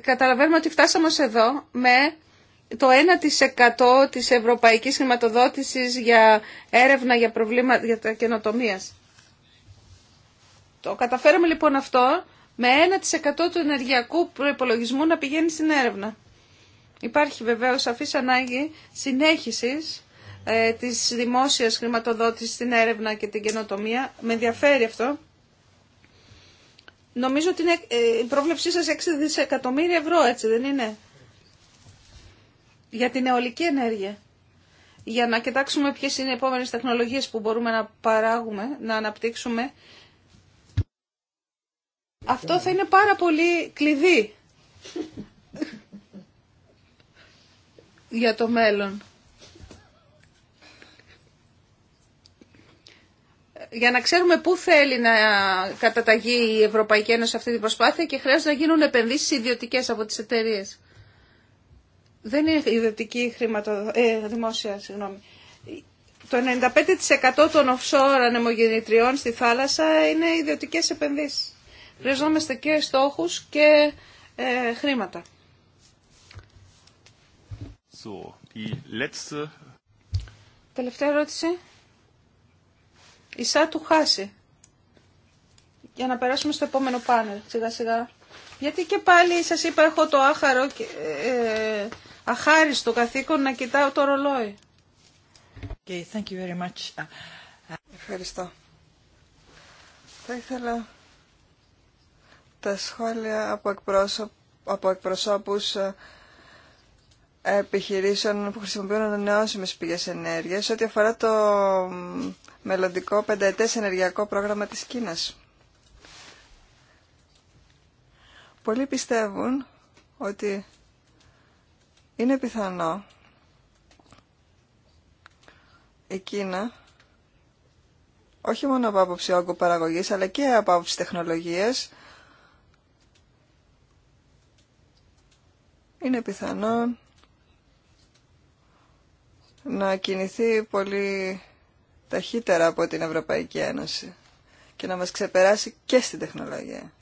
Καταλαβαίνουμε ότι φτάσαμε εδώ με το 1% της ευρωπαϊκής χρηματοδότησης για έρευνα για προβλήματα για τα καινοτομίας. Το καταφέραμε λοιπόν αυτό με 1% του ενεργειακού προϋπολογισμού να πηγαίνει στην έρευνα. Υπάρχει βεβαίω σαφή ανάγκη συνέχισή ε, της δημόσιας χρηματοδότησης στην έρευνα και την καινοτομία. Με ενδιαφέρει αυτό. Νομίζω ότι είναι ε, η πρόβλεψή σας 6 δισεκατομμύρια ευρώ, έτσι δεν είναι. Για την αιωλική ενέργεια. Για να κοιτάξουμε ποιες είναι οι επόμενες τεχνολογίες που μπορούμε να παράγουμε, να αναπτύξουμε. Αυτό θα είναι πάρα πολύ κλειδί για το μέλλον. για να ξέρουμε πού θέλει να καταταγεί η Ευρωπαϊκή Ένωση αυτή την προσπάθεια και χρειάζεται να γίνουν επενδύσεις ιδιωτικές από τις εταιρείε. Δεν είναι ιδιωτική χρήματο, ε, δημόσια, συγγνώμη. Το 95% των offshore ανεμογεννητριών στη θάλασσα είναι ιδιωτικές επενδύσεις. Χρειαζόμαστε και στόχους και ε, χρήματα. Τελευταία ερώτηση. Ισά του χάσει. Για να περάσουμε στο επόμενο πάνελ, σιγά σιγά. Γιατί και πάλι σας είπα έχω το άχαρο, ε, ε, αχάριστο καθήκον να κοιτάω το ρολόι. Okay, thank you very much. Ευχαριστώ. Θα ήθελα τα σχόλια από, εκπρόσωπ, από εκπροσώπους ε, επιχειρήσεων που χρησιμοποιούν ανανεώσιμες πηγές ενέργειας ό,τι αφορά το μελλοντικό πενταετές ενεργειακό πρόγραμμα της Κίνας. Πολλοί πιστεύουν ότι είναι πιθανό η Κίνα όχι μόνο από άποψη όγκου παραγωγής αλλά και από άποψη τεχνολογίας είναι πιθανό να κινηθεί πολύ ταχύτερα από την Ευρωπαϊκή Ένωση και να μας ξεπεράσει και στην τεχνολογία.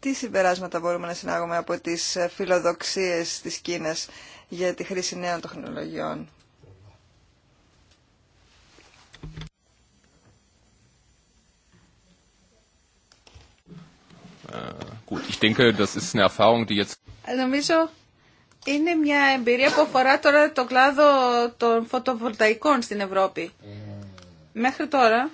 Τι συμπεράσματα μπορούμε να συνάγουμε από τις φιλοδοξίες της Κίνας για τη χρήση νέων τεχνολογιών. Νομίζω είναι μια εμπειρία που αφορά τώρα το κλάδο των φωτοβολταϊκών στην Ευρώπη. Mm. Μέχρι τώρα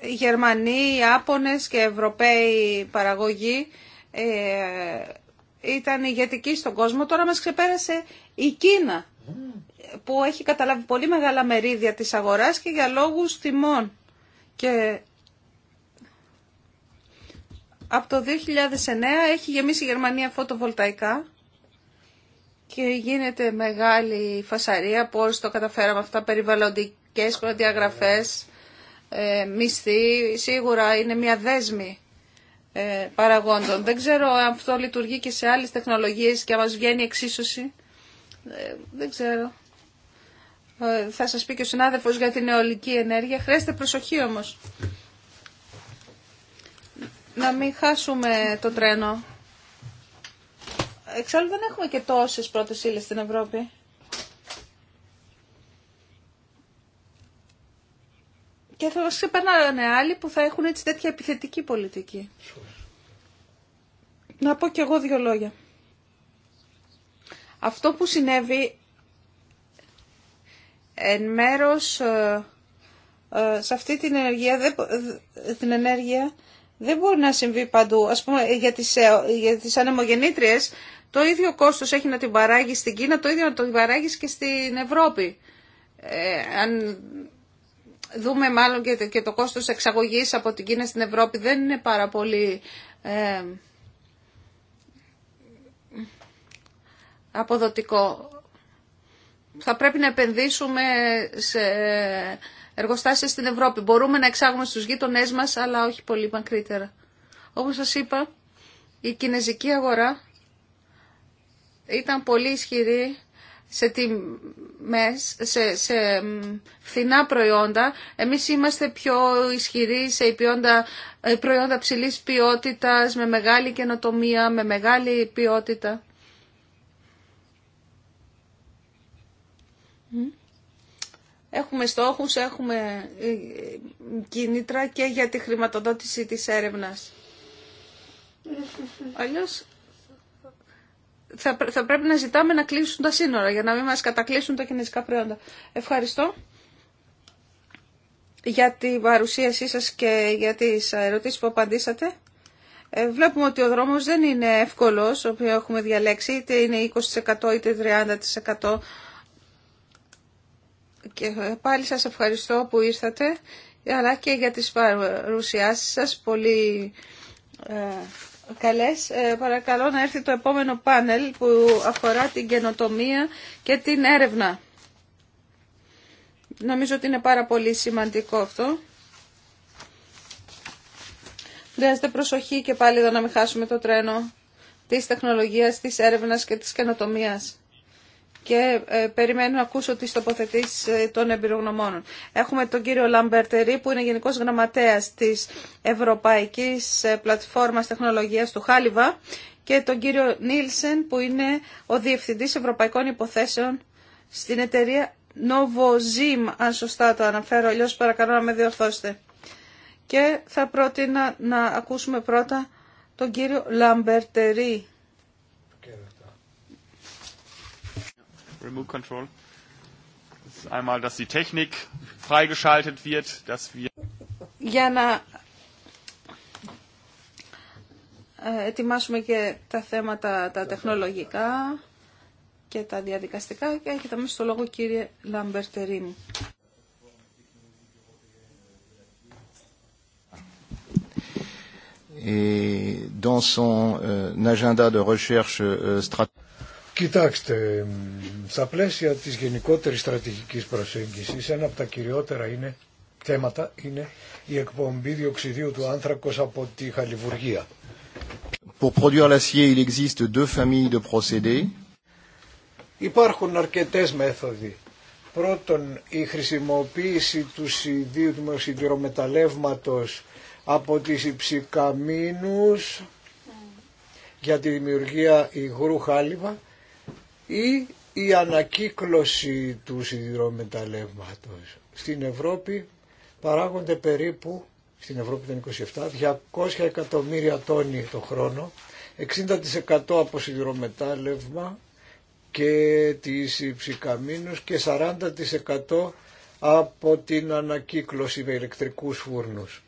οι Γερμανοί, οι Άπωνες και οι Ευρωπαίοι παραγωγοί ε, ήταν ηγετικοί στον κόσμο. Τώρα μας ξεπέρασε η Κίνα mm. που έχει καταλάβει πολύ μεγάλα μερίδια της αγοράς και για λόγους τιμών. Και από το 2009 έχει γεμίσει η Γερμανία φωτοβολταϊκά και γίνεται μεγάλη φασαρία πώς το καταφέραμε αυτά, περιβαλλοντικές προδιαγραφές, ε, μισθή, σίγουρα είναι μια δέσμη ε, παραγόντων. Δεν ξέρω αν αυτό λειτουργεί και σε άλλες τεχνολογίες και αν μας βγαίνει εξίσωση. Ε, δεν ξέρω. Ε, θα σας πει και ο συνάδελφος για την νεολική ενέργεια. Χρειάζεται προσοχή όμως να μην χάσουμε το τρένο. Εξάλλου δεν έχουμε και τόσες πρώτες ύλε στην Ευρώπη. Και θα μας ξεπερνάνε άλλοι που θα έχουν έτσι τέτοια επιθετική πολιτική. Να πω κι εγώ δύο λόγια. Αυτό που συνέβη εν μέρος ε, ε, σε αυτή την ενέργεια, την ενέργεια δεν μπορεί να συμβεί παντού. Ας πούμε για τις, ε, για τις ανεμογεννήτριες το ίδιο κόστος έχει να την παράγει στην Κίνα, το ίδιο να το παράγει και στην Ευρώπη. Ε, αν δούμε μάλλον και, το κόστος εξαγωγής από την Κίνα στην Ευρώπη δεν είναι πάρα πολύ ε, αποδοτικό. Θα πρέπει να επενδύσουμε σε εργοστάσια στην Ευρώπη. Μπορούμε να εξάγουμε στους γείτονές μας, αλλά όχι πολύ μακρύτερα. Όπως σας είπα, η κινέζικη αγορά ήταν πολύ ισχυρή σε τιμές, σε, σε φθηνά προϊόντα. Εμείς είμαστε πιο ισχυροί σε προϊόντα, ε, προϊόντα ψηλής ποιότητας, με μεγάλη καινοτομία, με μεγάλη ποιότητα. Έχουμε στόχους, έχουμε ε, κίνητρα και για τη χρηματοδότηση της έρευνας. Αλλιώς θα, θα πρέπει να ζητάμε να κλείσουν τα σύνορα για να μην μας κατακλείσουν τα κινέζικα προϊόντα. Ευχαριστώ για την παρουσίασή σας και για τις ερωτήσεις που απαντήσατε. Ε, βλέπουμε ότι ο δρόμος δεν είναι εύκολος, ο οποίο έχουμε διαλέξει, είτε είναι 20% είτε 30% και πάλι σας ευχαριστώ που ήρθατε, αλλά και για τις παρουσιάσεις σας, πολύ ε, καλές. Ε, παρακαλώ να έρθει το επόμενο πάνελ που αφορά την καινοτομία και την έρευνα. Νομίζω ότι είναι πάρα πολύ σημαντικό αυτό. Χρειάζεται προσοχή και πάλι εδώ να μην χάσουμε το τρένο της τεχνολογίας, της έρευνας και της καινοτομίας και ε, περιμένω να ακούσω τις τοποθετήσεις ε, των εμπειρογνωμόνων. Έχουμε τον κύριο Λαμπερτερή που είναι Γενικός Γραμματέας της Ευρωπαϊκής ε, Πλατφόρμας Τεχνολογίας του Χάλιβα και τον κύριο Νίλσεν που είναι ο Διευθυντής Ευρωπαϊκών Υποθέσεων στην εταιρεία Novozim, αν σωστά το αναφέρω, αλλιώ παρακαλώ να με διορθώσετε. Και θα πρότεινα να ακούσουμε πρώτα τον κύριο Λαμπερτερή Remote Control. Das ist einmal, dass die Technik freigeschaltet wird, dass wir... Για να ετοιμάσουμε και τα θέματα τα τεχνολογικά και τα διαδικαστικά και έχετε μέσα στο λόγο κύριε Λαμπερτερίν. Et dans son agenda de recherche stratégique, Κοιτάξτε, στα πλαίσια της γενικότερης στρατηγικής προσέγγισης, ένα από τα κυριότερα είναι, θέματα είναι η εκπομπή διοξιδίου του άνθρακος από τη χαλιβουργία. Pour produire l'acier, il existe deux familles de procédés. Υπάρχουν αρκετές μέθοδοι. Πρώτον, η χρησιμοποίηση του συντηρομεταλλεύματος από τις υψικαμίνους για τη δημιουργία υγρού χάλιβα ή η ανακύκλωση του σιδηρομεταλλεύματος. Στην Ευρώπη παράγονται περίπου, στην Ευρώπη των 27, 200 εκατομμύρια τόνοι το χρόνο, 60% από σιδηρομετάλλευμα και τις υψηκαμίνους και 40% από την ανακύκλωση με ηλεκτρικούς φούρνους.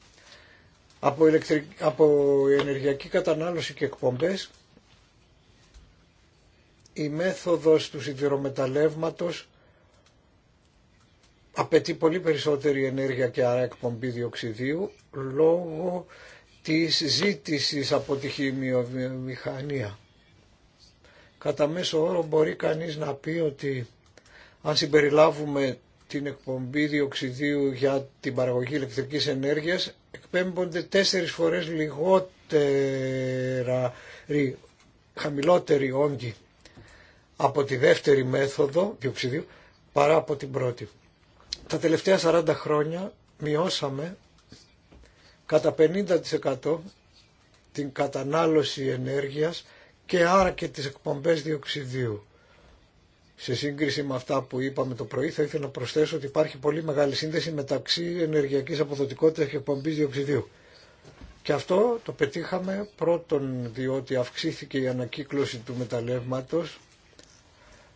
Από, ηλεκτρι... από ενεργειακή κατανάλωση και εκπομπές η μέθοδος του σιδηρομεταλλεύματος απαιτεί πολύ περισσότερη ενέργεια και άρα εκπομπή διοξιδίου λόγω της ζήτησης από τη χημιομηχανία. Κατά μέσο όρο μπορεί κανείς να πει ότι αν συμπεριλάβουμε την εκπομπή διοξιδίου για την παραγωγή ηλεκτρικής ενέργειας εκπέμπονται τέσσερις φορές λιγότερα χαμηλότεροι όγκοι από τη δεύτερη μέθοδο διοξιδίου παρά από την πρώτη. Τα τελευταία 40 χρόνια μειώσαμε κατά 50% την κατανάλωση ενέργειας και άρα και τις εκπομπές διοξιδίου. Σε σύγκριση με αυτά που είπαμε το πρωί θα ήθελα να προσθέσω ότι υπάρχει πολύ μεγάλη σύνδεση μεταξύ ενεργειακής αποδοτικότητας και εκπομπής διοξιδίου. Και αυτό το πετύχαμε πρώτον διότι αυξήθηκε η ανακύκλωση του μεταλλεύματος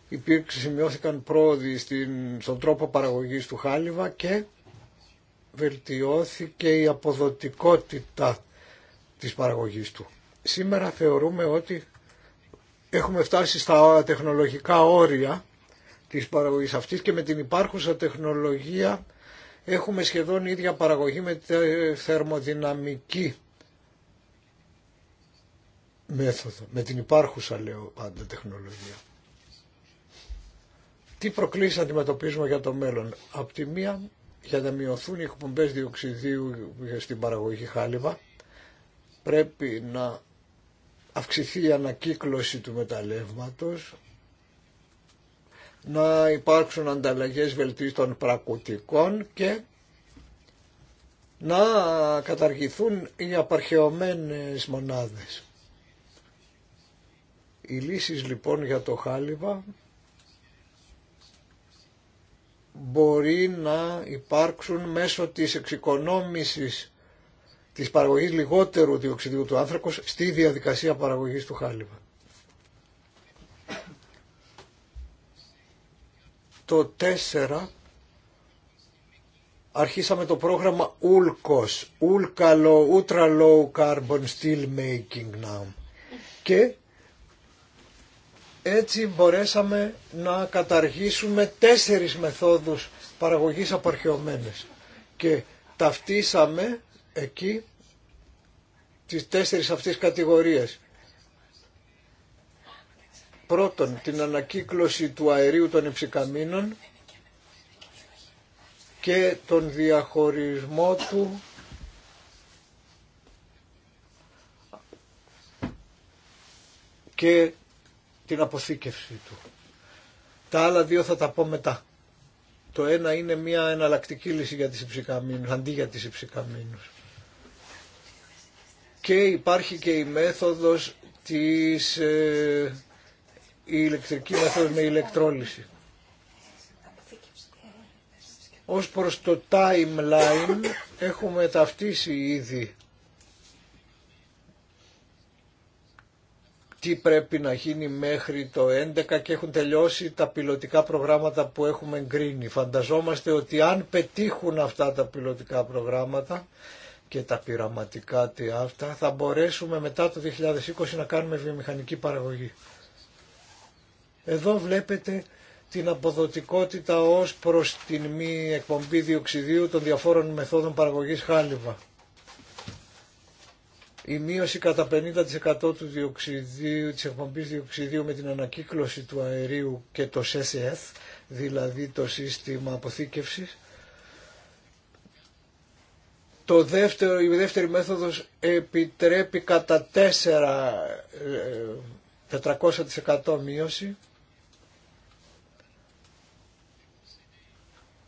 υπήρξε, σημειώθηκαν πρόοδοι στην, στον τρόπο παραγωγής του χάλιβα και βελτιώθηκε η αποδοτικότητα της παραγωγής του. Σήμερα θεωρούμε ότι έχουμε φτάσει στα τεχνολογικά όρια της παραγωγής αυτής και με την υπάρχουσα τεχνολογία έχουμε σχεδόν ίδια παραγωγή με τη θερμοδυναμική μέθοδο, με την υπάρχουσα λέω πάντα τεχνολογία. Τι προκλήσεις αντιμετωπίζουμε για το μέλλον. Απ' τη μία για να μειωθούν οι εκπομπέ διοξιδίου στην παραγωγή χάλιβα πρέπει να αυξηθεί η ανακύκλωση του μεταλλεύματος, να υπάρξουν ανταλλαγές βελτίστων πρακουτικών και να καταργηθούν οι απαρχαιωμένες μονάδες. Οι λύσεις λοιπόν για το χάλιβα μπορεί να υπάρξουν μέσω της εξοικονόμησης της παραγωγής λιγότερου διοξιδίου του άνθρακος στη διαδικασία παραγωγής του χάλιβα. Το 4 αρχίσαμε το πρόγραμμα ULCOS, Ultra Low, Carbon Steel Making Now και έτσι μπορέσαμε να καταργήσουμε τέσσερις μεθόδους παραγωγής απαρχαιωμένες και ταυτίσαμε εκεί τις τέσσερις αυτές κατηγορίες. Πρώτον, την ανακύκλωση του αερίου των υψηκαμίνων και τον διαχωρισμό του και την αποθήκευση του. Τα άλλα δύο θα τα πω μετά. Το ένα είναι μια εναλλακτική λύση για τις υψηκαμίνους, αντί για τις υψηκαμίνους. Και υπάρχει και η μέθοδος της ε, η ηλεκτρική μέθοδος με ηλεκτρόλυση. Ως προς το timeline έχουμε ταυτίσει ήδη τι πρέπει να γίνει μέχρι το 11 και έχουν τελειώσει τα πιλωτικά προγράμματα που έχουμε εγκρίνει. Φανταζόμαστε ότι αν πετύχουν αυτά τα πιλωτικά προγράμματα και τα πειραματικά τι αυτά θα μπορέσουμε μετά το 2020 να κάνουμε βιομηχανική παραγωγή. Εδώ βλέπετε την αποδοτικότητα ως προς την μη εκπομπή διοξιδίου των διαφόρων μεθόδων παραγωγής χάλιβα η μείωση κατά 50% του διοξιδίου, της εκπομπής διοξιδίου με την ανακύκλωση του αερίου και το CCS, δηλαδή το σύστημα αποθήκευσης. Το δεύτερο, η δεύτερη μέθοδος επιτρέπει κατά 4, 400% ε, μείωση.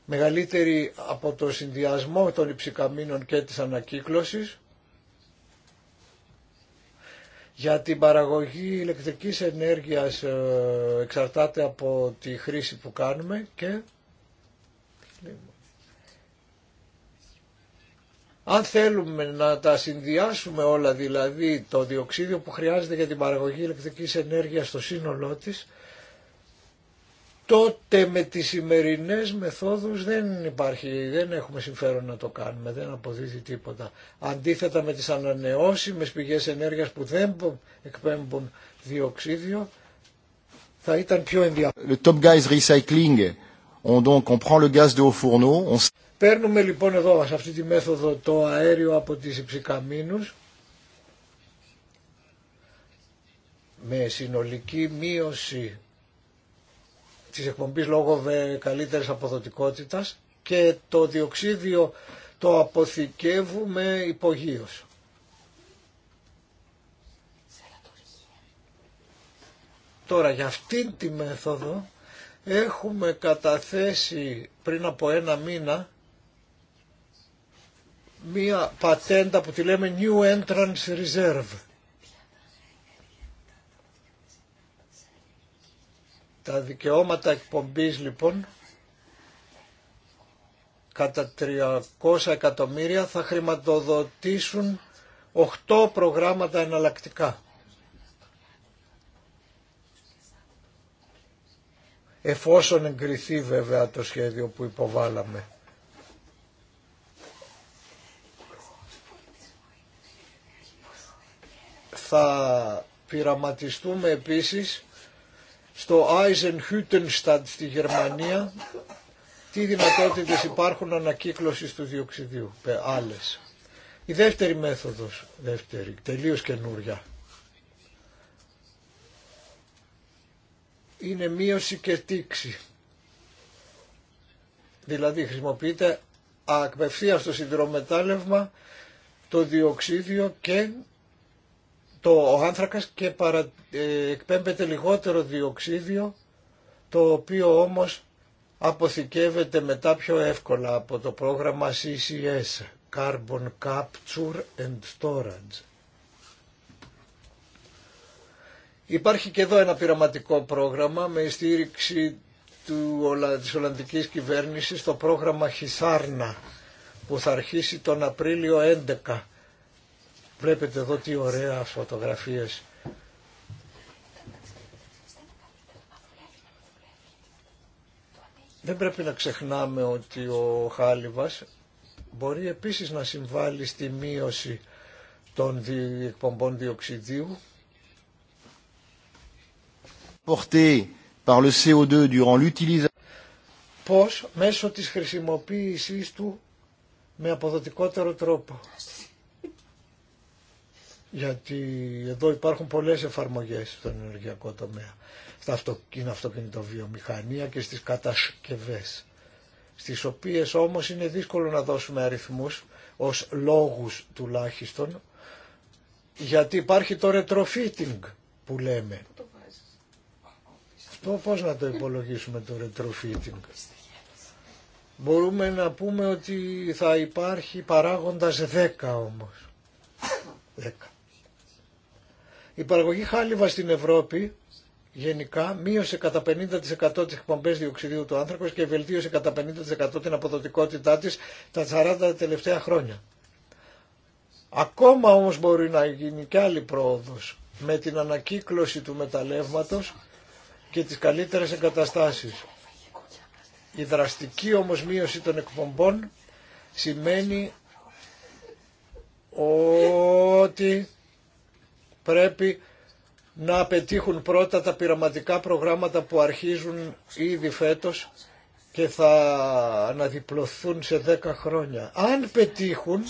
Μεγαλύτερη από το συνδυασμό των υψηκαμίνων και της ανακύκλωσης για την παραγωγή ηλεκτρικής ενέργειας ε, εξαρτάται από τη χρήση που κάνουμε και αν θέλουμε να τα συνδυάσουμε όλα δηλαδή το διοξίδιο που χρειάζεται για την παραγωγή ηλεκτρικής ενέργειας στο σύνολό της τότε με τις σημερινές μεθόδους δεν υπάρχει, δεν έχουμε συμφέρον να το κάνουμε, δεν αποδίδει τίποτα. Αντίθετα με τις ανανεώσιμες πηγές ενέργειας που δεν εκπέμπουν διοξίδιο, θα ήταν πιο ενδιαφέρον. Le top guys recycling, on donc on prend le gaz de fourneau, on... Παίρνουμε λοιπόν εδώ σε αυτή τη μέθοδο το αέριο από τις υψηκαμίνους με συνολική μείωση της εκπομπής λόγω καλύτερης αποδοτικότητας και το διοξίδιο το αποθηκεύουμε υπογείως. Τώρα για αυτήν τη μέθοδο έχουμε καταθέσει πριν από ένα μήνα μία πατέντα που τη λέμε New Entrance Reserve Τα δικαιώματα εκπομπής λοιπόν κατά 300 εκατομμύρια θα χρηματοδοτήσουν 8 προγράμματα εναλλακτικά. Εφόσον εγκριθεί βέβαια το σχέδιο που υποβάλαμε. Θα πειραματιστούμε επίσης στο Eisenhüttenstadt στη Γερμανία τι δυνατότητες υπάρχουν ανακύκλωσης του διοξιδίου, ε, άλλες. Η δεύτερη μέθοδος, δεύτερη, τελείως καινούρια, είναι μείωση και τήξη. Δηλαδή χρησιμοποιείται απευθεία στο συνδρομετάλλευμα το διοξίδιο και το, ο άνθρακας και παρα, ε, εκπέμπεται λιγότερο διοξίδιο το οποίο όμως αποθηκεύεται μετά πιο εύκολα από το πρόγραμμα CCS Carbon Capture and Storage. Υπάρχει και εδώ ένα πειραματικό πρόγραμμα με στήριξη του, της Ολλανδικής κυβέρνησης το πρόγραμμα Χισάρνα που θα αρχίσει τον Απρίλιο 11 Βλέπετε εδώ τι ωραία φωτογραφίες Δεν πρέπει να ξεχνάμε ότι ο Χάλιβας μπορεί επίσης να συμβάλλει στη μείωση των εκπομπών διοξιδίου. Par co Πώς μέσω της χρησιμοποίησης του με αποδοτικότερο τρόπο γιατί εδώ υπάρχουν πολλές εφαρμογές στον ενεργειακό τομέα, στην αυτοκινητοβιομηχανία και στις κατασκευές, στις οποίες όμως είναι δύσκολο να δώσουμε αριθμούς ως λόγους τουλάχιστον, γιατί υπάρχει το retrofitting που λέμε. Αυτό πώς να το υπολογίσουμε το retrofitting. Μπορούμε να πούμε ότι θα υπάρχει παράγοντας 10 όμως. 10. Η παραγωγή χάλιβα στην Ευρώπη γενικά μείωσε κατά 50% τις εκπομπές διοξιδίου του άνθρακος και βελτίωσε κατά 50% την αποδοτικότητά της τα 40 τελευταία χρόνια. Ακόμα όμως μπορεί να γίνει και άλλη πρόοδος με την ανακύκλωση του μεταλλεύματος και τις καλύτερες εγκαταστάσεις. Η δραστική όμως μείωση των εκπομπών σημαίνει ότι πρέπει να πετύχουν πρώτα τα πειραματικά προγράμματα που αρχίζουν ήδη φέτος και θα αναδιπλωθούν σε 10 χρόνια. Αν πετύχουν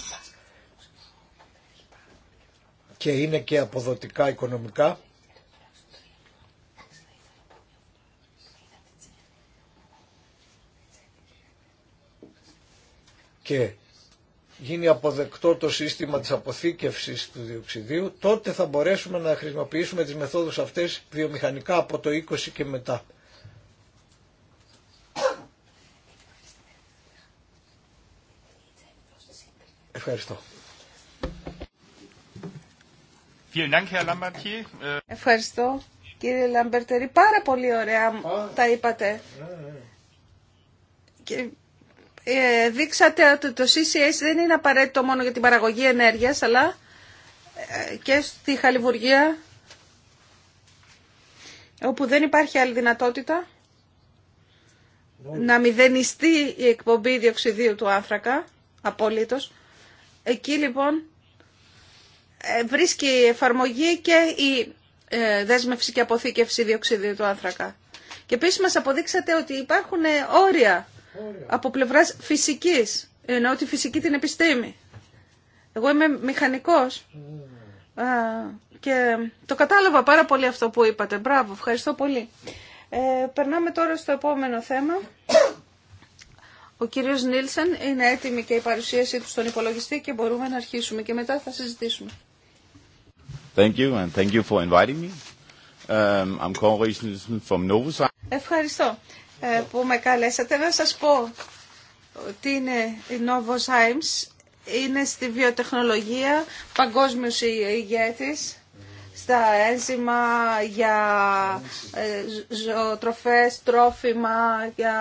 και είναι και αποδοτικά οικονομικά, και γίνει αποδεκτό το σύστημα της αποθήκευσης του διοξιδίου, τότε θα μπορέσουμε να χρησιμοποιήσουμε τις μεθόδους αυτές βιομηχανικά από το 20 και μετά. Ευχαριστώ. Äh, Ευχαριστώ κύριε Λαμπερτερή. Πάρα πολύ ωραία τα είπατε. Ναι, ναι, ναι. Και ε, δείξατε ότι το CCS δεν είναι απαραίτητο μόνο για την παραγωγή ενέργειας, αλλά ε, και στη χαλιβουργία, όπου δεν υπάρχει άλλη δυνατότητα να μηδενιστεί η εκπομπή διοξιδίου του άνθρακα, απολύτως. Εκεί λοιπόν ε, βρίσκει εφαρμογή και η δέσμευση και αποθήκευση διοξιδίου του άνθρακα. Και επίσης μας αποδείξατε ότι υπάρχουν όρια από πλευράς φυσικής. Εννοώ τη φυσική την επιστήμη. Εγώ είμαι μηχανικός mm. και το κατάλαβα πάρα πολύ αυτό που είπατε. Μπράβο, ευχαριστώ πολύ. Ε, περνάμε τώρα στο επόμενο θέμα. Ο κύριος Νίλσεν είναι έτοιμη και η παρουσίασή του στον υπολογιστή και μπορούμε να αρχίσουμε και μετά θα συζητήσουμε. Thank you and thank you for inviting me. Um, ευχαριστώ. Ε, που με καλέσατε να σας πω τι είναι η Novozymes. Είναι στη βιοτεχνολογία παγκόσμιος ηγέτης στα ένζημα για ε, ζωοτροφές, τρόφιμα, για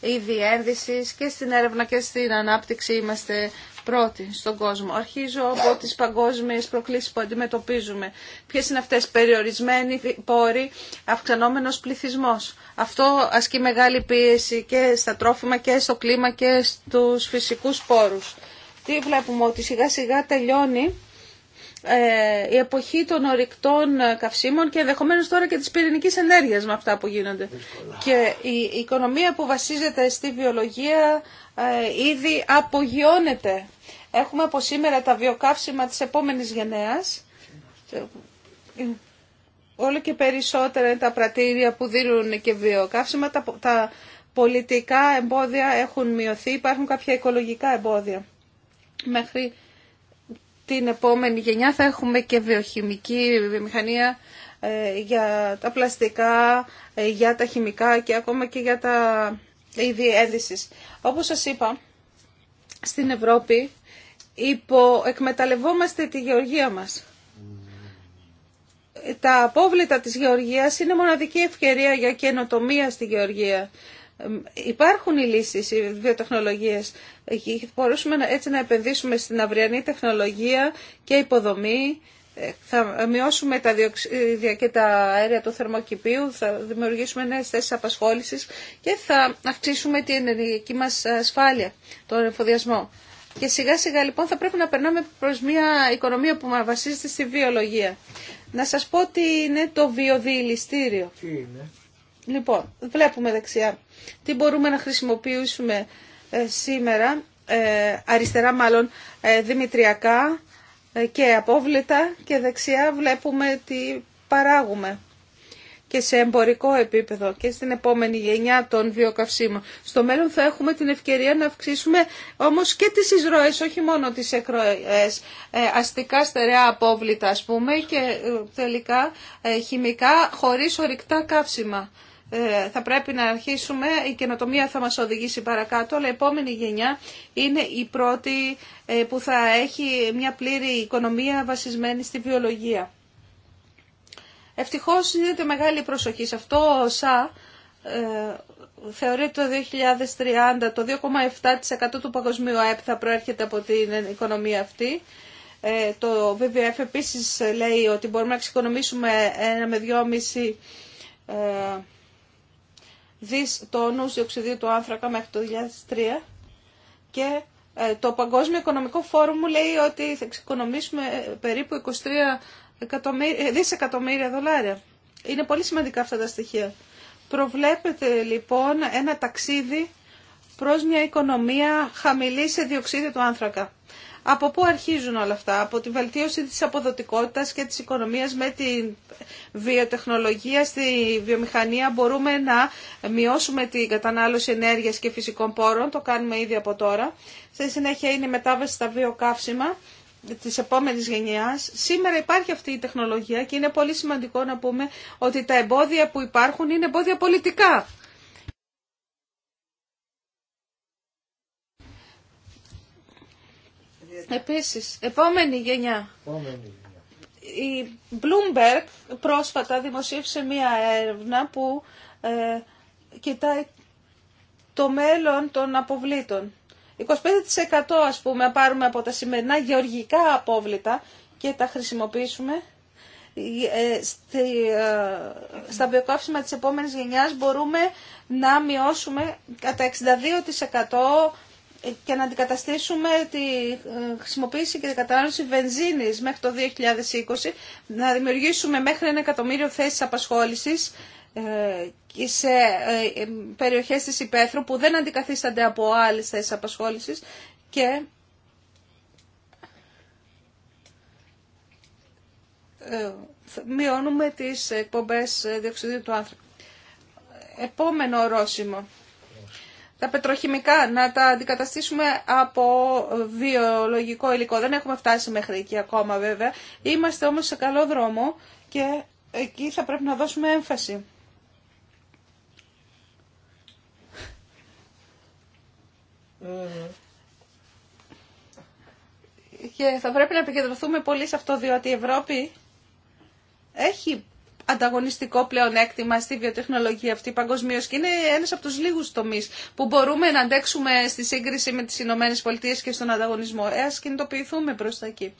είδη ένδυσης και στην έρευνα και στην ανάπτυξη είμαστε πρώτη στον κόσμο. Αρχίζω από τι παγκόσμιες προκλήσεις που αντιμετωπίζουμε. Ποιε είναι αυτές, περιορισμένοι πόροι, αυξανόμενο πληθυσμό. Αυτό ασκεί μεγάλη πίεση και στα τρόφιμα και στο κλίμα και στους φυσικούς πόρους. Τι βλέπουμε, ότι σιγά σιγά τελειώνει ε, η εποχή των ορυκτών καυσίμων και ενδεχομένω τώρα και τη πυρηνική ενέργεια με αυτά που γίνονται. Και η οικονομία που βασίζεται στη βιολογία ε, ήδη απογειώνεται. Έχουμε από σήμερα τα βιοκαύσιμα της επόμενης γενναίας. Όλο και περισσότερα είναι τα πρατήρια που δίνουν και βιοκαύσιμα. Τα πολιτικά εμπόδια έχουν μειωθεί. Υπάρχουν κάποια οικολογικά εμπόδια. Μέχρι την επόμενη γενιά θα έχουμε και βιοχημική βιομηχανία ε, για τα πλαστικά, ε, για τα χημικά και ακόμα και για τα ή Όπως σας είπα, στην Ευρώπη εκμεταλλευόμαστε τη γεωργία μας. Τα απόβλητα της γεωργίας είναι μοναδική ευκαιρία για καινοτομία στη γεωργία. Υπάρχουν οι λύσεις, οι βιοτεχνολογίες. Μπορούσαμε έτσι να επενδύσουμε στην αυριανή τεχνολογία και υποδομή θα μειώσουμε τα διοξίδια και τα αέρια του θερμοκηπίου, θα δημιουργήσουμε νέες θέσεις απασχόλησης και θα αυξήσουμε την ενεργειακή μας ασφάλεια, τον εφοδιασμό. Και σιγά σιγά λοιπόν θα πρέπει να περνάμε προς μια οικονομία που βασίζεται στη βιολογία. Να σας πω τι είναι το βιοδιηλιστήριο. Τι είναι. Λοιπόν, βλέπουμε δεξιά τι μπορούμε να χρησιμοποιήσουμε ε, σήμερα, ε, αριστερά μάλλον ε, δημητριακά, και απόβλητα και δεξιά βλέπουμε τι παράγουμε και σε εμπορικό επίπεδο και στην επόμενη γενιά των βιοκαυσίμων. Στο μέλλον θα έχουμε την ευκαιρία να αυξήσουμε όμως και τις εισρωές, όχι μόνο τις εκροές, ε, αστικά στερεά απόβλητα ας πούμε και ε, τελικά ε, χημικά χωρίς ορυκτά καύσιμα. Ε, θα πρέπει να αρχίσουμε, η καινοτομία θα μας οδηγήσει παρακάτω, αλλά η επόμενη γενιά είναι η πρώτη ε, που θα έχει μια πλήρη οικονομία βασισμένη στη βιολογία. Ευτυχώς δίνεται μεγάλη προσοχή σε αυτό. Ο ΣΑ ε, θεωρεί το 2030 το 2,7% του παγκοσμίου ΑΕΠ θα προέρχεται από την οικονομία αυτή. Ε, το WWF επίσης λέει ότι μπορούμε να εξοικονομήσουμε ένα με δυόμιση δις τόνους διοξιδίου του άνθρακα μέχρι το 2003 και ε, το Παγκόσμιο Οικονομικό Φόρουμ μου λέει ότι θα εξοικονομήσουμε ε, περίπου 23 ε, δισεκατομμύρια δολάρια. Είναι πολύ σημαντικά αυτά τα στοιχεία. Προβλέπετε λοιπόν ένα ταξίδι προς μια οικονομία χαμηλή σε διοξίδιο του άνθρακα. Από πού αρχίζουν όλα αυτά, από τη βελτίωση της αποδοτικότητας και της οικονομίας με τη βιοτεχνολογία στη βιομηχανία μπορούμε να μειώσουμε την κατανάλωση ενέργειας και φυσικών πόρων, το κάνουμε ήδη από τώρα. Στη συνέχεια είναι η μετάβαση στα βιοκαύσιμα της επόμενης γενιάς. Σήμερα υπάρχει αυτή η τεχνολογία και είναι πολύ σημαντικό να πούμε ότι τα εμπόδια που υπάρχουν είναι εμπόδια πολιτικά. Επίσης, επόμενη γενιά. Επόμενη. Η Bloomberg πρόσφατα δημοσίευσε μία έρευνα που ε, κοιτάει το μέλλον των αποβλήτων. 25% ας πούμε πάρουμε από τα σημερινά γεωργικά απόβλητα και τα χρησιμοποιήσουμε ε, ε, στα βιοκαύσιμα της επόμενης γενιάς μπορούμε να μειώσουμε κατά 62% και να αντικαταστήσουμε τη ε, χρησιμοποίηση και την κατανάλωση βενζίνης μέχρι το 2020, να δημιουργήσουμε μέχρι ένα εκατομμύριο θέσεις απασχόλησης ε, και σε ε, περιοχές της υπαίθρου που δεν αντικαθίστανται από άλλες θέσεις απασχόλησης και μειώνουμε τις εκπομπές διοξυδίου του άνθρωπου. Επόμενο ορόσημο τα πετροχημικά, να τα αντικαταστήσουμε από βιολογικό υλικό. Δεν έχουμε φτάσει μέχρι εκεί ακόμα βέβαια. Είμαστε όμως σε καλό δρόμο και εκεί θα πρέπει να δώσουμε έμφαση. Και θα πρέπει να επικεντρωθούμε πολύ σε αυτό, διότι η Ευρώπη έχει ανταγωνιστικό πλεονέκτημα στη βιοτεχνολογία αυτή παγκοσμίω και είναι ένα από του λίγου τομεί που μπορούμε να αντέξουμε στη σύγκριση με τι Ηνωμένε Πολιτείε και στον ανταγωνισμό. Ε, ας κινητοποιηθούμε προ τα εκεί.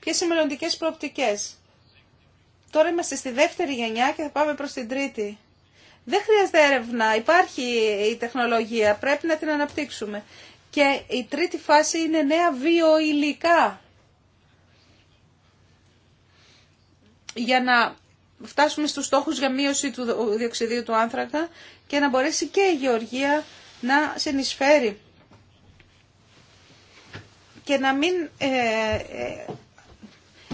Ποιε οι μελλοντικέ προοπτικέ. Τώρα είμαστε στη δεύτερη γενιά και θα πάμε προ την τρίτη. Δεν χρειάζεται έρευνα. Υπάρχει η τεχνολογία. Πρέπει να την αναπτύξουμε. Και η τρίτη φάση είναι νέα βιοηλικά. Για να φτάσουμε στους στόχους για μείωση του διοξιδίου του άνθρακα και να μπορέσει και η γεωργία να συνεισφέρει και να μην ε, ε,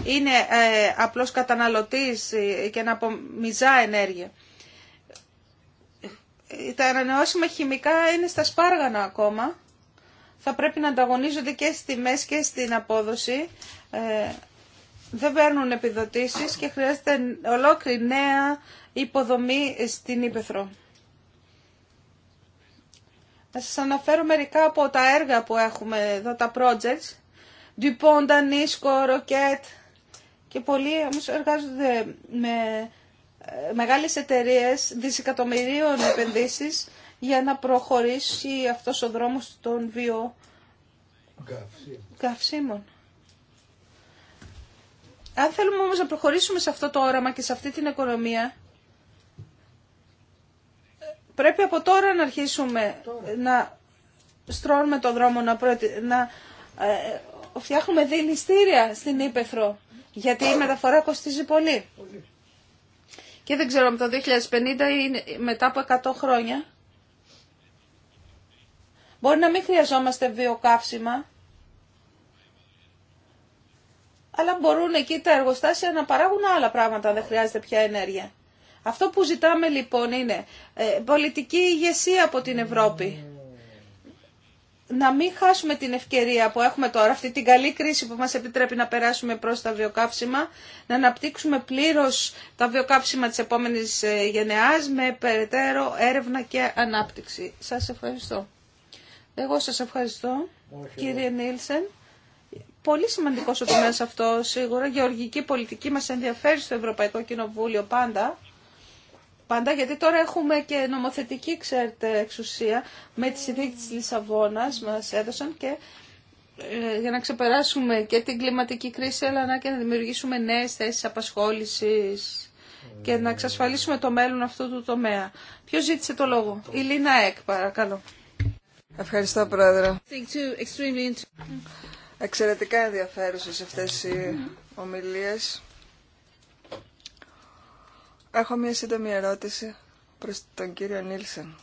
είναι ε, απλώς καταναλωτής ε, και να απομιζά ενέργεια. Τα ανανεώσιμα χημικά είναι στα σπάργανα ακόμα. Θα πρέπει να ανταγωνίζονται και στη μέση και στην απόδοση δεν παίρνουν επιδοτήσεις και χρειάζεται ολόκληρη νέα υποδομή στην Ήπεθρο. Να σας αναφέρω μερικά από τα έργα που έχουμε εδώ, τα projects. Dupont, Danisco, Rocket και πολλοί όμως εργάζονται με ε, μεγάλες εταιρείες δισεκατομμυρίων επενδύσεις για να προχωρήσει αυτός ο δρόμος των βιοκαυσίμων. Αν θέλουμε όμως να προχωρήσουμε σε αυτό το όραμα και σε αυτή την οικονομία, πρέπει από τώρα να αρχίσουμε να στρώνουμε τον δρόμο, να, να ε, φτιάχνουμε δίνηστήρια στην Ήπεθρο, γιατί η μεταφορά κοστίζει πολύ. πολύ. Και δεν ξέρω, με το 2050 ή μετά από 100 χρόνια, μπορεί να μην χρειαζόμαστε βιοκαύσιμα, αλλά μπορούν εκεί τα εργοστάσια να παράγουν άλλα πράγματα αν δεν χρειάζεται πια ενέργεια. Αυτό που ζητάμε λοιπόν είναι ε, πολιτική ηγεσία από την Ευρώπη. Να μην χάσουμε την ευκαιρία που έχουμε τώρα, αυτή την καλή κρίση που μας επιτρέπει να περάσουμε προς τα βιοκάψιμα να αναπτύξουμε πλήρως τα βιοκαύσιμα της επόμενης ε, γενεάς με περαιτέρω έρευνα και ανάπτυξη. Σας ευχαριστώ. Εγώ σας ευχαριστώ, κύριε Νίλσεν πολύ σημαντικό ο τομέα αυτό σίγουρα. Γεωργική πολιτική μα ενδιαφέρει στο Ευρωπαϊκό Κοινοβούλιο πάντα. Πάντα, γιατί τώρα έχουμε και νομοθετική, ξέρετε, εξουσία με τη συνθήκη της Λισαβόνας μας έδωσαν και ε, για να ξεπεράσουμε και την κλιματική κρίση, αλλά να και να δημιουργήσουμε νέες θέσεις απασχόλησης και να εξασφαλίσουμε το μέλλον αυτού του τομέα. Ποιος ζήτησε το λόγο? Η Λίνα Εκ, παρακαλώ. Ευχαριστώ, Πρόεδρε. Εξαιρετικά ενδιαφέρουσες αυτές οι ομιλίες. Έχω μια σύντομη ερώτηση προς τον κύριο Νίλσεν.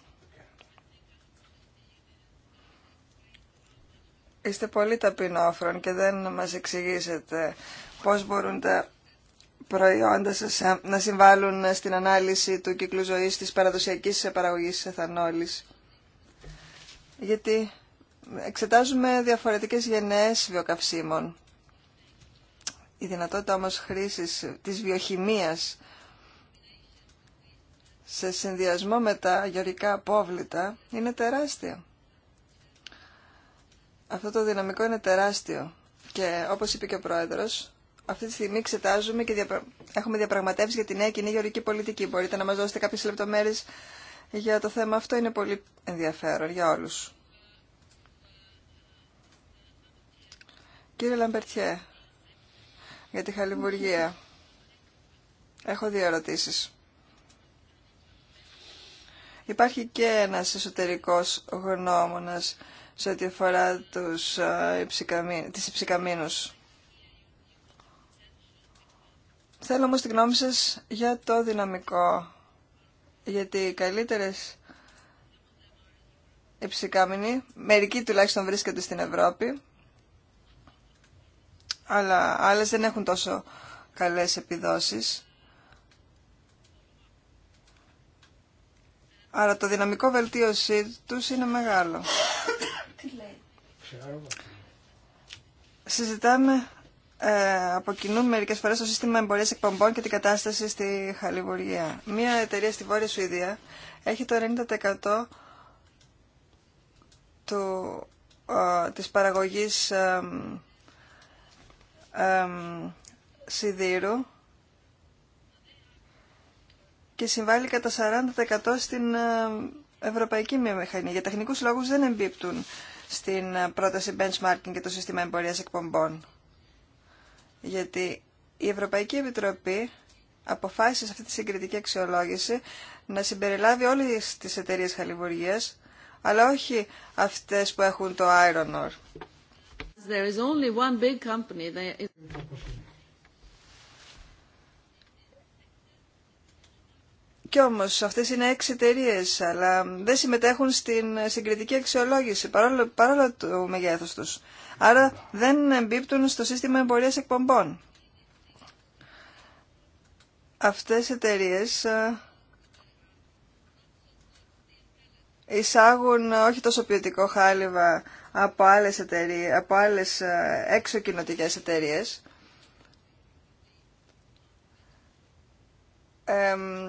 Είστε πολύ ταπεινόφρον και δεν μας εξηγήσετε πώς μπορούν τα προϊόντα σας να συμβάλλουν στην ανάλυση του κύκλου ζωής της παραδοσιακής παραγωγής εθανόλης. Γιατί εξετάζουμε διαφορετικές γενναίες βιοκαυσίμων. Η δυνατότητα όμως χρήσης της βιοχημίας σε συνδυασμό με τα γεωρικά απόβλητα είναι τεράστια. Αυτό το δυναμικό είναι τεράστιο και όπως είπε και ο Πρόεδρος, αυτή τη στιγμή εξετάζουμε και έχουμε διαπραγματεύσει για τη νέα κοινή γεωρική πολιτική. Μπορείτε να μας δώσετε κάποιες λεπτομέρειες για το θέμα αυτό, είναι πολύ ενδιαφέρον για όλους. Κύριε Λαμπερτιέ, για τη χαλιβουργία. Έχω δύο ερωτήσεις. Υπάρχει και ένας εσωτερικός γνώμονας σε ό,τι αφορά τους, ε, υψικαμί... τις υψικαμίνους. Θέλω όμως τη γνώμη σας για το δυναμικό. Γιατί οι καλύτερες υψικάμινοι, μερικοί τουλάχιστον βρίσκονται στην Ευρώπη, αλλά άλλες δεν έχουν τόσο καλές επιδόσεις. Άρα το δυναμικό βελτίωσή τους είναι μεγάλο. Συζητάμε ε, από κοινού μερικές φορές το σύστημα εμπορίας εκπομπών και την κατάσταση στη Χαλιβουργία. Μία εταιρεία στη Βόρεια Σουηδία έχει το 90% του, ε, της παραγωγής ε, σιδήρου και συμβάλλει κατά 40% στην ευρωπαϊκή μηχανή. Για τεχνικούς λόγους δεν εμπίπτουν στην ε, πρόταση benchmarking και το σύστημα εμπορίας εκπομπών. Γιατί η Ευρωπαϊκή Επιτροπή αποφάσισε σε αυτή τη συγκριτική αξιολόγηση να συμπεριλάβει όλες τις εταιρείες χαλιβουργίας, αλλά όχι αυτές που έχουν το Iron Ore. There is only one big company. Κι όμως αυτές είναι έξι εταιρείε, αλλά δεν συμμετέχουν στην συγκριτική αξιολόγηση παρόλο, παρόλο το μεγέθο τους. Άρα δεν εμπίπτουν στο σύστημα εμπορία εκπομπών. Αυτέ οι εταιρείε ε, εισάγουν όχι τόσο ποιοτικό χάλιβα από άλλες, εταιρείες, από άλλες έξω ε, κοινοτικές εταιρείες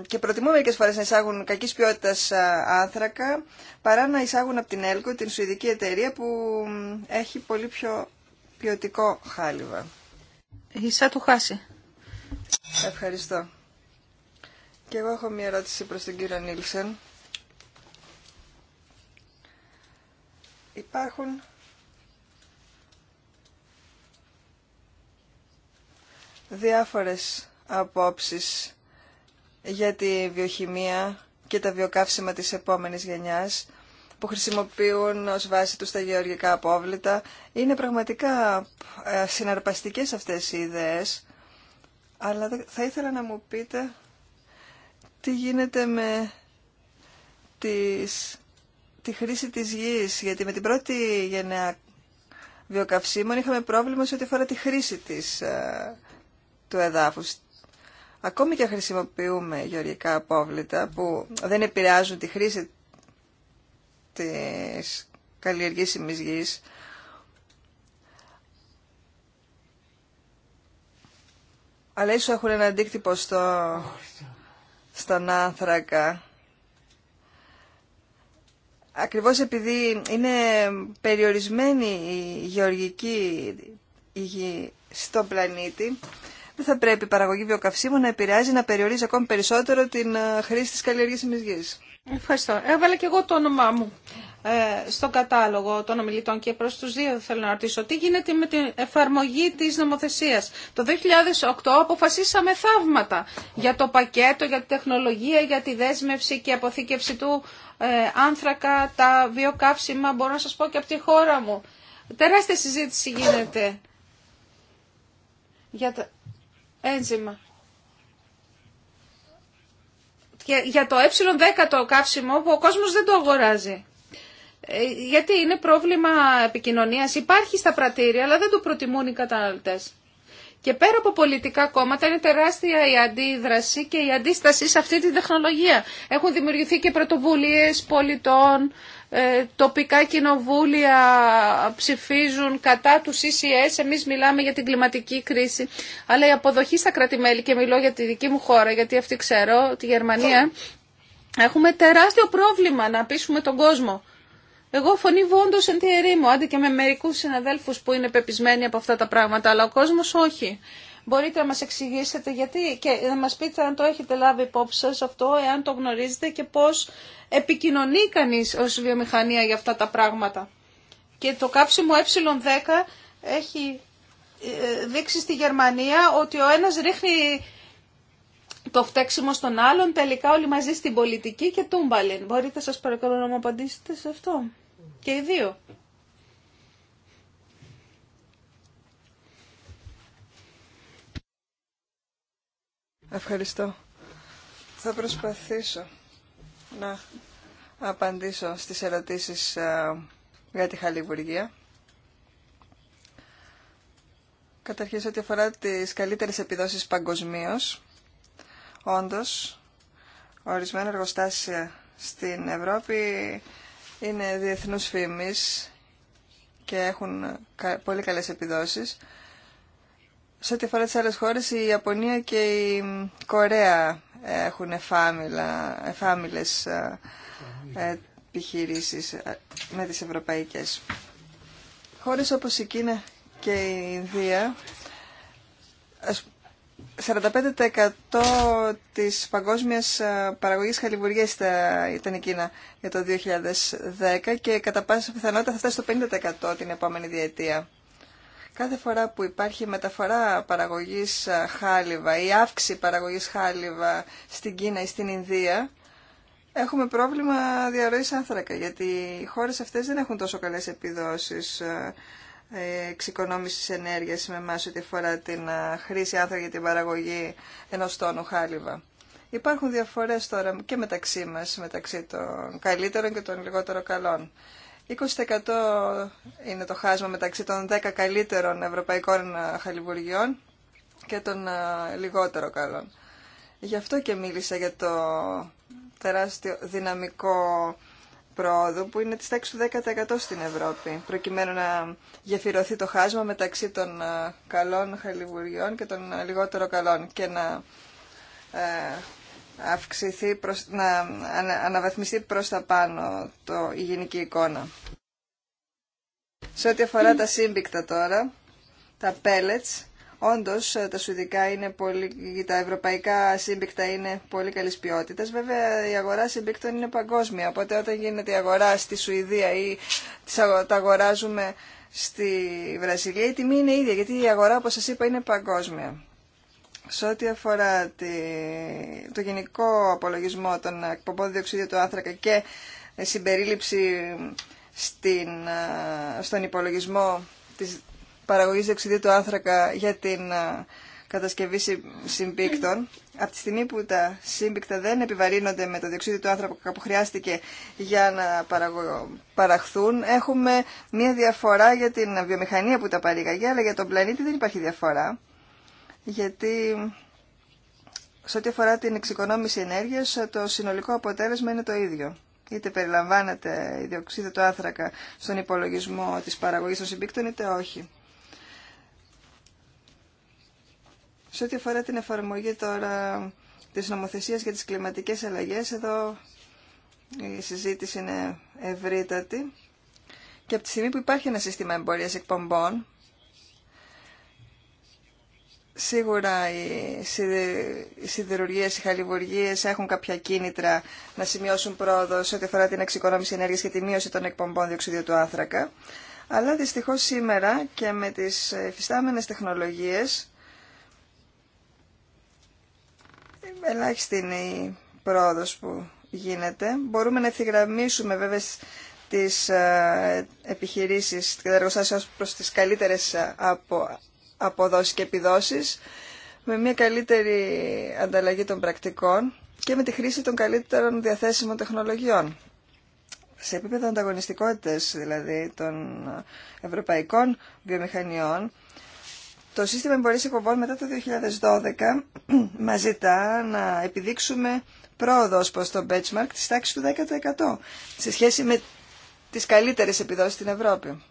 και προτιμούμε μερικές φορές να εισάγουν κακής ποιότητας ε, άνθρακα παρά να εισάγουν από την ΕΛΚΟ, την Σουηδική εταιρεία που έχει πολύ πιο ποιοτικό χάλιβα. Ίσα του χάσει. Ευχαριστώ. Και εγώ έχω μια ερώτηση προς τον κύριο Νίλσεν. Υπάρχουν διάφορες απόψεις για τη βιοχημία και τα βιοκαύσιμα της επόμενης γενιάς που χρησιμοποιούν ως βάση τους τα γεωργικά απόβλητα. Είναι πραγματικά ε, συναρπαστικές αυτές οι ιδέες, αλλά θα ήθελα να μου πείτε τι γίνεται με τις τη χρήση της γης, γιατί με την πρώτη γενναία βιοκαυσίμων είχαμε πρόβλημα σε ό,τι αφορά τη χρήση της, ε, του εδάφους. Ακόμη και χρησιμοποιούμε γεωργικά απόβλητα που δεν επηρεάζουν τη χρήση της καλλιεργήσιμης γης, αλλά ίσως έχουν ένα αντίκτυπο στο, στον άνθρακα ακριβώς επειδή είναι περιορισμένη η γεωργική υγιή στον πλανήτη, δεν θα πρέπει η παραγωγή βιοκαυσίμων να επηρεάζει να περιορίζει ακόμη περισσότερο την ε, χρήση της καλλιεργήσιμης γης. Ευχαριστώ. Έβαλα και εγώ το όνομά μου ε, στον κατάλογο των ομιλητών και προς τους δύο θέλω να ρωτήσω τι γίνεται με την εφαρμογή της νομοθεσίας. Το 2008 αποφασίσαμε θαύματα για το πακέτο, για τη τεχνολογία, για τη δέσμευση και αποθήκευση του ε, άνθρακα, τα βιοκαύσιμα, μπορώ να σας πω και από τη χώρα μου. Τεράστια συζήτηση γίνεται για τα ένζημα για το ε10 το καύσιμο που ο κόσμος δεν το αγοράζει. Ε, γιατί είναι πρόβλημα επικοινωνίας. Υπάρχει στα πρατήρια, αλλά δεν το προτιμούν οι καταναλωτές. Και πέρα από πολιτικά κόμματα είναι τεράστια η αντίδραση και η αντίσταση σε αυτή τη τεχνολογία. Έχουν δημιουργηθεί και πρωτοβουλίες πολιτών ε, τοπικά κοινοβούλια ψηφίζουν κατά του CCS, εμείς μιλάμε για την κλιματική κρίση, αλλά η αποδοχή στα κρατημέλη και μιλώ για τη δική μου χώρα, γιατί αυτή ξέρω, τη Γερμανία, έχουμε τεράστιο πρόβλημα να πείσουμε τον κόσμο. Εγώ φωνήβω όντω εν τη ερήμο, άντε και με μερικού συναδέλφου που είναι πεπισμένοι από αυτά τα πράγματα, αλλά ο κόσμο όχι. Μπορείτε να μας εξηγήσετε γιατί και να μας πείτε αν το έχετε λάβει υπόψη σας αυτό, εάν το γνωρίζετε και πώς επικοινωνεί κανείς ως βιομηχανία για αυτά τα πράγματα. Και το κάψιμο ε10 έχει ε, δείξει στη Γερμανία ότι ο ένας ρίχνει το φταίξιμο στον άλλον, τελικά όλοι μαζί στην πολιτική και τούμπαλιν. Μπορείτε σας παρακαλώ να μου απαντήσετε σε αυτό. Και οι δύο. Ευχαριστώ. Θα προσπαθήσω να απαντήσω στις ερωτήσεις ε, για τη χαλιβουργία. Καταρχήν ό,τι αφορά τις καλύτερες επιδόσεις παγκοσμίω. Όντως, ορισμένα εργοστάσια στην Ευρώπη είναι διεθνούς φήμης και έχουν πολύ καλές επιδόσεις. Σε ό,τι αφορά τι άλλες χώρες, η Ιαπωνία και η Κορέα έχουν εφάμιλε ε, επιχειρήσει ε, με τις ευρωπαϊκές. Χώρε όπως η Κίνα και η Ινδία, 45% της παγκόσμιας ε, παραγωγής χαλιβουργίας ήταν η Κίνα για το 2010 και κατά πάσα πιθανότητα θα φτάσει στο 50% την επόμενη διετία. Κάθε φορά που υπάρχει μεταφορά παραγωγής χάλιβα ή αύξηση παραγωγής χάλιβα στην Κίνα ή στην Ινδία, έχουμε πρόβλημα διαρροής άνθρακα, γιατί οι χώρες αυτές δεν έχουν τόσο καλές επιδόσεις ε, εξοικονόμησης ενέργειας με εμάς ό,τι αφορά την χρήση άνθρακα για την παραγωγή ενός τόνου χάλιβα. Υπάρχουν διαφορές τώρα και μεταξύ μας, μεταξύ των καλύτερων και των λιγότερο καλών. 20% είναι το χάσμα μεταξύ των 10 καλύτερων ευρωπαϊκών ε, χαλιβουργιών και των ε, λιγότερο καλών. Γι' αυτό και μίλησα για το τεράστιο δυναμικό πρόοδο που είναι της τάξης του 10% στην Ευρώπη προκειμένου να γεφυρωθεί το χάσμα μεταξύ των ε, καλών χαλιβουργιών και των λιγότερο καλών και να αυξηθεί προς, να αναβαθμιστεί προς τα πάνω το, η γενική εικόνα. Σε ό,τι αφορά τα σύμπικτα τώρα, τα pellets, όντως ε, τα Σουηδικά είναι πολύ, τα ευρωπαϊκά σύμπικτα είναι πολύ καλής ποιότητας. Βέβαια η αγορά σύμπικτων είναι παγκόσμια, οπότε όταν γίνεται η αγορά στη Σουηδία ή τα αγοράζουμε στη Βραζιλία, η τιμή είναι ίδια, γιατί η αγορά όπως σας είπα είναι παγκόσμια. Σε ό,τι αφορά το γενικό απολογισμό των εκπομπών διοξιδίου του άνθρακα και συμπερίληψη στην, στον υπολογισμό της παραγωγής διοξιδίου του άνθρακα για την κατασκευή συμπίκτων. Από τη στιγμή που τα σύμπικτα δεν επιβαρύνονται με το διοξείδιο του άνθρακα που χρειάστηκε για να παραχθούν, έχουμε μία διαφορά για την βιομηχανία που τα παρήγαγε, αλλά για τον πλανήτη δεν υπάρχει διαφορά γιατί σε ό,τι αφορά την εξοικονόμηση ενέργειας, το συνολικό αποτέλεσμα είναι το ίδιο. Είτε περιλαμβάνεται η διοξίδα του άνθρακα στον υπολογισμό της παραγωγής των συμπίκτων, είτε όχι. Σε ό,τι αφορά την εφαρμογή τώρα της νομοθεσίας για τις κλιματικές αλλαγές, εδώ η συζήτηση είναι ευρύτατη. Και από τη στιγμή που υπάρχει ένα σύστημα εμπορίας εκπομπών, Σίγουρα οι σιδηρουργίες, οι χαλιβουργίες έχουν κάποια κίνητρα να σημειώσουν πρόοδο σε ό,τι αφορά την εξοικονόμηση ενέργειας και τη μείωση των εκπομπών διοξιδίου του άνθρακα. Αλλά δυστυχώς σήμερα και με τις εφιστάμενες τεχνολογίες ελάχιστη είναι η πρόοδος που γίνεται. Μπορούμε να ευθυγραμμίσουμε βέβαια τις ε, επιχειρήσεις και τα εργοστάσια προς τις καλύτερες ε, από αποδόσεις και επιδόσεις με μια καλύτερη ανταλλαγή των πρακτικών και με τη χρήση των καλύτερων διαθέσιμων τεχνολογιών. Σε επίπεδο ανταγωνιστικότητας δηλαδή των ευρωπαϊκών βιομηχανιών, το σύστημα εμπορίας εκπομπών μετά το 2012 μας ζητά να επιδείξουμε πρόοδο προ το benchmark της τάξης του 10% σε σχέση με τις καλύτερες επιδόσεις στην Ευρώπη.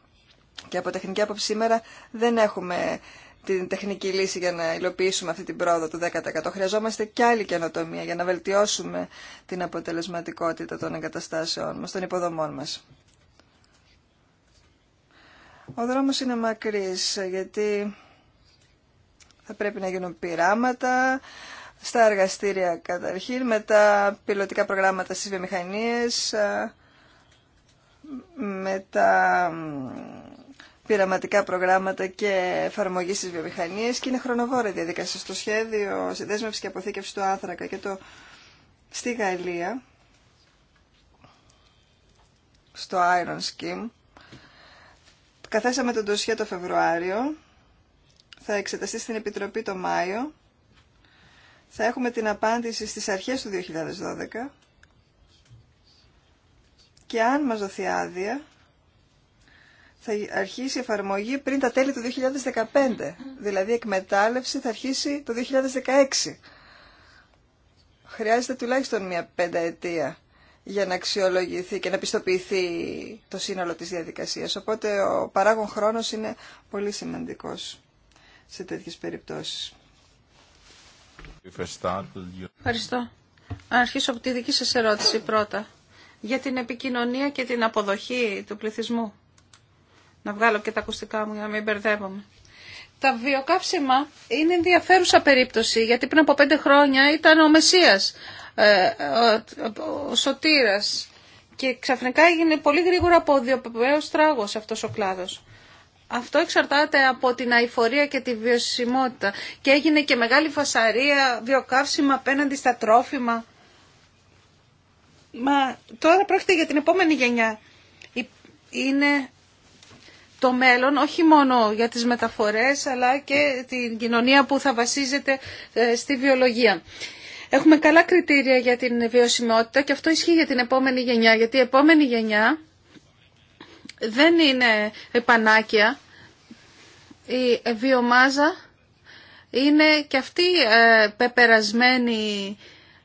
Και από τεχνική άποψη σήμερα δεν έχουμε την τεχνική λύση για να υλοποιήσουμε αυτή την πρόοδο του 10%. Χρειαζόμαστε και άλλη καινοτομία για να βελτιώσουμε την αποτελεσματικότητα των εγκαταστάσεων μας, των υποδομών μας. Ο δρόμος είναι μακρύς γιατί θα πρέπει να γίνουν πειράματα στα εργαστήρια καταρχήν, μετά πιλωτικά προγράμματα στις βιομηχανίες, τα πειραματικά προγράμματα και εφαρμογή στι βιομηχανίε και είναι χρονοβόρα η διαδικασία. Στο σχέδιο συνδέσμευση και αποθήκευση του άνθρακα και το στη Γαλλία, στο Iron Scheme, καθέσαμε τον τοσχέτο το Φεβρουάριο, θα εξεταστεί στην Επιτροπή το Μάιο, θα έχουμε την απάντηση στις αρχές του 2012 και αν μας δοθεί άδεια, θα αρχίσει η εφαρμογή πριν τα τέλη του 2015. Δηλαδή η εκμετάλλευση θα αρχίσει το 2016. Χρειάζεται τουλάχιστον μια πενταετία για να αξιολογηθεί και να πιστοποιηθεί το σύνολο της διαδικασίας. Οπότε ο παράγων χρόνος είναι πολύ σημαντικός σε τέτοιες περιπτώσεις. Ευχαριστώ. Να αρχίσω από τη δική σας ερώτηση πρώτα. Για την επικοινωνία και την αποδοχή του πληθυσμού. Να βγάλω και τα ακουστικά μου για να μην μπερδεύομαι. Τα βιοκαύσιμα είναι ενδιαφέρουσα περίπτωση, γιατί πριν από πέντε χρόνια ήταν ο Μεσσίας, ε, ο Σωτήρας και ξαφνικά έγινε πολύ γρήγορα από ο τράγος αυτός ο κλάδος. Αυτό εξαρτάται από την αηφορία και τη βιωσιμότητα και έγινε και μεγάλη φασαρία βιοκαύσιμα απέναντι στα τρόφιμα. Μα τώρα πρόκειται για την επόμενη γενιά. Είναι το μέλλον, όχι μόνο για τις μεταφορές, αλλά και την κοινωνία που θα βασίζεται ε, στη βιολογία. Έχουμε καλά κριτήρια για την βιωσιμότητα και αυτό ισχύει για την επόμενη γενιά, γιατί η επόμενη γενιά δεν είναι επανάκια. Η βιομάζα είναι και αυτή ε, πεπερασμένη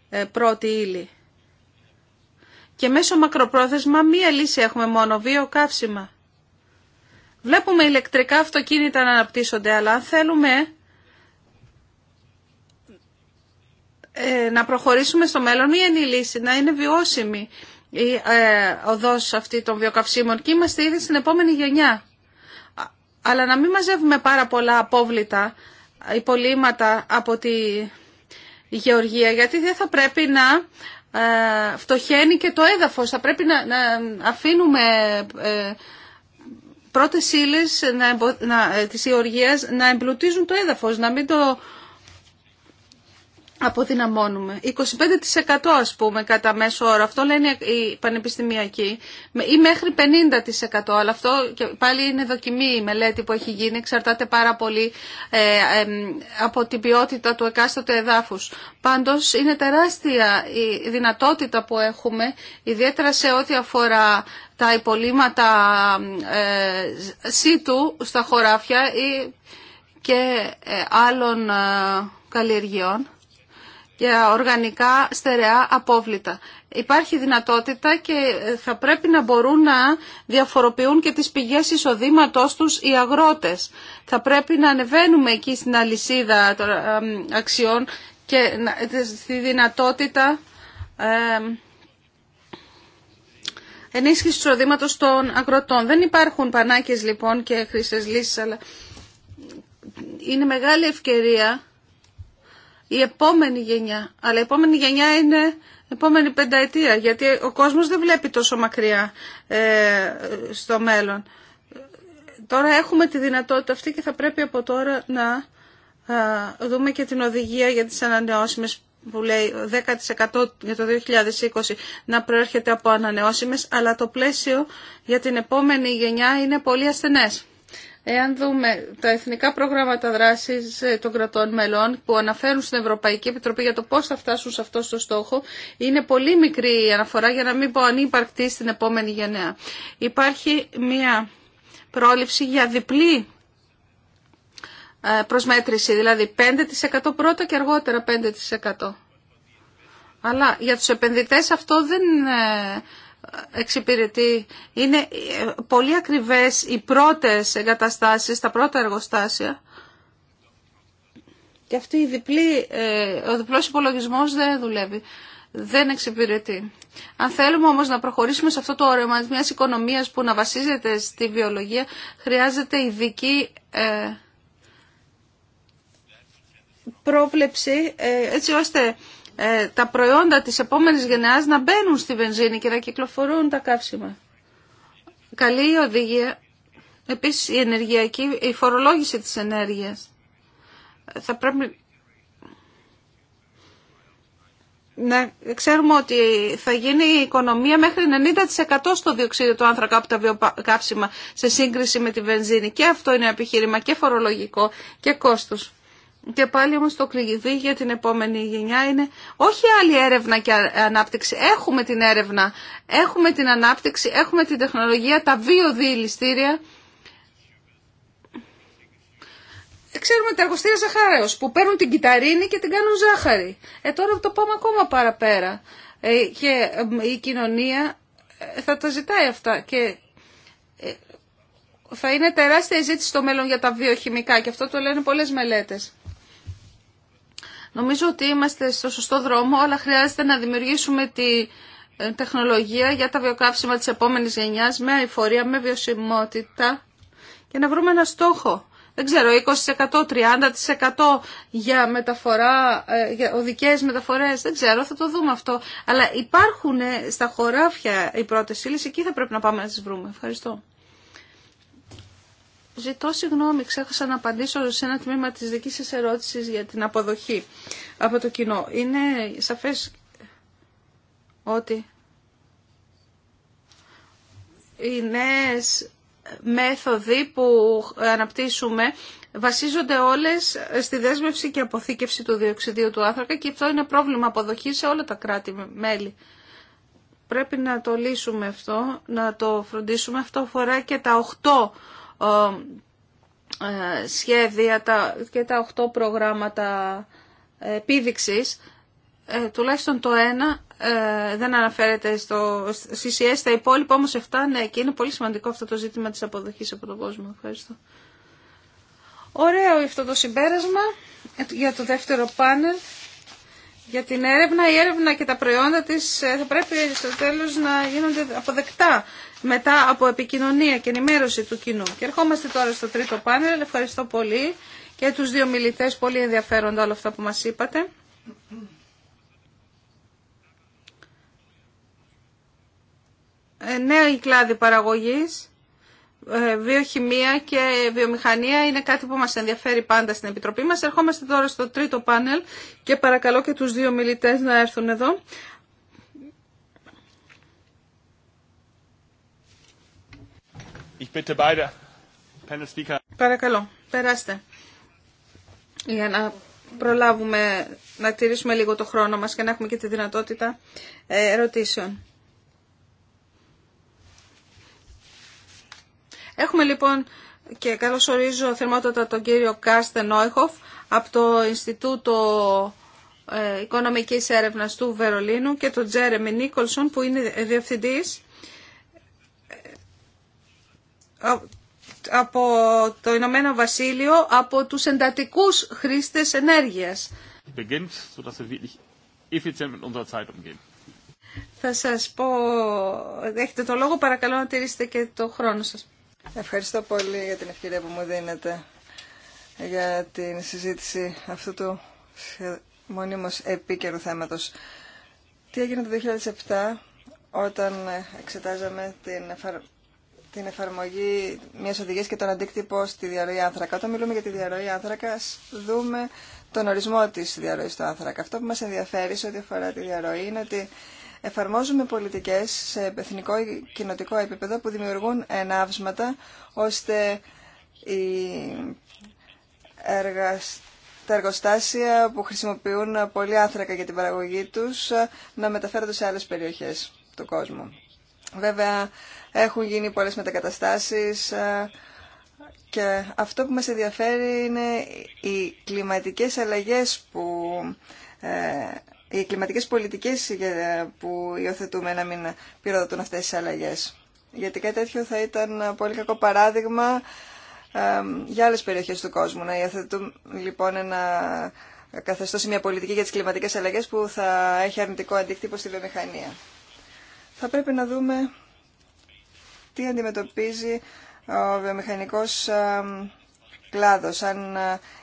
ε, πρώτη ύλη. Και μέσω μακροπρόθεσμα μία λύση έχουμε μόνο, βιοκαύσιμα. Βλέπουμε ηλεκτρικά αυτοκίνητα να αναπτύσσονται, αλλά αν θέλουμε ε, να προχωρήσουμε στο μέλλον ή είναι η λύση να είναι βιώσιμη η ε, οδός αυτή των βιοκαυσίμων και είμαστε ήδη στην επόμενη γενιά. Αλλά να μην μαζεύουμε πάρα πολλά απόβλητα, υπολείμματα από τη γεωργία, γιατί δεν θα πρέπει να ε, φτωχαίνει και το έδαφος. Θα πρέπει να, αφήνουμε ε, πρώτες ύλες να, να, ε, της Ιοργίας να εμπλουτίζουν το έδαφος, να μην το αποδυναμώνουμε. 25% ας πούμε κατά μέσο όρο, αυτό λένε οι πανεπιστημιακοί, ή μέχρι 50% αλλά αυτό και πάλι είναι δοκιμή η μελέτη που έχει γίνει, εξαρτάται πάρα πολύ ε, από την ποιότητα του εκάστοτε εδάφους. Πάντως είναι τεράστια η δυνατότητα που έχουμε, ιδιαίτερα σε ό,τι αφορά τα υπολείμματα ε, σίτου στα χωράφια και ε, άλλων ε, καλλιεργειών για οργανικά στερεά απόβλητα. Υπάρχει δυνατότητα και θα πρέπει να μπορούν να διαφοροποιούν και τις πηγές εισοδήματός τους οι αγρότες. Θα πρέπει να ανεβαίνουμε εκεί στην αλυσίδα αξιών και στη δυνατότητα ενίσχυσης του εισοδήματος των αγροτών. Δεν υπάρχουν πανάκες λοιπόν και χρήστες λύσεις, αλλά είναι μεγάλη ευκαιρία η επόμενη γενιά. Αλλά η επόμενη γενιά είναι επόμενη πενταετία, γιατί ο κόσμος δεν βλέπει τόσο μακριά ε, στο μέλλον. Τώρα έχουμε τη δυνατότητα αυτή και θα πρέπει από τώρα να ε, δούμε και την οδηγία για τις ανανεώσιμες που λέει 10% για το 2020 να προέρχεται από ανανεώσιμες, αλλά το πλαίσιο για την επόμενη γενιά είναι πολύ ασθενές. Εάν δούμε τα εθνικά προγράμματα δράσης ε, των κρατών μελών που αναφέρουν στην Ευρωπαϊκή Επιτροπή για το πώ θα φτάσουν σε αυτό το στόχο, είναι πολύ μικρή η αναφορά για να μην πω ανύπαρκτη στην επόμενη γενναία. Υπάρχει μία πρόληψη για διπλή ε, προσμέτρηση, δηλαδή 5% πρώτα και αργότερα 5%. Αλλά για τους επενδυτές αυτό δεν ε, εξυπηρετεί. Είναι πολύ ακριβές οι πρώτες εγκαταστάσεις, τα πρώτα εργοστάσια. Και αυτή η διπλή, ε, ο διπλός υπολογισμός δεν δουλεύει. Δεν εξυπηρετεί. Αν θέλουμε όμως να προχωρήσουμε σε αυτό το όρεμα μιας οικονομίας που να βασίζεται στη βιολογία, χρειάζεται ειδική ε, πρόβλεψη, ε, έτσι ώστε ε, τα προϊόντα της επόμενης γενεάς να μπαίνουν στη βενζίνη και να κυκλοφορούν τα καύσιμα. Καλή η οδηγία. Επίσης η ενεργειακή, η φορολόγηση της ενέργειας. Ε, θα πρέπει να ξέρουμε ότι θα γίνει η οικονομία μέχρι 90% στο διοξείδιο του άνθρακα από τα βιοκαύσιμα σε σύγκριση με τη βενζίνη. Και αυτό είναι επιχείρημα και φορολογικό και κόστος. Και πάλι όμως το κλειδί για την επόμενη γενιά είναι όχι άλλη έρευνα και ανάπτυξη. Έχουμε την έρευνα, έχουμε την ανάπτυξη, έχουμε την τεχνολογία, τα βιοδιελιστήρια. Ε, ξέρουμε τα εργοστήρια ζαχάρεως που παίρνουν την κυταρίνη και την κάνουν ζάχαρη. Ε, τώρα το πάμε ακόμα παραπέρα. Ε, και ε, η κοινωνία θα τα ζητάει αυτά και θα είναι τεράστια η ζήτηση στο μέλλον για τα βιοχημικά και αυτό το λένε πολλές μελέτες. Νομίζω ότι είμαστε στο σωστό δρόμο, αλλά χρειάζεται να δημιουργήσουμε τη ε, τεχνολογία για τα βιοκαύσιμα της επόμενης γενιάς με αηφορία, με βιωσιμότητα και να βρούμε ένα στόχο. Δεν ξέρω, 20%, 30% για μεταφορά, ε, για οδικές μεταφορές, δεν ξέρω, θα το δούμε αυτό. Αλλά υπάρχουν ε, στα χωράφια οι πρώτες ύλες, εκεί θα πρέπει να πάμε να τις βρούμε. Ευχαριστώ. Ζητώ συγγνώμη, ξέχασα να απαντήσω σε ένα τμήμα της δικής σας ερώτησης για την αποδοχή από το κοινό. Είναι σαφές ότι οι νέες μέθοδοι που αναπτύσσουμε βασίζονται όλες στη δέσμευση και αποθήκευση του διοξιδίου του άνθρακα και αυτό είναι πρόβλημα αποδοχής σε όλα τα κράτη-μέλη. Πρέπει να το λύσουμε αυτό, να το φροντίσουμε. Αυτό αφορά και τα 8 ε, σχέδια και τα οχτώ προγράμματα επίδειξης, ε, τουλάχιστον το ένα ε, δεν αναφέρεται στο CCS, τα υπόλοιπα όμως 7, ναι, και είναι πολύ σημαντικό αυτό το ζήτημα της αποδοχής από τον κόσμο. Ευχαριστώ. Ωραίο αυτό το συμπέρασμα για το δεύτερο πάνελ. Για την έρευνα, η έρευνα και τα προϊόντα της θα πρέπει στο τέλος να γίνονται αποδεκτά μετά από επικοινωνία και ενημέρωση του κοινού. Και ερχόμαστε τώρα στο τρίτο πάνελ. Ευχαριστώ πολύ και τους δύο μιλητές. Πολύ ενδιαφέροντα όλα αυτά που μας είπατε. Ε, νέα η κλάδη παραγωγής, ε, βιοχημεία και βιομηχανία είναι κάτι που μας ενδιαφέρει πάντα στην Επιτροπή μας. Ερχόμαστε τώρα στο τρίτο πάνελ και παρακαλώ και τους δύο μιλητές να έρθουν εδώ. Παρακαλώ, περάστε. Για να προλάβουμε να τηρήσουμε λίγο το χρόνο μας και να έχουμε και τη δυνατότητα ε, ερωτήσεων. Έχουμε λοιπόν και καλώς ορίζω θερμότατα τον κύριο Κάρστε Νόιχοφ από το Ινστιτούτο ε, Οικονομικής Έρευνας του Βερολίνου και τον Τζέρεμι Νίκολσον που είναι διευθυντής από το Ηνωμένο Βασίλειο από τους εντατικούς χρήστες ενέργειας. Θα σας πω, έχετε το λόγο, παρακαλώ να τηρήσετε και το χρόνο σας. Ευχαριστώ πολύ για την ευκαιρία που μου δίνετε για την συζήτηση αυτού του μονίμως επίκαιρου θέματος. Τι έγινε το 2007 όταν εξετάζαμε την την εφαρμογή μια οδηγία και τον αντίκτυπο στη διαρροή άνθρακα. Όταν μιλούμε για τη διαρροή άνθρακα, δούμε τον ορισμό τη διαρροή του άνθρακα. Αυτό που μα ενδιαφέρει σε ό,τι αφορά τη διαρροή είναι ότι εφαρμόζουμε πολιτικέ σε εθνικό ή κοινοτικό επίπεδο που δημιουργούν ενάυσματα ώστε οι εργασ... τα εργοστάσια που χρησιμοποιούν πολύ άνθρακα για την παραγωγή τους να μεταφέρονται σε άλλες περιοχές του κόσμου. Βέβαια, έχουν γίνει πολλές μετακαταστάσεις ε, και αυτό που μας ενδιαφέρει είναι οι κλιματικές αλλαγές που... Ε, οι κλιματικές πολιτικές που υιοθετούμε να μην πυροδοτούν αυτές τις αλλαγές. Γιατί κάτι τέτοιο θα ήταν πολύ κακό παράδειγμα ε, για άλλες περιοχές του κόσμου. Να υιοθετούμε λοιπόν ένα καθεστώς μια πολιτική για τις κλιματικές αλλαγές που θα έχει αρνητικό αντίκτυπο στη βιομηχανία θα πρέπει να δούμε τι αντιμετωπίζει ο βιομηχανικός κλάδος. Αν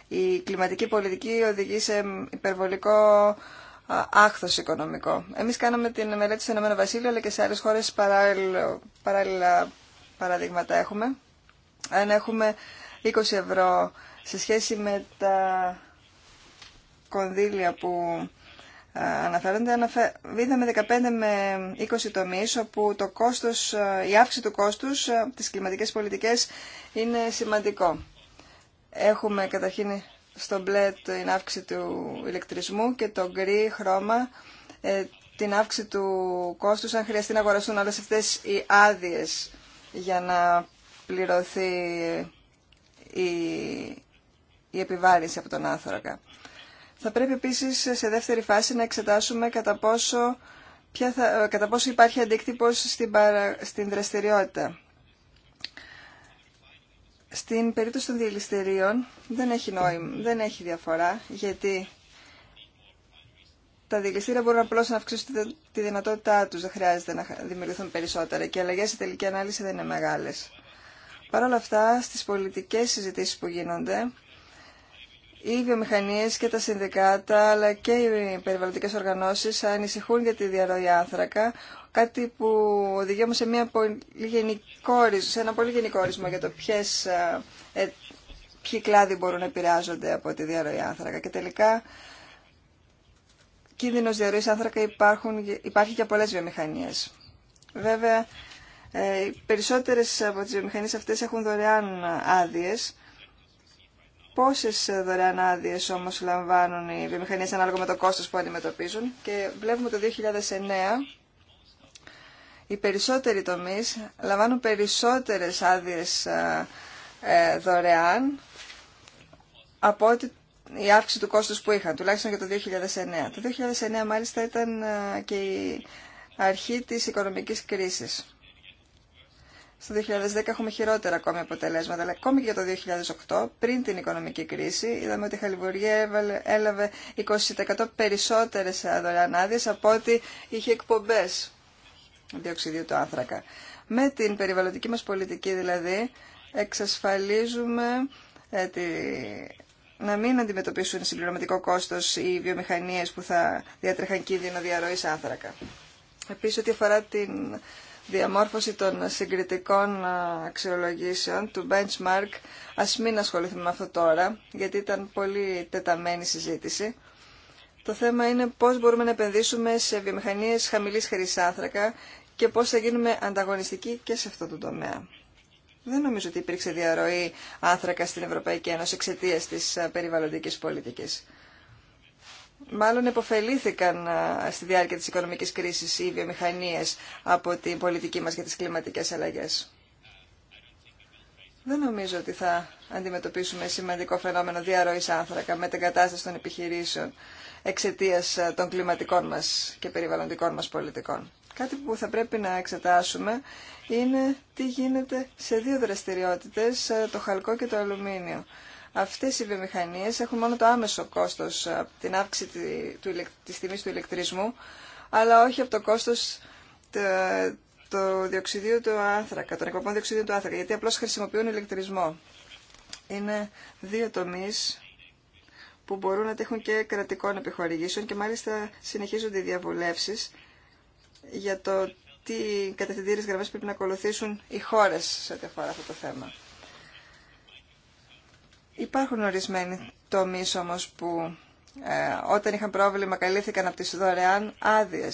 η κλιματική πολιτική οδηγεί σε υπερβολικό άχθος οικονομικό. Εμείς κάναμε την μελέτη στο Ηνωμένο Βασίλειο, αλλά και σε άλλες χώρες παράλληλα, παράλληλα παραδείγματα έχουμε. Αν έχουμε 20 ευρώ σε σχέση με τα κονδύλια που αναφέρονται. Βίδαμε 15 με 20 τομεί, όπου το κόστος, η αύξηση του κόστους ε, της κλιματικές πολιτικές είναι σημαντικό. Έχουμε καταρχήν στο μπλε την αύξηση του ηλεκτρισμού και το γκρι χρώμα ε, την αύξηση του κόστους αν χρειαστεί να αγοραστούν όλε αυτέ οι άδειε για να πληρωθεί η, η επιβάρηση από τον άνθρακα. Θα πρέπει επίση σε δεύτερη φάση να εξετάσουμε κατά πόσο, ποια ε, κατά πόσο υπάρχει αντίκτυπος στην, στην δραστηριότητα. Στην περίπτωση των διελιστερίων δεν έχει νόημα, δεν έχει διαφορά, γιατί τα διελιστήρια μπορούν απλώ να αυξήσουν τη δυνατότητά του. Δεν χρειάζεται να δημιουργηθούν περισσότερα και οι αλλαγέ σε τελική ανάλυση δεν είναι μεγάλε. Παρ' όλα αυτά, στι πολιτικέ συζητήσει που γίνονται, οι βιομηχανίες και τα συνδικάτα αλλά και οι περιβαλλοντικές οργανώσεις ανησυχούν για τη διαρροή άνθρακα, κάτι που οδηγεί όμως σε, σε ένα πολύ γενικό ορισμό για το ποιες, ε, ε, ποιοι κλάδοι μπορούν να επηρεάζονται από τη διαρροή άνθρακα. Και τελικά κίνδυνος διαρροής άνθρακα υπάρχουν, υπάρχει και πολλές βιομηχανίες. Βέβαια, ε, οι περισσότερες από τις βιομηχανίες αυτές έχουν δωρεάν άδειες, Πόσες δωρεάν άδειε όμως λαμβάνουν οι βιομηχανίε ανάλογα με το κόστος που αντιμετωπίζουν και βλέπουμε το 2009 οι περισσότεροι τομεί λαμβάνουν περισσότερες άδειες ε, ε, δωρεάν από ότι η αύξηση του κόστου που είχαν, τουλάχιστον για το 2009. Το 2009 μάλιστα ήταν ε, και η αρχή της οικονομικής κρίσης. Στο 2010 έχουμε χειρότερα ακόμη αποτελέσματα, αλλά ακόμη και για το 2008, πριν την οικονομική κρίση, είδαμε ότι η Χαλιβουργία έλαβε 20% περισσότερες ε, δωρεάν από ότι είχε εκπομπές διοξιδίου του άνθρακα. Με την περιβαλλοντική μας πολιτική δηλαδή, εξασφαλίζουμε ε, τη... να μην αντιμετωπίσουν συμπληρωματικό κόστο οι βιομηχανίε που θα διατρέχαν κίνδυνο διαρροή άνθρακα. Επίσης, ό,τι αφορά την διαμόρφωση των συγκριτικών αξιολογήσεων, του benchmark, ας μην ασχοληθούμε με αυτό τώρα, γιατί ήταν πολύ τεταμένη συζήτηση. Το θέμα είναι πώς μπορούμε να επενδύσουμε σε βιομηχανίες χαμηλής χρυσάθρακα και πώς θα γίνουμε ανταγωνιστικοί και σε αυτό το τομέα. Δεν νομίζω ότι υπήρξε διαρροή άνθρακα στην Ευρωπαϊκή Ένωση εξαιτία τη περιβαλλοντική πολιτική μάλλον επωφελήθηκαν στη διάρκεια της οικονομικής κρίσης οι βιομηχανίες από την πολιτική μας για τις κλιματικές αλλαγές. Δεν νομίζω ότι θα αντιμετωπίσουμε σημαντικό φαινόμενο διαρροής άνθρακα με την κατάσταση των επιχειρήσεων εξαιτία των κλιματικών μας και περιβαλλοντικών μας πολιτικών. Κάτι που θα πρέπει να εξετάσουμε είναι τι γίνεται σε δύο δραστηριότητες, το χαλκό και το αλουμίνιο. Αυτές οι βιομηχανίες έχουν μόνο το άμεσο κόστος ε, από την αύξηση της τιμής του ηλεκτρισμού, αλλά όχι από το κόστος του διοξιδίου του άνθρακα, των εκπομπών διοξιδίου του άνθρακα, γιατί απλώς χρησιμοποιούν ηλεκτρισμό. Είναι δύο τομείς που μπορούν να τύχουν και κρατικών επιχορηγήσεων και μάλιστα συνεχίζονται οι διαβουλεύσεις για το τι κατευθυντήρες γραμμές πρέπει να ακολουθήσουν οι χώρες σε ό,τι αφορά αυτό το θέμα. Υπάρχουν ορισμένοι τομείς όμως που ε, όταν είχαν πρόβλημα καλύφθηκαν από τις δωρεάν άδειε.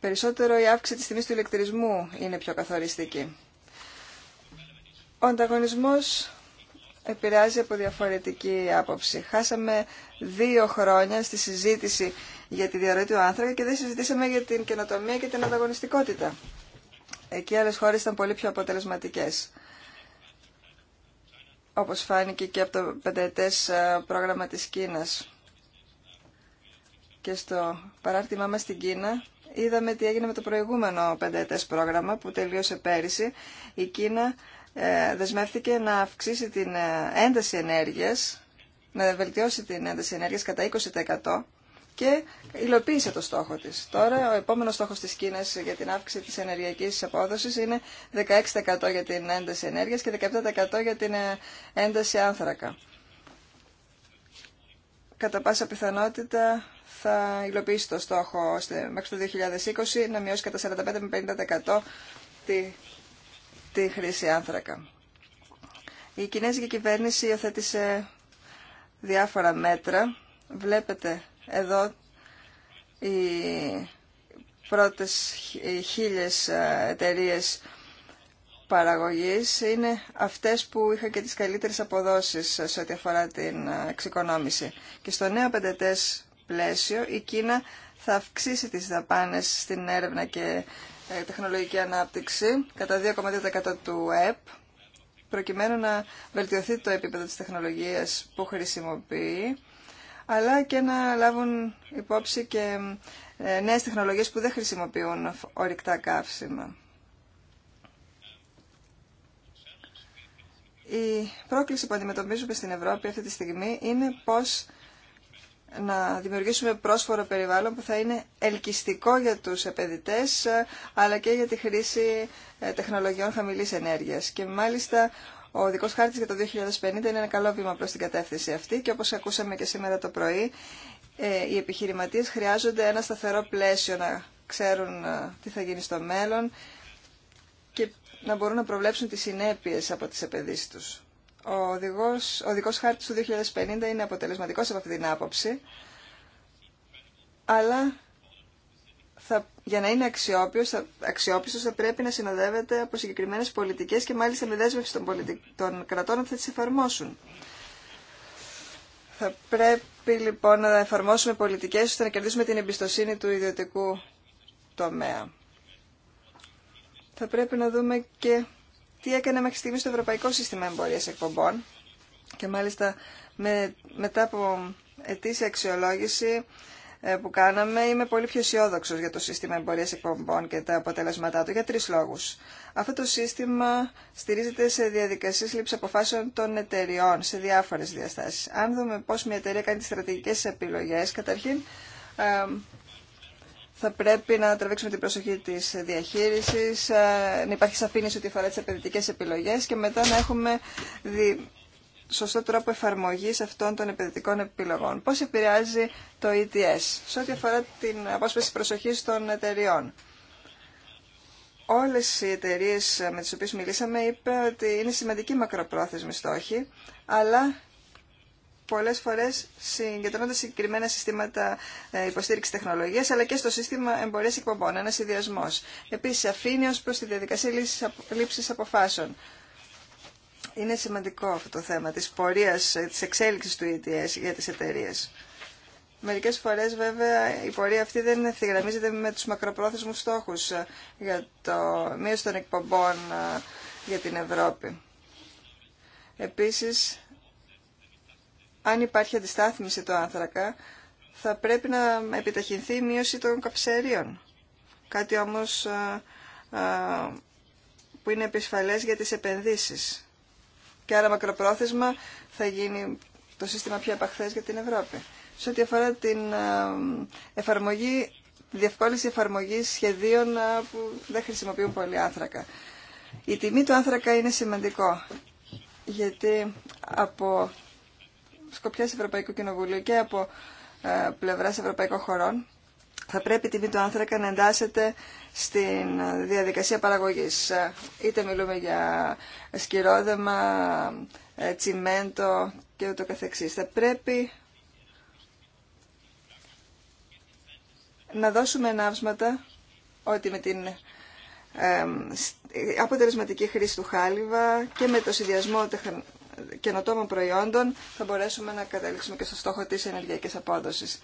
Περισσότερο η αύξηση της τιμή του ηλεκτρισμού είναι πιο καθοριστική. Ο ανταγωνισμό επηρεάζει από διαφορετική άποψη. Χάσαμε δύο χρόνια στη συζήτηση για τη διαρροή του άνθρακα και δεν συζητήσαμε για την καινοτομία και την ανταγωνιστικότητα. Εκεί άλλε χώρε ήταν πολύ πιο αποτελεσματικέ όπως φάνηκε και από το πενταετές ε, πρόγραμμα της Κίνας. Και στο παράρτημά μας στην Κίνα είδαμε τι έγινε με το προηγούμενο πενταετές πρόγραμμα που τελείωσε πέρυσι. Η Κίνα ε, δεσμεύτηκε να αυξήσει την ε, ένταση ενέργειας, να βελτιώσει την ένταση ενέργειας κατά 20% και υλοποίησε το στόχο της. Τώρα ο επόμενος στόχος της Κίνας για την αύξηση της ενεργειακής απόδοσης είναι 16% για την ένταση ενέργειας και 17% για την ε, ένταση άνθρακα. Κατά πάσα πιθανότητα θα υλοποιήσει το στόχο μέχρι το 2020 να μειώσει κατά 45 με 50% τη, τη χρήση άνθρακα. Η Κινέζικη κυβέρνηση υιοθέτησε διάφορα μέτρα. Βλέπετε εδώ οι πρώτες χίλιες ε, εταιρείε παραγωγής είναι αυτές που είχαν και τις καλύτερες αποδόσεις ε, σε ό,τι αφορά την ε, εξοικονόμηση. Και στο νέο πεντετές πλαίσιο η Κίνα θα αυξήσει τις δαπάνες στην έρευνα και τεχνολογική ανάπτυξη κατά 2,2% του ΕΠ προκειμένου να βελτιωθεί το επίπεδο της τεχνολογίας που χρησιμοποιεί αλλά και να λάβουν υπόψη και ε, νέες τεχνολογίες που δεν χρησιμοποιούν ορυκτά καύσιμα. Η πρόκληση που αντιμετωπίζουμε στην Ευρώπη αυτή τη στιγμή είναι πώς να δημιουργήσουμε πρόσφορο περιβάλλον που θα είναι ελκυστικό για τους επενδυτές ε, αλλά και για τη χρήση ε, τεχνολογιών χαμηλής ενέργειας. Και μάλιστα ο οδικό χάρτης για το 2050 είναι ένα καλό βήμα προς την κατεύθυνση αυτή και όπως ακούσαμε και σήμερα το πρωί, ε, οι επιχειρηματίες χρειάζονται ένα σταθερό πλαίσιο να ξέρουν ε, τι θα γίνει στο μέλλον και να μπορούν να προβλέψουν τις συνέπειες από τις επενδύσεις τους. Ο, οδηγός, ο οδικός χάρτης του 2050 είναι αποτελεσματικός από αυτή την άποψη, αλλά θα, για να είναι αξιόπιστος θα, θα πρέπει να συνοδεύεται από συγκεκριμένες πολιτικές και μάλιστα με δέσμευση των, πολιτικ, των κρατών ότι θα τις εφαρμόσουν. Θα πρέπει λοιπόν να εφαρμόσουμε πολιτικές ώστε να κερδίσουμε την εμπιστοσύνη του ιδιωτικού τομέα. Θα πρέπει να δούμε και τι έκανε μέχρι στιγμή στο Ευρωπαϊκό Σύστημα Εμπορίας Εκπομπών και μάλιστα με, μετά από ετήσια αξιολόγηση ε, που κάναμε, είμαι πολύ πιο αισιόδοξο για το σύστημα εμπορία εκπομπών και τα αποτελέσματά του για τρει λόγου. Αυτό το σύστημα στηρίζεται σε διαδικασίε λήψη αποφάσεων των εταιριών σε διάφορε διαστάσει. Αν δούμε πώ μια εταιρεία κάνει τι στρατηγικέ επιλογέ, καταρχήν θα πρέπει να τραβήξουμε την προσοχή τη διαχείριση, ε, να υπάρχει σαφήνιση ότι αφορά τι επενδυτικέ επιλογέ και μετά να έχουμε σωστό τρόπο εφαρμογή αυτών των επενδυτικών επιλογών. Πώ επηρεάζει το ETS σε ό,τι αφορά την απόσπαση προσοχή των εταιριών. Όλε οι εταιρείε με τι οποίε μιλήσαμε είπε ότι είναι σημαντική μακροπρόθεσμη στόχη, αλλά πολλέ φορέ συγκεντρώνονται συγκεκριμένα συστήματα ε, υποστήριξη τεχνολογία, αλλά και στο σύστημα εμπορία εκπομπών, ένα ιδιασμός. Επίση, αφήνει ω προ τη διαδικασία λήψη αποφάσεων. Είναι σημαντικό αυτό το θέμα της πορείας, ε, της εξέλιξης του ETS για τις εταιρείε. Μερικές φορές βέβαια η πορεία αυτή δεν ευθυγραμμίζεται με τους μακροπρόθεσμους στόχους ε, για το μείωση των εκπομπών ε, για την Ευρώπη. Επίσης, αν υπάρχει αντιστάθμιση το άνθρακα, θα πρέπει να επιταχυνθεί η μείωση των καψερίων. Κάτι όμως που είναι επισφαλές για τις επενδύσεις. Και άρα μακροπρόθεσμα θα γίνει το σύστημα πιο επαχθές για την Ευρώπη. Σε ό,τι αφορά την ε, εφαρμογή, τη διευκόλυνση εφαρμογής σχεδίων ε, που δεν χρησιμοποιούν πολύ άνθρακα. Η τιμή του άνθρακα είναι σημαντικό, γιατί από σκοπιάς Ευρωπαϊκού Κοινοβουλίου και από ε, πλευράς Ευρωπαϊκών χωρών θα πρέπει τη τιμή του άνθρακα να εντάσσεται στην διαδικασία παραγωγής. Είτε μιλούμε για σκυρόδεμα, ε, τσιμέντο και ούτω καθεξής. Θα πρέπει να δώσουμε ενάψματα ότι με την αποτελεσματική χρήση του χάλιβα και με το συνδυασμό καινοτόμων προϊόντων θα μπορέσουμε να καταλήξουμε και στο στόχο της ενεργειακής απόδοσης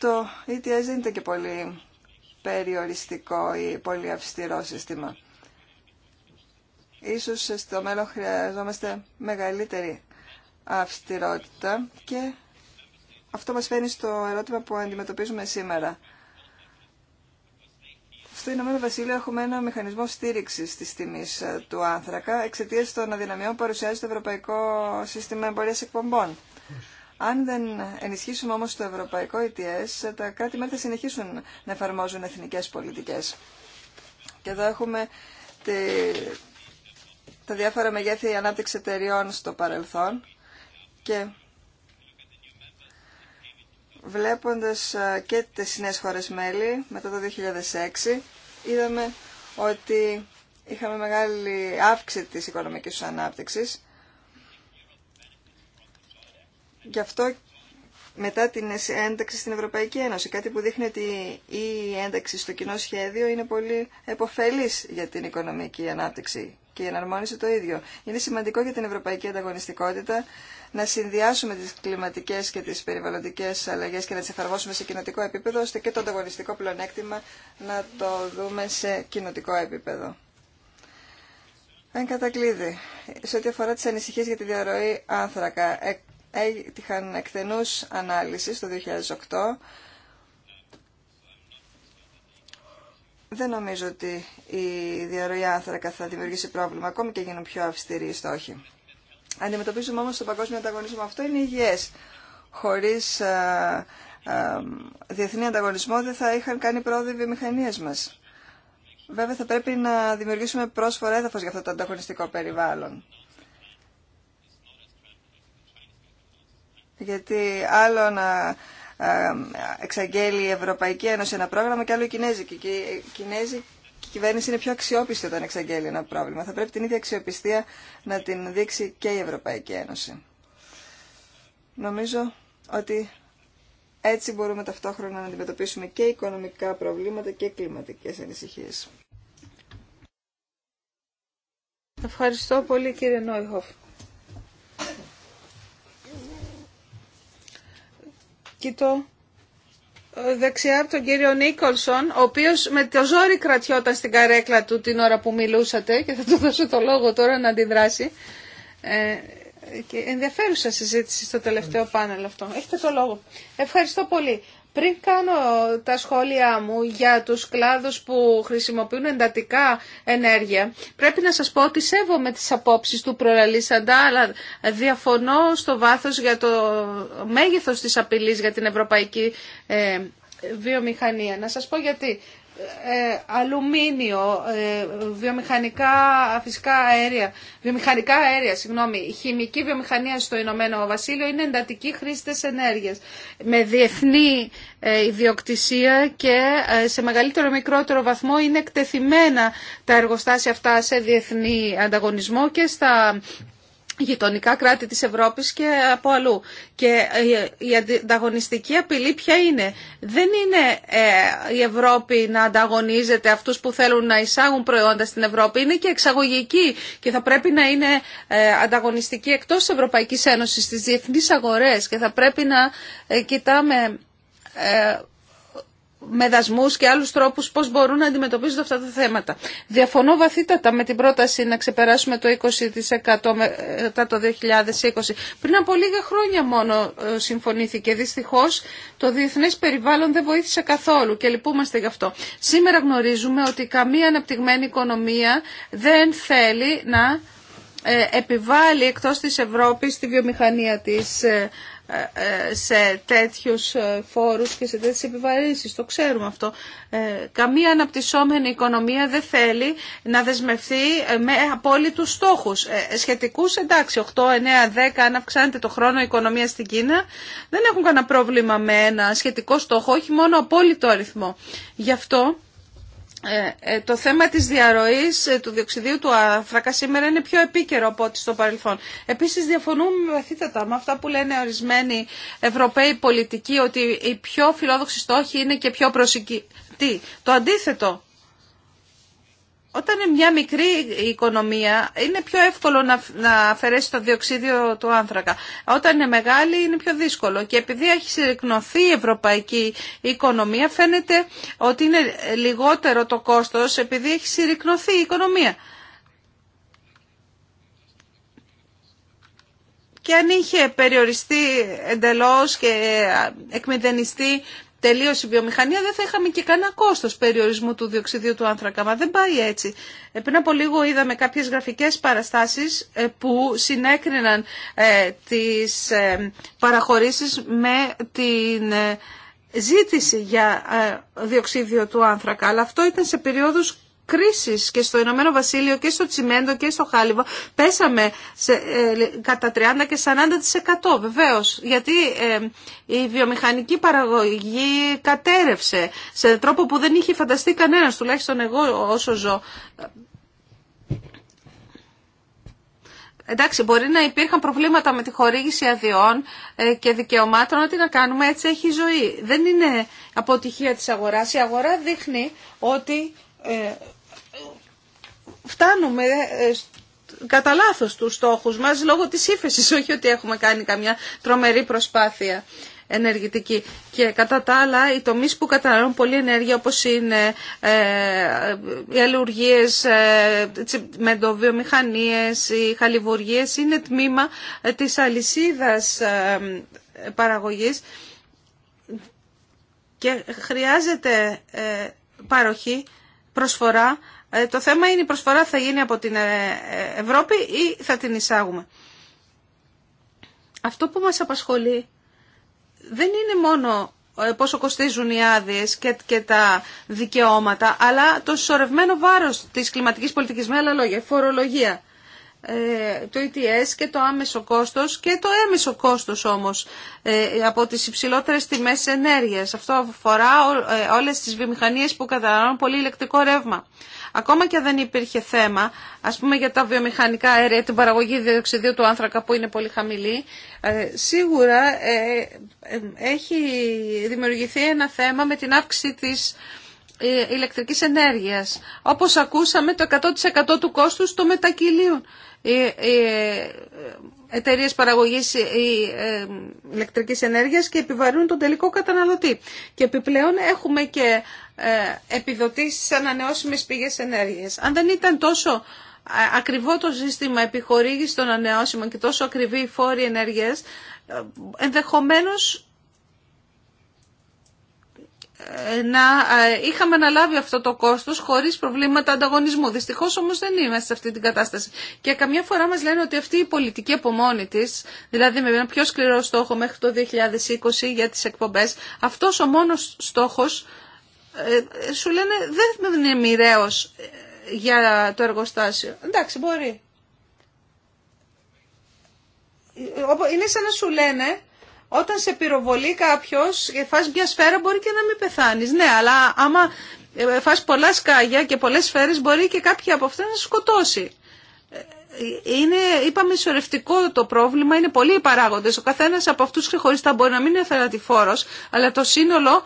το ETS δεν είναι και πολύ περιοριστικό ή πολύ αυστηρό σύστημα. Ίσως στο μέλλον χρειαζόμαστε μεγαλύτερη αυστηρότητα και αυτό μας φαίνει στο ερώτημα που αντιμετωπίζουμε σήμερα. Στο Ηνωμένο Βασίλειο έχουμε ένα μηχανισμό στήριξη τη τιμή ε, του άνθρακα εξαιτία των αδυναμιών που παρουσιάζει το Ευρωπαϊκό Σύστημα Εμπορία Εκπομπών. Αν δεν ενισχύσουμε όμως το ευρωπαϊκό ETS, τα κρατη μέρη θα συνεχίσουν να εφαρμόζουν εθνικές πολιτικές. Και εδώ έχουμε τη, τα διάφορα μεγέθη ανάπτυξη εταιριών στο παρελθόν και βλέποντας και τις νέες χώρες μέλη μετά το 2006 είδαμε ότι είχαμε μεγάλη αύξηση της οικονομικής ανάπτυξης Γι' αυτό μετά την ένταξη στην Ευρωπαϊκή Ένωση, κάτι που δείχνει ότι η ένταξη στο κοινό σχέδιο είναι πολύ επωφελής για την οικονομική ανάπτυξη και η εναρμόνιση το ίδιο. Είναι σημαντικό για την ευρωπαϊκή ανταγωνιστικότητα να συνδυάσουμε τις κλιματικές και τις περιβαλλοντικές αλλαγές και να τις εφαρμόσουμε σε κοινοτικό επίπεδο, ώστε και το ανταγωνιστικό πλεονέκτημα να το δούμε σε κοινοτικό επίπεδο. Εν κατακλείδη, σε ό,τι αφορά τις ανησυχίες για τη διαρροή άνθρακα, έτυχαν εκτενούς ανάλυσης το 2008. Δεν νομίζω ότι η διαρροή άνθρακα θα δημιουργήσει πρόβλημα, ακόμη και γίνουν πιο αυστηροί οι στόχοι. Αντιμετωπίζουμε όμως τον παγκόσμιο ανταγωνισμό. Αυτό είναι υγιές. Χωρίς α, ε, ε, διεθνή ανταγωνισμό δεν θα είχαν κάνει πρόοδο οι βιομηχανίες μας. Βέβαια θα πρέπει να δημιουργήσουμε πρόσφορα έδαφος για αυτό το ανταγωνιστικό περιβάλλον. Γιατί άλλο να ε, εξαγγέλει η Ευρωπαϊκή Ένωση ένα πρόγραμμα και άλλο η Κινέζικη. Και η Κινέζικη κυβέρνηση είναι πιο αξιόπιστη όταν εξαγγέλει ένα πρόβλημα. Θα πρέπει την ίδια αξιοπιστία να την δείξει και η Ευρωπαϊκή Ένωση. Νομίζω ότι έτσι μπορούμε ταυτόχρονα να αντιμετωπίσουμε και οικονομικά προβλήματα και κλιματικές ανησυχίες. Ευχαριστώ πολύ κύριε Νόιχοφ. κοιτώ ε, δεξιά από τον κύριο Νίκολσον, ο οποίος με το ζόρι κρατιόταν στην καρέκλα του την ώρα που μιλούσατε και θα του δώσω το λόγο τώρα να αντιδράσει. Ε, και ενδιαφέρουσα συζήτηση στο τελευταίο πάνελ αυτό. Έχετε το λόγο. Ευχαριστώ πολύ. Πριν κάνω τα σχόλια μου για τους κλάδους που χρησιμοποιούν εντατικά ενέργεια, πρέπει να σας πω ότι σέβομαι τις απόψεις του προελίσαντα, αλλά διαφωνώ στο βάθος για το μέγεθος της απειλής για την ευρωπαϊκή ε, βιομηχανία. Να σας πω γιατί. Ε, αλουμίνιο, ε, βιομηχανικά φυσικά αέρια, βιομηχανικά αέρια, συγγνώμη, χημική βιομηχανία στο Ηνωμένο Βασίλειο είναι εντατικοί χρήστε ενέργειας με διεθνή ε, ιδιοκτησία και σε μεγαλύτερο ή μικρότερο βαθμό είναι εκτεθειμένα τα εργοστάσια αυτά σε διεθνή ανταγωνισμό και στα γειτονικά κράτη της Ευρώπης και από αλλού. Και ε, η ανταγωνιστική απειλή ποια είναι. Δεν είναι ε, η Ευρώπη να ανταγωνίζεται αυτούς που θέλουν να εισάγουν προϊόντα στην Ευρώπη. Είναι και εξαγωγική και θα πρέπει να είναι ε, ανταγωνιστική εκτός της Ευρωπαϊκής Ένωσης στις διεθνείς αγορές και θα πρέπει να κοιτάμε με δασμούς και άλλους τρόπους πώς μπορούν να αντιμετωπίζονται αυτά τα θέματα. Διαφωνώ βαθύτατα με την πρόταση να ξεπεράσουμε το 20% μετά το 2020. Πριν από λίγα χρόνια μόνο ε, συμφωνήθηκε. Δυστυχώς το διεθνές περιβάλλον δεν βοήθησε καθόλου και λυπούμαστε γι' αυτό. Σήμερα γνωρίζουμε ότι καμία αναπτυγμένη οικονομία δεν θέλει να ε, επιβάλλει εκτός της Ευρώπης τη βιομηχανία της ε, ε, ε, σε τέτοιους ε, φόρους και σε τέτοιες επιβαρύνσεις. Το ξέρουμε αυτό. Καμία αναπτυσσόμενη οικονομία δεν θέλει να δεσμευθεί με απόλυτους στόχους. Σχετικούς εντάξει, 8, 9, 10, αν αυξάνεται το χρόνο η οικονομία στην Κίνα, δεν έχουν κανένα πρόβλημα με ένα σχετικό στόχο, όχι μόνο απόλυτο αριθμό. Γι' αυτό ε, ε, το θέμα της διαρροής ε, του διοξιδίου του άνθρακα σήμερα είναι πιο επίκαιρο από ό,τι στο παρελθόν. Επίσης διαφωνούμε βαθύτατα με αυτά που λένε ορισμένοι Ευρωπαίοι πολιτικοί ότι η πιο φιλόδοξη στόχοι είναι και πιο προσεκτικοί. Το αντίθετο όταν είναι μια μικρή οικονομία είναι πιο εύκολο να αφαιρέσει το διοξίδιο του άνθρακα. Όταν είναι μεγάλη είναι πιο δύσκολο. Και επειδή έχει συρρυκνωθεί η ευρωπαϊκή οικονομία φαίνεται ότι είναι λιγότερο το κόστος επειδή έχει συρρυκνωθεί η οικονομία. Και αν είχε περιοριστεί εντελώς και ε, εκμηδενιστεί τελείωσε η βιομηχανία, δεν θα είχαμε και κανένα κόστο περιορισμού του διοξιδίου του άνθρακα. Μα δεν πάει έτσι. Ε, πριν από λίγο είδαμε κάποιε γραφικέ παραστάσει ε, που συνέκριναν ε, τι παραχωρήσει με την ζήτηση για διοξίδιο του άνθρακα. Αλλά αυτό ήταν σε περίοδους και στο Ηνωμένο Βασίλειο και στο τσιμέντο και στο χάλιβο πέσαμε ε, κατά 30 και 40% Βεβαίω. γιατί ε, η βιομηχανική παραγωγή κατέρευσε σε τρόπο που δεν είχε φανταστεί κανένα τουλάχιστον εγώ όσο ζω. Εντάξει, μπορεί να υπήρχαν προβλήματα με τη χορήγηση αδειών ε, και δικαιωμάτων, ότι να κάνουμε έτσι έχει η ζωή. Δεν είναι αποτυχία της αγοράς. Η αγορά δείχνει ότι φτάνουμε ε, κατά λάθο τους στόχους μας λόγω της ύφεσης όχι ότι έχουμε κάνει καμιά τρομερή προσπάθεια ενεργητική. Και κατά τα άλλα, οι τομείς που καταναλώνουν πολύ ενέργεια, όπως είναι ε, οι αλλουργίες, ε, βιομηχανίες οι χαλιβουργίες, είναι τμήμα ε, της αλυσίδας ε, παραγωγής και χρειάζεται ε, παροχή, προσφορά ε, το θέμα είναι η προσφορά θα γίνει από την ε, Ευρώπη ή θα την εισάγουμε. Αυτό που μας απασχολεί δεν είναι μόνο ε, πόσο κοστίζουν οι άδειες και, τα δικαιώματα, αλλά το σωρευμένο βάρος της κλιματικής πολιτικής, με άλλα λόγια, φορολογία, το ETS και το άμεσο κόστος και το έμεσο κόστος όμως από τις υψηλότερες τιμές ενέργειας. Αυτό αφορά όλες τις βιομηχανίες που καταναλώνουν πολύ ηλεκτρικό ρεύμα. Ακόμα και αν δεν υπήρχε θέμα, ας πούμε για τα βιομηχανικά αέρια, την παραγωγή διοξιδίου του άνθρακα που είναι πολύ χαμηλή, ε, σίγουρα ε, ε, έχει δημιουργηθεί ένα θέμα με την αύξηση της ηλεκτρικής ενέργειας. Όπως ακούσαμε, το 100% του κόστους το μετακυλίουν εταιρείε παραγωγή ε, ε, ηλεκτρική ενέργεια και επιβαρύνουν τον τελικό καταναλωτή. Και επιπλέον έχουμε και ε, επιδοτήσει ανανεώσιμε πηγέ ενέργεια. Αν δεν ήταν τόσο ακριβό το σύστημα επιχορήγηση των ανανεώσιμων και τόσο ακριβή η φόρη ενέργεια, ενδεχομένως να ε, είχαμε αναλάβει αυτό το κόστος χωρίς προβλήματα ανταγωνισμού. Δυστυχώς όμως δεν είμαστε σε αυτή την κατάσταση. Και καμιά φορά μας λένε ότι αυτή η πολιτική από μόνη της, δηλαδή με ένα πιο σκληρό στόχο μέχρι το 2020 για τις εκπομπές, αυτός ο μόνος στόχος ε, ε, σου λένε δεν είναι μοιραίος για το εργοστάσιο. Εντάξει, μπορεί. Είναι σαν να σου λένε όταν σε πυροβολεί κάποιο, ε, φας μια σφαίρα μπορεί και να μην πεθάνει. Ναι, αλλά άμα ε, φας πολλά σκάγια και πολλές σφαίρες μπορεί και κάποια από αυτά να σκοτώσει. Ε, είναι, είπαμε, ισορρευτικό το πρόβλημα, είναι πολλοί οι παράγοντες. Ο καθένας από αυτούς ξεχωριστά μπορεί να μην είναι θερατηφόρος, αλλά το σύνολο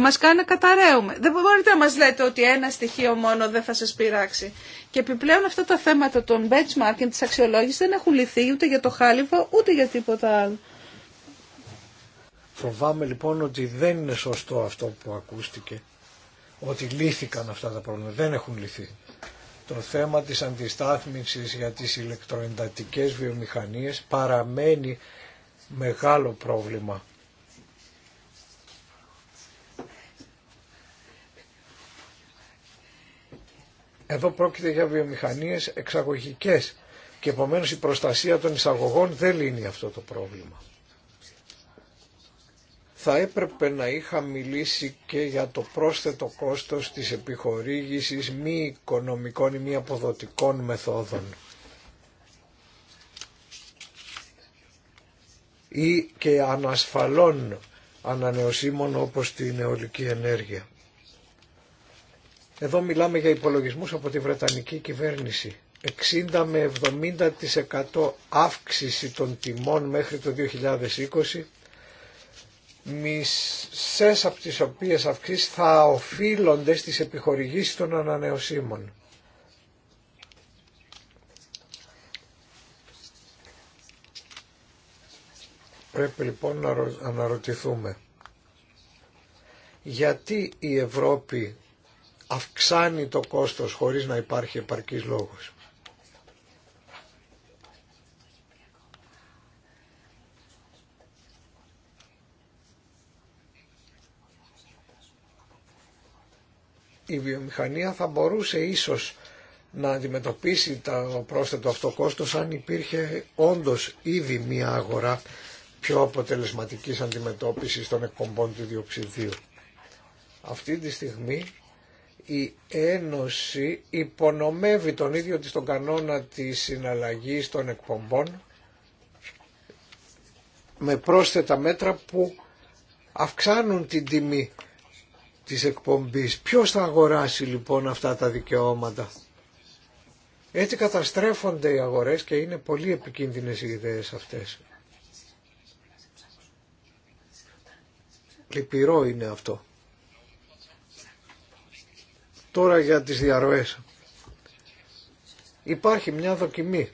μας κάνει να καταραίουμε. Δεν μπορείτε να μας λέτε ότι ένα στοιχείο μόνο δεν θα σας πειράξει. Και επιπλέον αυτά τα θέματα των benchmarking, της αξιολόγησης, δεν έχουν λυθεί ούτε για το χάλιβα, ούτε για τίποτα άλλο. Φοβάμαι λοιπόν ότι δεν είναι σωστό αυτό που ακούστηκε, ότι λύθηκαν αυτά τα προβλήματα, δεν έχουν λυθεί. Το θέμα της αντιστάθμισης για τις ηλεκτροεντατικές βιομηχανίες παραμένει μεγάλο πρόβλημα. Εδώ πρόκειται για βιομηχανίες εξαγωγικές και επομένως η προστασία των εισαγωγών δεν λύνει αυτό το πρόβλημα θα έπρεπε να είχα μιλήσει και για το πρόσθετο κόστος της επιχορήγησης μη οικονομικών ή μη αποδοτικών μεθόδων. ή και ανασφαλών ανανεωσίμων όπως τη νεολική ενέργεια. Εδώ μιλάμε για υπολογισμούς από τη Βρετανική κυβέρνηση. 60 με 70% αύξηση των τιμών μέχρι το 2020 μισές από τις οποίες αυξήσεις θα οφείλονται στις επιχορηγήσεις των ανανεωσίμων. Πρέπει λοιπόν να αναρωτηθούμε γιατί η Ευρώπη αυξάνει το κόστος χωρίς να υπάρχει επαρκής λόγος. η βιομηχανία θα μπορούσε ίσως να αντιμετωπίσει το πρόσθετο αυτό κόστος αν υπήρχε όντως ήδη μια αγορά πιο αποτελεσματικής αντιμετώπισης των εκπομπών του διοξιδίου. Αυτή τη στιγμή η Ένωση υπονομεύει τον ίδιο της τον κανόνα της συναλλαγής των εκπομπών με πρόσθετα μέτρα που αυξάνουν την τιμή της εκπομπής. Ποιος θα αγοράσει λοιπόν αυτά τα δικαιώματα. Έτσι καταστρέφονται οι αγορές και είναι πολύ επικίνδυνες οι ιδέες αυτές. Λυπηρό είναι αυτό. Τώρα για τις διαρροές. Υπάρχει μια δοκιμή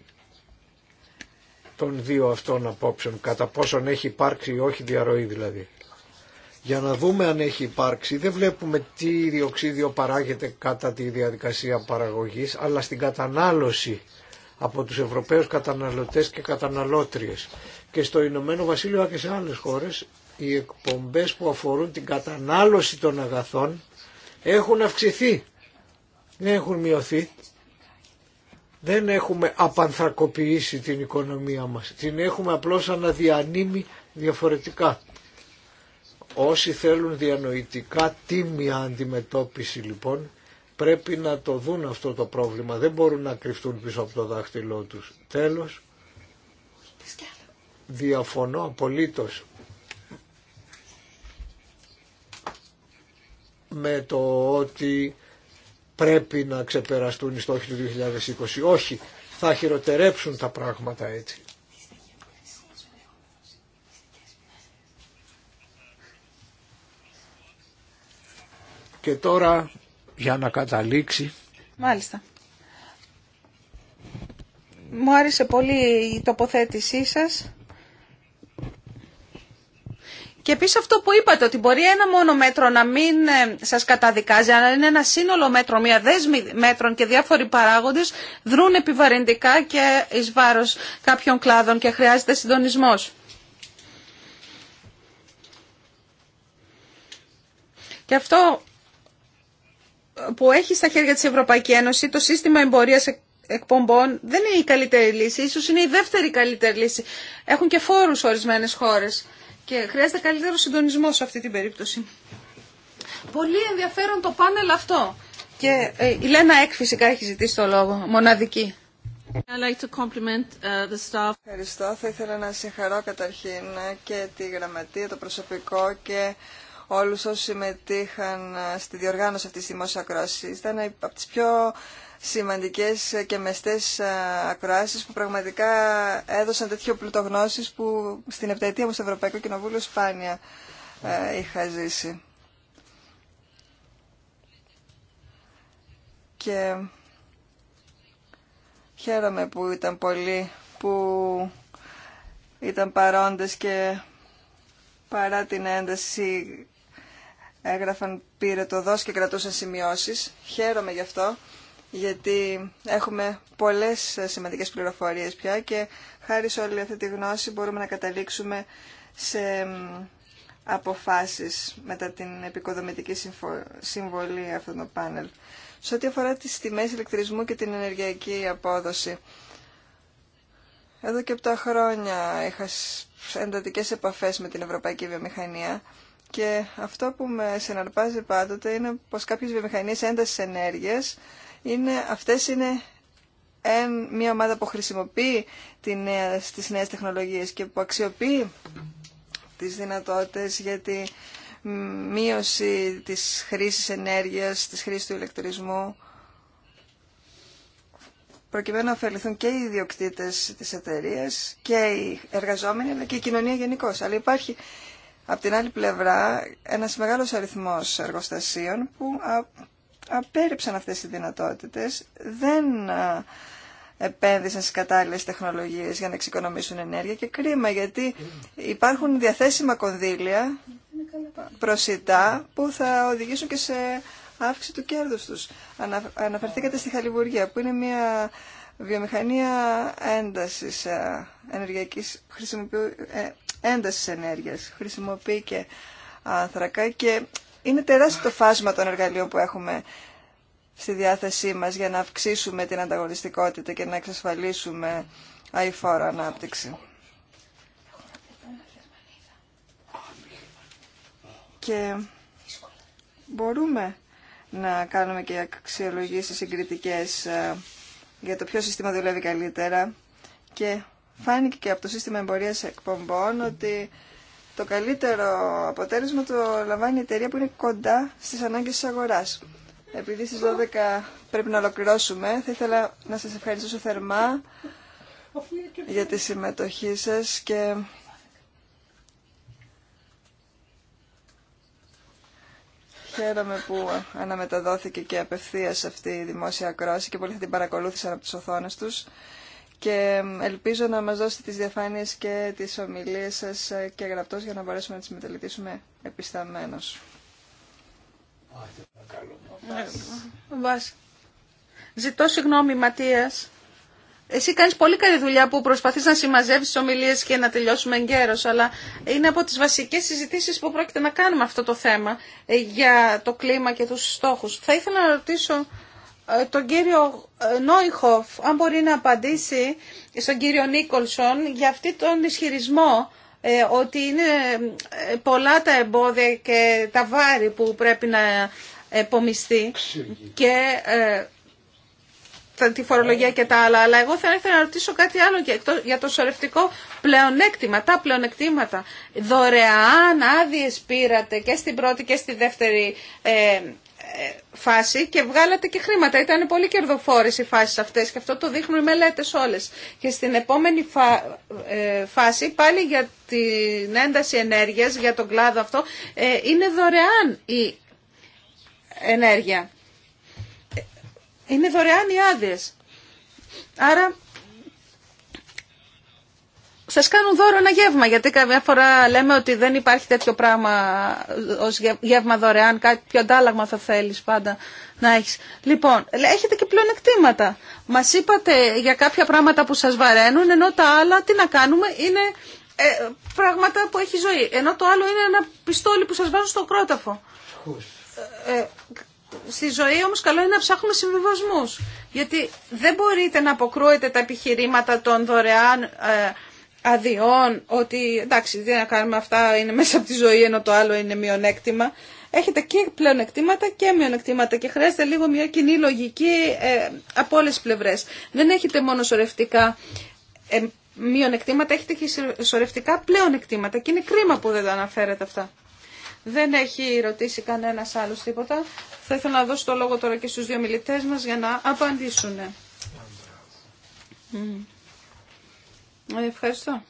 των δύο αυτών απόψεων, κατά πόσον έχει υπάρξει ή όχι διαρροή δηλαδή για να δούμε αν έχει υπάρξει. Δεν βλέπουμε τι διοξίδιο παράγεται κατά τη διαδικασία παραγωγής, αλλά στην κατανάλωση από τους Ευρωπαίους καταναλωτές και καταναλώτριες. Και στο Ηνωμένο Βασίλειο και σε άλλες χώρες οι εκπομπές που αφορούν την κατανάλωση των αγαθών έχουν αυξηθεί, δεν έχουν μειωθεί. Δεν έχουμε απανθρακοποιήσει την οικονομία μας, την έχουμε απλώς αναδιανύμει διαφορετικά. Όσοι θέλουν διανοητικά τίμια αντιμετώπιση λοιπόν πρέπει να το δουν αυτό το πρόβλημα. Δεν μπορούν να κρυφτούν πίσω από το δάχτυλό τους. Τέλος, διαφωνώ απολύτως με το ότι πρέπει να ξεπεραστούν οι στόχοι του 2020. Όχι, θα χειροτερέψουν τα πράγματα έτσι. Και τώρα για να καταλήξει. Μάλιστα. Μου άρεσε πολύ η τοποθέτησή σας. Και επίση αυτό που είπατε, ότι μπορεί ένα μόνο μέτρο να μην ε, σα καταδικάζει, αλλά είναι ένα σύνολο μέτρο, μια δέσμη μέτρων και διάφοροι παράγοντε δρούν επιβαρυντικά και ει βάρο κάποιων κλάδων και χρειάζεται συντονισμό. Και αυτό που έχει στα χέρια της Ευρωπαϊκή Ένωση το σύστημα εμπορίας εκπομπών δεν είναι η καλύτερη λύση, ίσως είναι η δεύτερη καλύτερη λύση. Έχουν και φόρους ορισμένες χώρες και χρειάζεται καλύτερο συντονισμό σε αυτή την περίπτωση. Πολύ ενδιαφέρον το πάνελ αυτό. Και ε, η Λένα Εκ φυσικά έχει ζητήσει το λόγο, μοναδική. Uh, Ευχαριστώ. Θα ήθελα να συγχαρώ καταρχήν και τη γραμματεία, το προσωπικό και όλους όσους συμμετείχαν ε, στη διοργάνωση αυτής της δημόσιας ακρόασης. Ήταν από τις πιο σημαντικές και μεστές ε, ακροάσεις που πραγματικά έδωσαν τέτοιο πλουτογνώσεις που στην επταετία μου στο Ευρωπαϊκό Κοινοβούλιο σπάνια ε, είχα ζήσει. Και χαίρομαι που ήταν πολύ, που ήταν παρόντες και παρά την ένταση έγραφαν πήρε το δός και κρατούσαν σημειώσεις. Χαίρομαι γι' αυτό, γιατί έχουμε πολλές ε, σημαντικές πληροφορίες πια και χάρη σε όλη αυτή τη γνώση μπορούμε να καταλήξουμε σε αποφάσεις μετά την επικοδομητική συμβολή αυτών των πάνελ. Σε ό,τι αφορά τις τιμές ηλεκτρισμού και την ενεργειακή απόδοση, εδώ και 7 χρόνια είχα εντατικές επαφές με την Ευρωπαϊκή Βιομηχανία και αυτό που με συναρπάζει πάντοτε είναι πως κάποιες βιομηχανίες έντασης ενέργειας είναι, αυτές είναι μια ομάδα που χρησιμοποιεί τη νέα, τις νέες τεχνολογίες και που αξιοποιεί τις δυνατότητες για τη μείωση της χρήσης ενέργειας, της χρήσης του ηλεκτρισμού προκειμένου να ωφεληθούν και οι ιδιοκτήτες της εταιρείας και οι εργαζόμενοι αλλά και η κοινωνία γενικώ. Αλλά υπάρχει Απ' την άλλη πλευρά, ένας μεγάλος αριθμός εργοστασίων που απέρριψαν αυτές τις δυνατότητες, δεν επένδυσαν στις κατάλληλες τεχνολογίες για να εξοικονομήσουν ενέργεια και κρίμα γιατί υπάρχουν διαθέσιμα κονδύλια προσιτά που θα οδηγήσουν και σε αύξηση του κέρδους τους. Αναφερθήκατε στη Χαλιβουργία που είναι μια βιομηχανία έντασης ε, ενεργειακής, ε, έντασης ενέργειας. Χρησιμοποιεί και άνθρακα και είναι τεράστιο το φάσμα των εργαλείων που έχουμε στη διάθεσή μας για να αυξήσουμε την ανταγωνιστικότητα και να εξασφαλίσουμε αηφόρο ανάπτυξη. Και μπορούμε να κάνουμε και αξιολογήσεις συγκριτικές ε, για το ποιο σύστημα δουλεύει καλύτερα και Φάνηκε και από το σύστημα εμπορίας εκπομπών ότι το καλύτερο αποτέλεσμα το λαμβάνει η εταιρεία που είναι κοντά στις ανάγκες τη αγορά. Επειδή στις 12 πρέπει να ολοκληρώσουμε, θα ήθελα να σας ευχαριστήσω θερμά για τη συμμετοχή σα. και χαίρομαι που αναμεταδόθηκε και απευθείας αυτή η δημόσια κρόση και πολλοί θα την παρακολούθησαν από τις οθόνες τους και ελπίζω να μας δώσετε τις διαφάνειες και τις ομιλίες σας ε, και γραπτός για να μπορέσουμε να τις μετελητήσουμε επισταμμένως. Ζητώ συγγνώμη Ματίας. Εσύ κάνεις πολύ καλή δουλειά που προσπαθείς να συμμαζεύεις τις ομιλίες και να τελειώσουμε εγκαίρως, αλλά είναι από τις βασικές συζητήσεις που πρόκειται να κάνουμε αυτό το θέμα ε, για το κλίμα και τους στόχους. Θα ήθελα να ρωτήσω ε, τον κύριο ε, Νόιχοφ, αν μπορεί να απαντήσει στον κύριο Νίκολσον για αυτή τον ισχυρισμό ε, ότι είναι πολλά τα εμπόδια και τα βάρη που πρέπει να επομιστεί και τη φορολογία και τα άλλα. Αλλά εγώ θα ήθελα να ρωτήσω κάτι άλλο για το σωρευτικό πλεονέκτημα, τα πλεονεκτήματα. Δωρεάν άδειε πήρατε και στην πρώτη και στη δεύτερη ε, φάση και βγάλατε και χρήματα. Ήταν πολύ κερδοφόρες οι φάσεις αυτές και αυτό το δείχνουν οι μελέτες όλες. Και στην επόμενη ε, φάση πάλι για την ένταση ενέργειας, για τον κλάδο αυτό, ε, είναι δωρεάν η ενέργεια. Ε, είναι δωρεάν οι άδειε. Άρα Σα κάνουν δώρο ένα γεύμα, γιατί καμιά φορά λέμε ότι δεν υπάρχει τέτοιο πράγμα ω γεύμα δωρεάν, κάποιο αντάλλαγμα θα θέλει πάντα να έχει. Λοιπόν, έχετε και πλεονεκτήματα. Μα είπατε για κάποια πράγματα που σα βαραίνουν, ενώ τα άλλα, τι να κάνουμε, είναι ε, πράγματα που έχει ζωή. Ενώ το άλλο είναι ένα πιστόλι που σα βάζουν στο κρόταφο. Ε, ε, στη ζωή όμω καλό είναι να ψάχνουμε συμβιβασμού. Γιατί δεν μπορείτε να αποκρούετε τα επιχειρήματα των δωρεάν ε, αδειών, ότι εντάξει τι να κάνουμε αυτά είναι μέσα από τη ζωή ενώ το άλλο είναι μειονέκτημα. Έχετε και πλεονεκτήματα και μειονεκτήματα και χρειάζεται λίγο μια κοινή λογική ε, από όλε τις πλευρές. Δεν έχετε μόνο σωρευτικά ε, μειονεκτήματα, έχετε και σωρευτικά πλεονεκτήματα και είναι κρίμα που δεν τα αναφέρετε αυτά. Δεν έχει ρωτήσει κανένα άλλο τίποτα. Θα ήθελα να δώσω το λόγο τώρα και στου δύο μιλητέ μα για να απαντήσουν. Mm. Ευχαριστώ.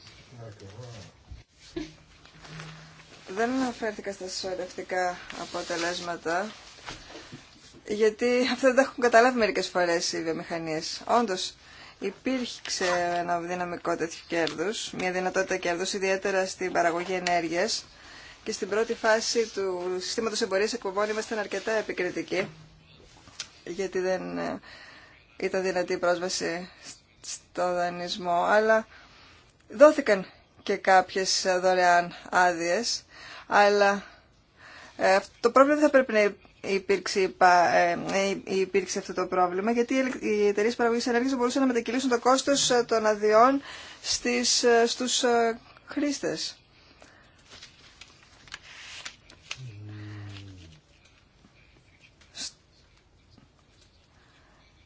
Δεν αναφέρθηκα στα συσσωρευτικά αποτελέσματα, γιατί αυτά δεν τα έχουν καταλάβει μερικέ φορέ οι βιομηχανίε. Όντω υπήρξε ένα δυναμικό τέτοιο κέρδους, μια δυνατότητα κέρδους, ιδιαίτερα στην παραγωγή ενέργεια και στην πρώτη φάση του συστήματος εμπορία εκπομπών ήμασταν αρκετά επικριτικοί, γιατί δεν ε, ήταν δυνατή η πρόσβαση στο δανεισμό, αλλά Δόθηκαν και κάποιες δωρεάν άδειες, αλλά ε, το πρόβλημα δεν θα πρέπει να υπήρξε, ε, υπήρξε αυτό το πρόβλημα, γιατί οι εταιρείε παραγωγή ενέργεια μπορούσαν να μετακυλήσουν το κόστος ε, των αδειών στις, στους χρήστες.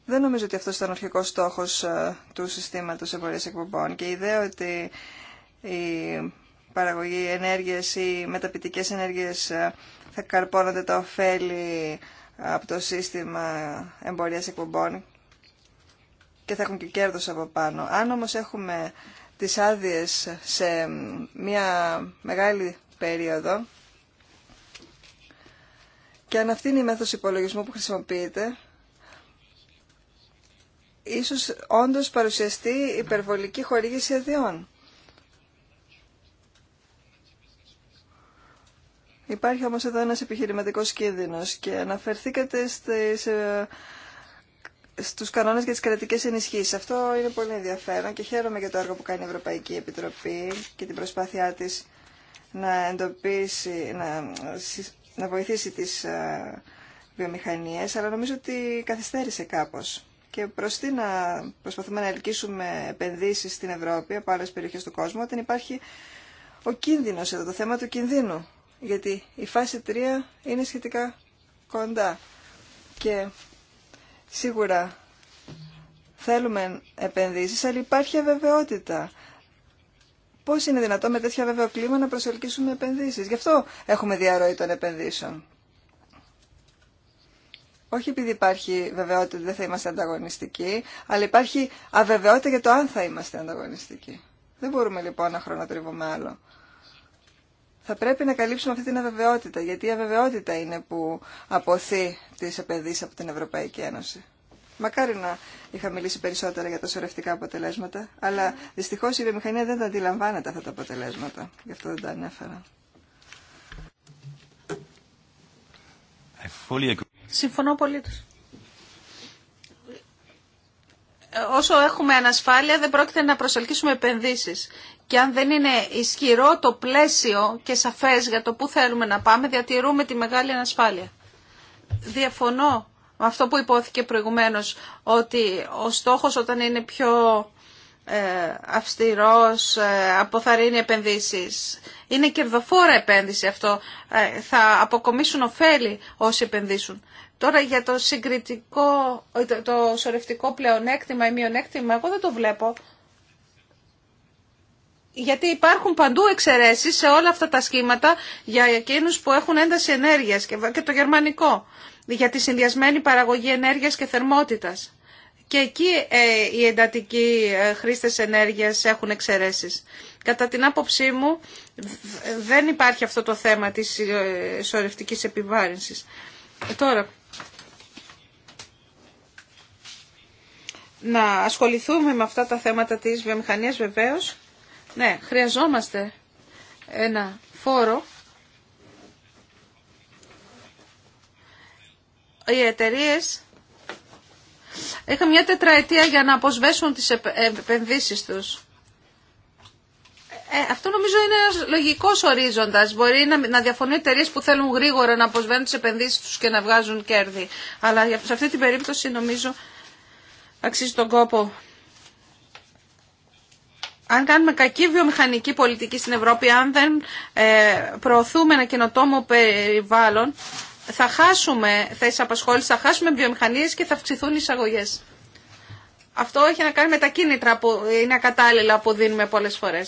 Δεν νομίζω ότι αυτό ήταν ο αρχικό στόχο ε, του συστήματο εμπορία εκπομπών και η ιδέα ότι η παραγωγή ενέργειας ή μεταπητικές ενέργειες ε, θα καρπώνονται τα ωφέλη ε, από το σύστημα εμπορίας εκπομπών και θα έχουν και κέρδος από πάνω. Αν όμως έχουμε τις άδειες σε μια μεγάλη περίοδο και αν αυτή είναι η μέθοδος υπολογισμού που χρησιμοποιείται, ίσως όντως παρουσιαστεί υπερβολική χορήγηση αδειών. Υπάρχει όμως εδώ ένας επιχειρηματικός κίνδυνος και αναφερθήκατε στις, ε, στους κανόνες για τις κρατικές ενισχύσεις. Αυτό είναι πολύ ενδιαφέρον και χαίρομαι για το έργο που κάνει η Ευρωπαϊκή Επιτροπή και την προσπάθειά της να εντοπίσει, να, να βοηθήσει τις ε, βιομηχανίες, αλλά νομίζω ότι καθυστέρησε κάπως. Και προ τι να προσπαθούμε να ελκύσουμε επενδύσει στην Ευρώπη από άλλε περιοχέ του κόσμου, όταν υπάρχει ο κίνδυνο εδώ, το θέμα του κινδύνου. Γιατί η φάση 3 είναι σχετικά κοντά. Και σίγουρα θέλουμε επενδύσει, αλλά υπάρχει αβεβαιότητα. Πώ είναι δυνατό με τέτοια βέβαιο κλίμα να προσελκύσουμε επενδύσει. Γι' αυτό έχουμε διαρροή των επενδύσεων όχι επειδή υπάρχει βεβαιότητα ότι δεν θα είμαστε ανταγωνιστικοί, αλλά υπάρχει αβεβαιότητα για το αν θα είμαστε ανταγωνιστικοί. Δεν μπορούμε λοιπόν να χρονοτριβούμε άλλο. Θα πρέπει να καλύψουμε αυτή την αβεβαιότητα, γιατί η αβεβαιότητα είναι που αποθεί τι επενδύσει από την Ευρωπαϊκή Ένωση. Μακάρι να είχα μιλήσει περισσότερα για τα σωρευτικά αποτελέσματα, αλλά δυστυχώ η βιομηχανία δεν τα αντιλαμβάνεται αυτά τα αποτελέσματα. Γι' αυτό δεν τα ανέφερα. Συμφωνώ πολύ τους. Όσο έχουμε ανασφάλεια δεν πρόκειται να προσελκύσουμε επενδύσεις. Και αν δεν είναι ισχυρό το πλαίσιο και σαφές για το που θέλουμε να πάμε, διατηρούμε τη μεγάλη ανασφάλεια. Διαφωνώ με αυτό που υπόθηκε προηγουμένως, ότι ο στόχος όταν είναι πιο ε, αυστηρός, ε, αποθαρρύνει επενδύσεις. Είναι κερδοφόρα επένδυση αυτό. Ε, θα αποκομίσουν ωφέλη όσοι επενδύσουν. Τώρα για το συγκριτικό, το σωρευτικό πλεονέκτημα ή μειονέκτημα, εγώ δεν το βλέπω. Γιατί υπάρχουν παντού εξαιρέσεις σε όλα αυτά τα σχήματα για εκείνους που έχουν ένταση ενέργειας και το γερμανικό, για τη συνδυασμένη παραγωγή ενέργειας και θερμότητας. Και εκεί ε, οι εντατικοί ε, χρήστες ενέργειας έχουν εξαιρέσεις. Κατά την άποψή μου δεν υπάρχει αυτό το θέμα της ε, σωρευτικής επιβάρυνσης. Τώρα, να ασχοληθούμε με αυτά τα θέματα της βιομηχανίας βεβαίως. Ναι, χρειαζόμαστε ένα φόρο. Οι εταιρείε είχαν μια τετραετία για να αποσβέσουν τις επενδύσεις τους. Ε, αυτό νομίζω είναι ένας λογικός ορίζοντας. Μπορεί να, να διαφωνούν εταιρείε που θέλουν γρήγορα να αποσβαίνουν τις επενδύσεις τους και να βγάζουν κέρδη. Αλλά σε αυτή την περίπτωση νομίζω αξίζει τον κόπο. Αν κάνουμε κακή βιομηχανική πολιτική στην Ευρώπη, αν δεν ε, προωθούμε ένα καινοτόμο περιβάλλον, θα χάσουμε θέσει απασχόληση, θα χάσουμε βιομηχανίε και θα αυξηθούν οι εισαγωγέ. Αυτό έχει να κάνει με τα κίνητρα που είναι ακατάλληλα που δίνουμε πολλέ φορέ.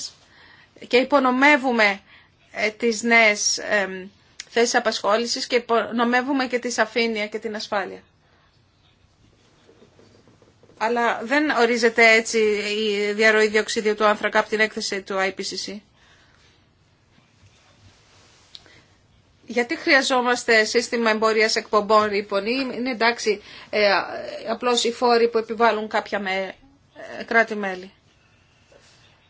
Και υπονομεύουμε ε, τις νέες ε, θέσει απασχόληση και υπονομεύουμε και τη σαφήνεια και την ασφάλεια αλλά δεν ορίζεται έτσι η διαρροή διοξιδίου του άνθρακα από την έκθεση του IPCC. Γιατί χρειαζόμαστε σύστημα εμπορία εκπομπών λοιπόν είναι εντάξει ε, απλώς οι φόροι που επιβάλλουν κάποια ε, κράτη-μέλη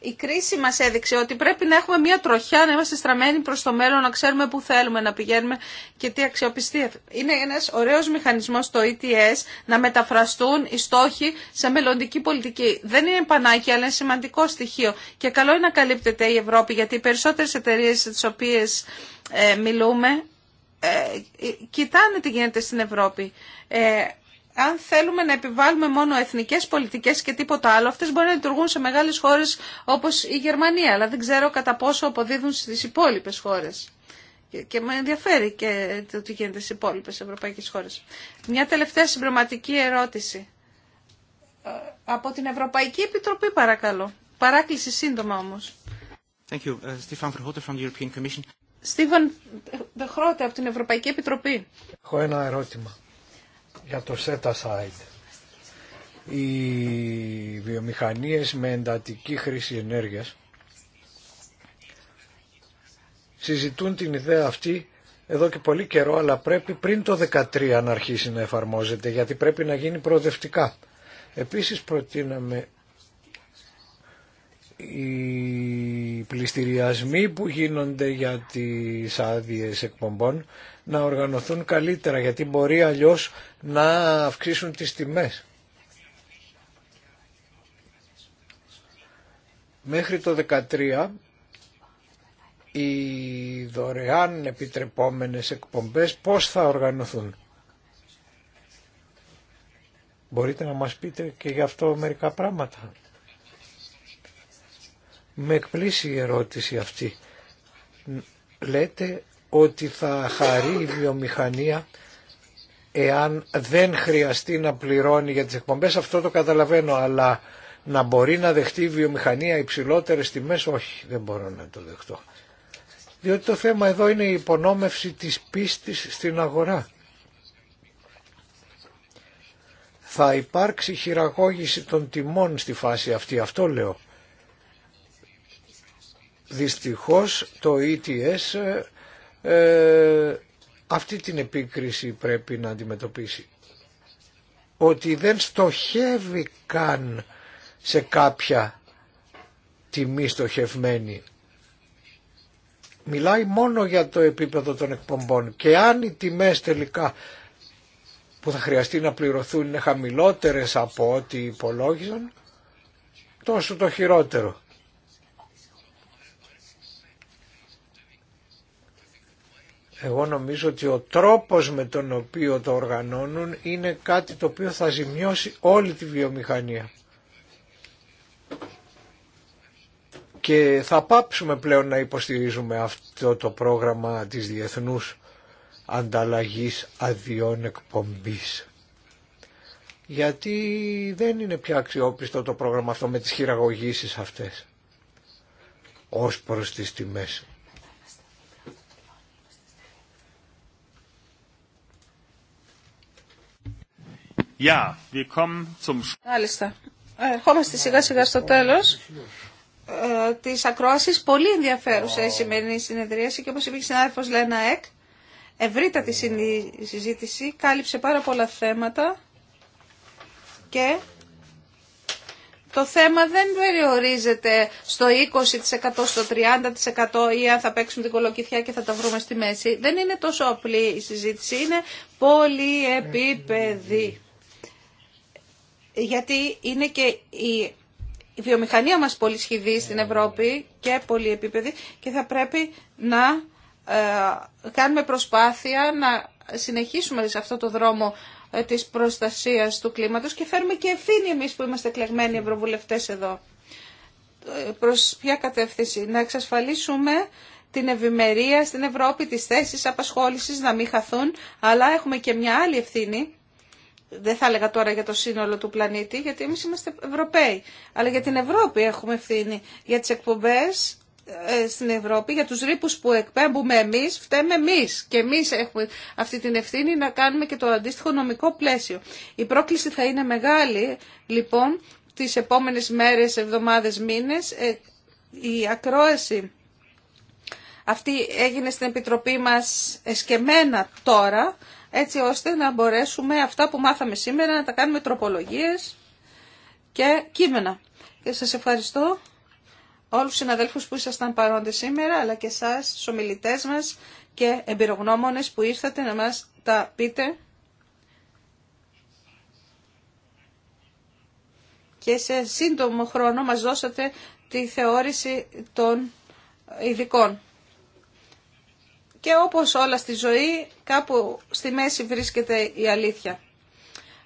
η κρίση μας έδειξε ότι πρέπει να έχουμε μια τροχιά, να είμαστε στραμμένοι προς το μέλλον, να ξέρουμε πού θέλουμε να πηγαίνουμε και τι αξιοπιστία. Είναι ένας ωραίος μηχανισμός το ETS να μεταφραστούν οι στόχοι σε μελλοντική πολιτική. Δεν είναι πανάκι, αλλά είναι σημαντικό στοιχείο. Και καλό είναι να καλύπτεται η Ευρώπη, γιατί οι περισσότερες εταιρείες τις οποίες ε, μιλούμε ε, κοιτάνε τι γίνεται στην Ευρώπη. Ε, αν θέλουμε να επιβάλλουμε μόνο εθνικέ πολιτικέ και τίποτα άλλο, αυτέ μπορεί να λειτουργούν σε μεγάλε χώρε όπω η Γερμανία, αλλά δεν ξέρω κατά πόσο αποδίδουν στι υπόλοιπε χώρε. Και με ενδιαφέρει και το τι γίνεται στι υπόλοιπε ευρωπαϊκές χώρες. Μια τελευταία συμπληρωματική ερώτηση. Ε, από την Ευρωπαϊκή Επιτροπή παρακαλώ. Παράκληση σύντομα όμω. Στίβαν Δεχρότε από την Ευρωπαϊκή Επιτροπή. Έχω ένα ερώτημα για το set aside. Οι βιομηχανίες με εντατική χρήση ενέργειας συζητούν την ιδέα αυτή εδώ και πολύ καιρό, αλλά πρέπει πριν το 2013 να αρχίσει να εφαρμόζεται, γιατί πρέπει να γίνει προοδευτικά. Επίσης προτείναμε η πληστηριασμοί που γίνονται για τις άδειε εκπομπών να οργανωθούν καλύτερα γιατί μπορεί αλλιώς να αυξήσουν τις τιμές. Μέχρι το 2013 οι δωρεάν επιτρεπόμενες εκπομπές πώς θα οργανωθούν. Μπορείτε να μας πείτε και γι' αυτό μερικά πράγματα. Με εκπλήσει η ερώτηση αυτή. Λέτε ότι θα χαρεί η βιομηχανία εάν δεν χρειαστεί να πληρώνει για τις εκπομπές. Αυτό το καταλαβαίνω, αλλά να μπορεί να δεχτεί η βιομηχανία υψηλότερες τιμές, όχι, δεν μπορώ να το δεχτώ. Διότι το θέμα εδώ είναι η υπονόμευση της πίστης στην αγορά. Θα υπάρξει χειραγώγηση των τιμών στη φάση αυτή, αυτό λέω. Δυστυχώς το ETS ε, ε, αυτή την επίκριση πρέπει να αντιμετωπίσει. Ότι δεν στοχεύει καν σε κάποια τιμή στοχευμένη. Μιλάει μόνο για το επίπεδο των εκπομπών και αν οι τιμές τελικά που θα χρειαστεί να πληρωθούν είναι χαμηλότερες από ό,τι υπολόγιζαν, τόσο το χειρότερο. Εγώ νομίζω ότι ο τρόπος με τον οποίο το οργανώνουν είναι κάτι το οποίο θα ζημιώσει όλη τη βιομηχανία. Και θα πάψουμε πλέον να υποστηρίζουμε αυτό το πρόγραμμα της διεθνούς ανταλλαγής αδειών εκπομπής. Γιατί δεν είναι πια αξιόπιστο το πρόγραμμα αυτό με τις χειραγωγήσεις αυτές ως προς τις τιμές. Ναι, σιγά σιγά στο τέλος τη ε, της ακρόασης. Πολύ ενδιαφέρουσα η σημερινή συνεδρίαση και όπως είπε η συνάδελφο Λένα Εκ, ευρύτατη συζήτηση, κάλυψε πάρα πολλά θέματα και το θέμα δεν περιορίζεται στο 20%, στο 30% ή αν θα παίξουμε την κολοκυθιά και θα τα βρούμε στη μέση. Δεν είναι τόσο απλή η συζήτηση, είναι πολυεπίπεδη γιατί είναι και η βιομηχανία μας πολύ σχηδή στην Ευρώπη και πολύ επίπεδη και θα πρέπει να ε, κάνουμε προσπάθεια να συνεχίσουμε σε αυτό το δρόμο ε, της προστασίας του κλίματος και φέρουμε και ευθύνη εμείς που είμαστε κλεγμένοι ευρωβουλευτές εδώ. Ε, προς ποια κατεύθυνση. Να εξασφαλίσουμε την ευημερία στην Ευρώπη, τις θέσεις απασχόλησης να μην χαθούν, αλλά έχουμε και μια άλλη ευθύνη δεν θα έλεγα τώρα για το σύνολο του πλανήτη, γιατί εμείς είμαστε Ευρωπαίοι. Αλλά για την Ευρώπη έχουμε ευθύνη. Για τις εκπομπές ε, στην Ευρώπη, για τους ρήπους που εκπέμπουμε εμείς, φταίμε εμείς. Και εμείς έχουμε αυτή την ευθύνη να κάνουμε και το αντίστοιχο νομικό πλαίσιο. Η πρόκληση θα είναι μεγάλη, λοιπόν, τις επόμενες μέρες, εβδομάδες, μήνες. Ε, η ακρόαση αυτή έγινε στην Επιτροπή μας εσκεμένα τώρα, έτσι ώστε να μπορέσουμε αυτά που μάθαμε σήμερα να τα κάνουμε τροπολογίες και κείμενα. Και σας ευχαριστώ όλους τους συναδέλφους που ήσασταν παρόντες σήμερα, αλλά και εσάς, τους ομιλητές μας και εμπειρογνώμονες που ήρθατε να μας τα πείτε. Και σε σύντομο χρόνο μας δώσατε τη θεώρηση των ειδικών. Και όπως όλα στη ζωή, κάπου στη μέση βρίσκεται η αλήθεια.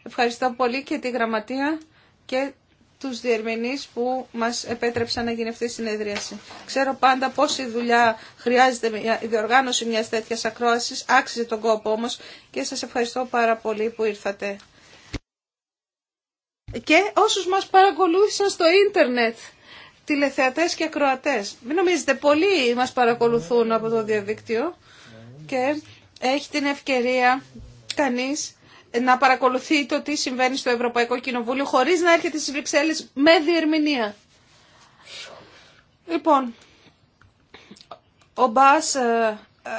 Ευχαριστώ πολύ και τη Γραμματεία και τους διερμηνείς που μας επέτρεψαν να γίνει αυτή η συνεδρίαση. Ξέρω πάντα πόση δουλειά χρειάζεται η διοργάνωση μιας τέτοιας ακρόασης, άξιζε τον κόπο όμως και σας ευχαριστώ πάρα πολύ που ήρθατε. Και όσους μας παρακολούθησαν στο ίντερνετ, τηλεθεατές και ακροατές. Μην νομίζετε, πολλοί μας παρακολουθούν από το διαδίκτυο και έχει την ευκαιρία κανείς να παρακολουθεί το τι συμβαίνει στο Ευρωπαϊκό Κοινοβούλιο χωρίς να έρχεται στις Βρυξέλλες με διερμηνία. Λοιπόν, ο Μπάς ε, ε,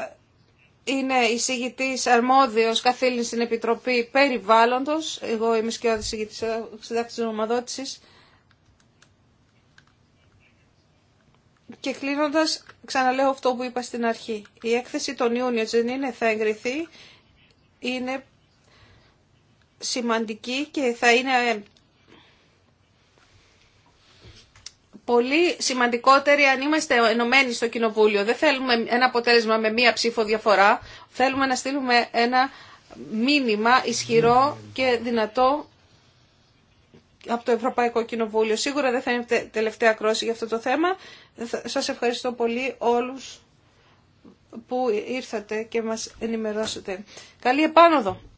είναι εισηγητής αρμόδιος καθήλυν στην Επιτροπή Περιβάλλοντος. Εγώ είμαι σκιώδης εισηγητής συντάξης νομοδότησης. Και κλείνοντα, ξαναλέω αυτό που είπα στην αρχή. Η έκθεση των Ιούνιο δεν είναι, θα εγκριθεί, είναι σημαντική και θα είναι πολύ σημαντικότερη αν είμαστε ενωμένοι στο Κοινοβούλιο. Δεν θέλουμε ένα αποτέλεσμα με μία ψήφο διαφορά. Θέλουμε να στείλουμε ένα μήνυμα ισχυρό και δυνατό από το Ευρωπαϊκό Κοινοβούλιο. Σίγουρα δεν θα είναι τελευταία κρόση για αυτό το θέμα. Σας ευχαριστώ πολύ όλους που ήρθατε και μας ενημερώσατε Καλή επάνωδο!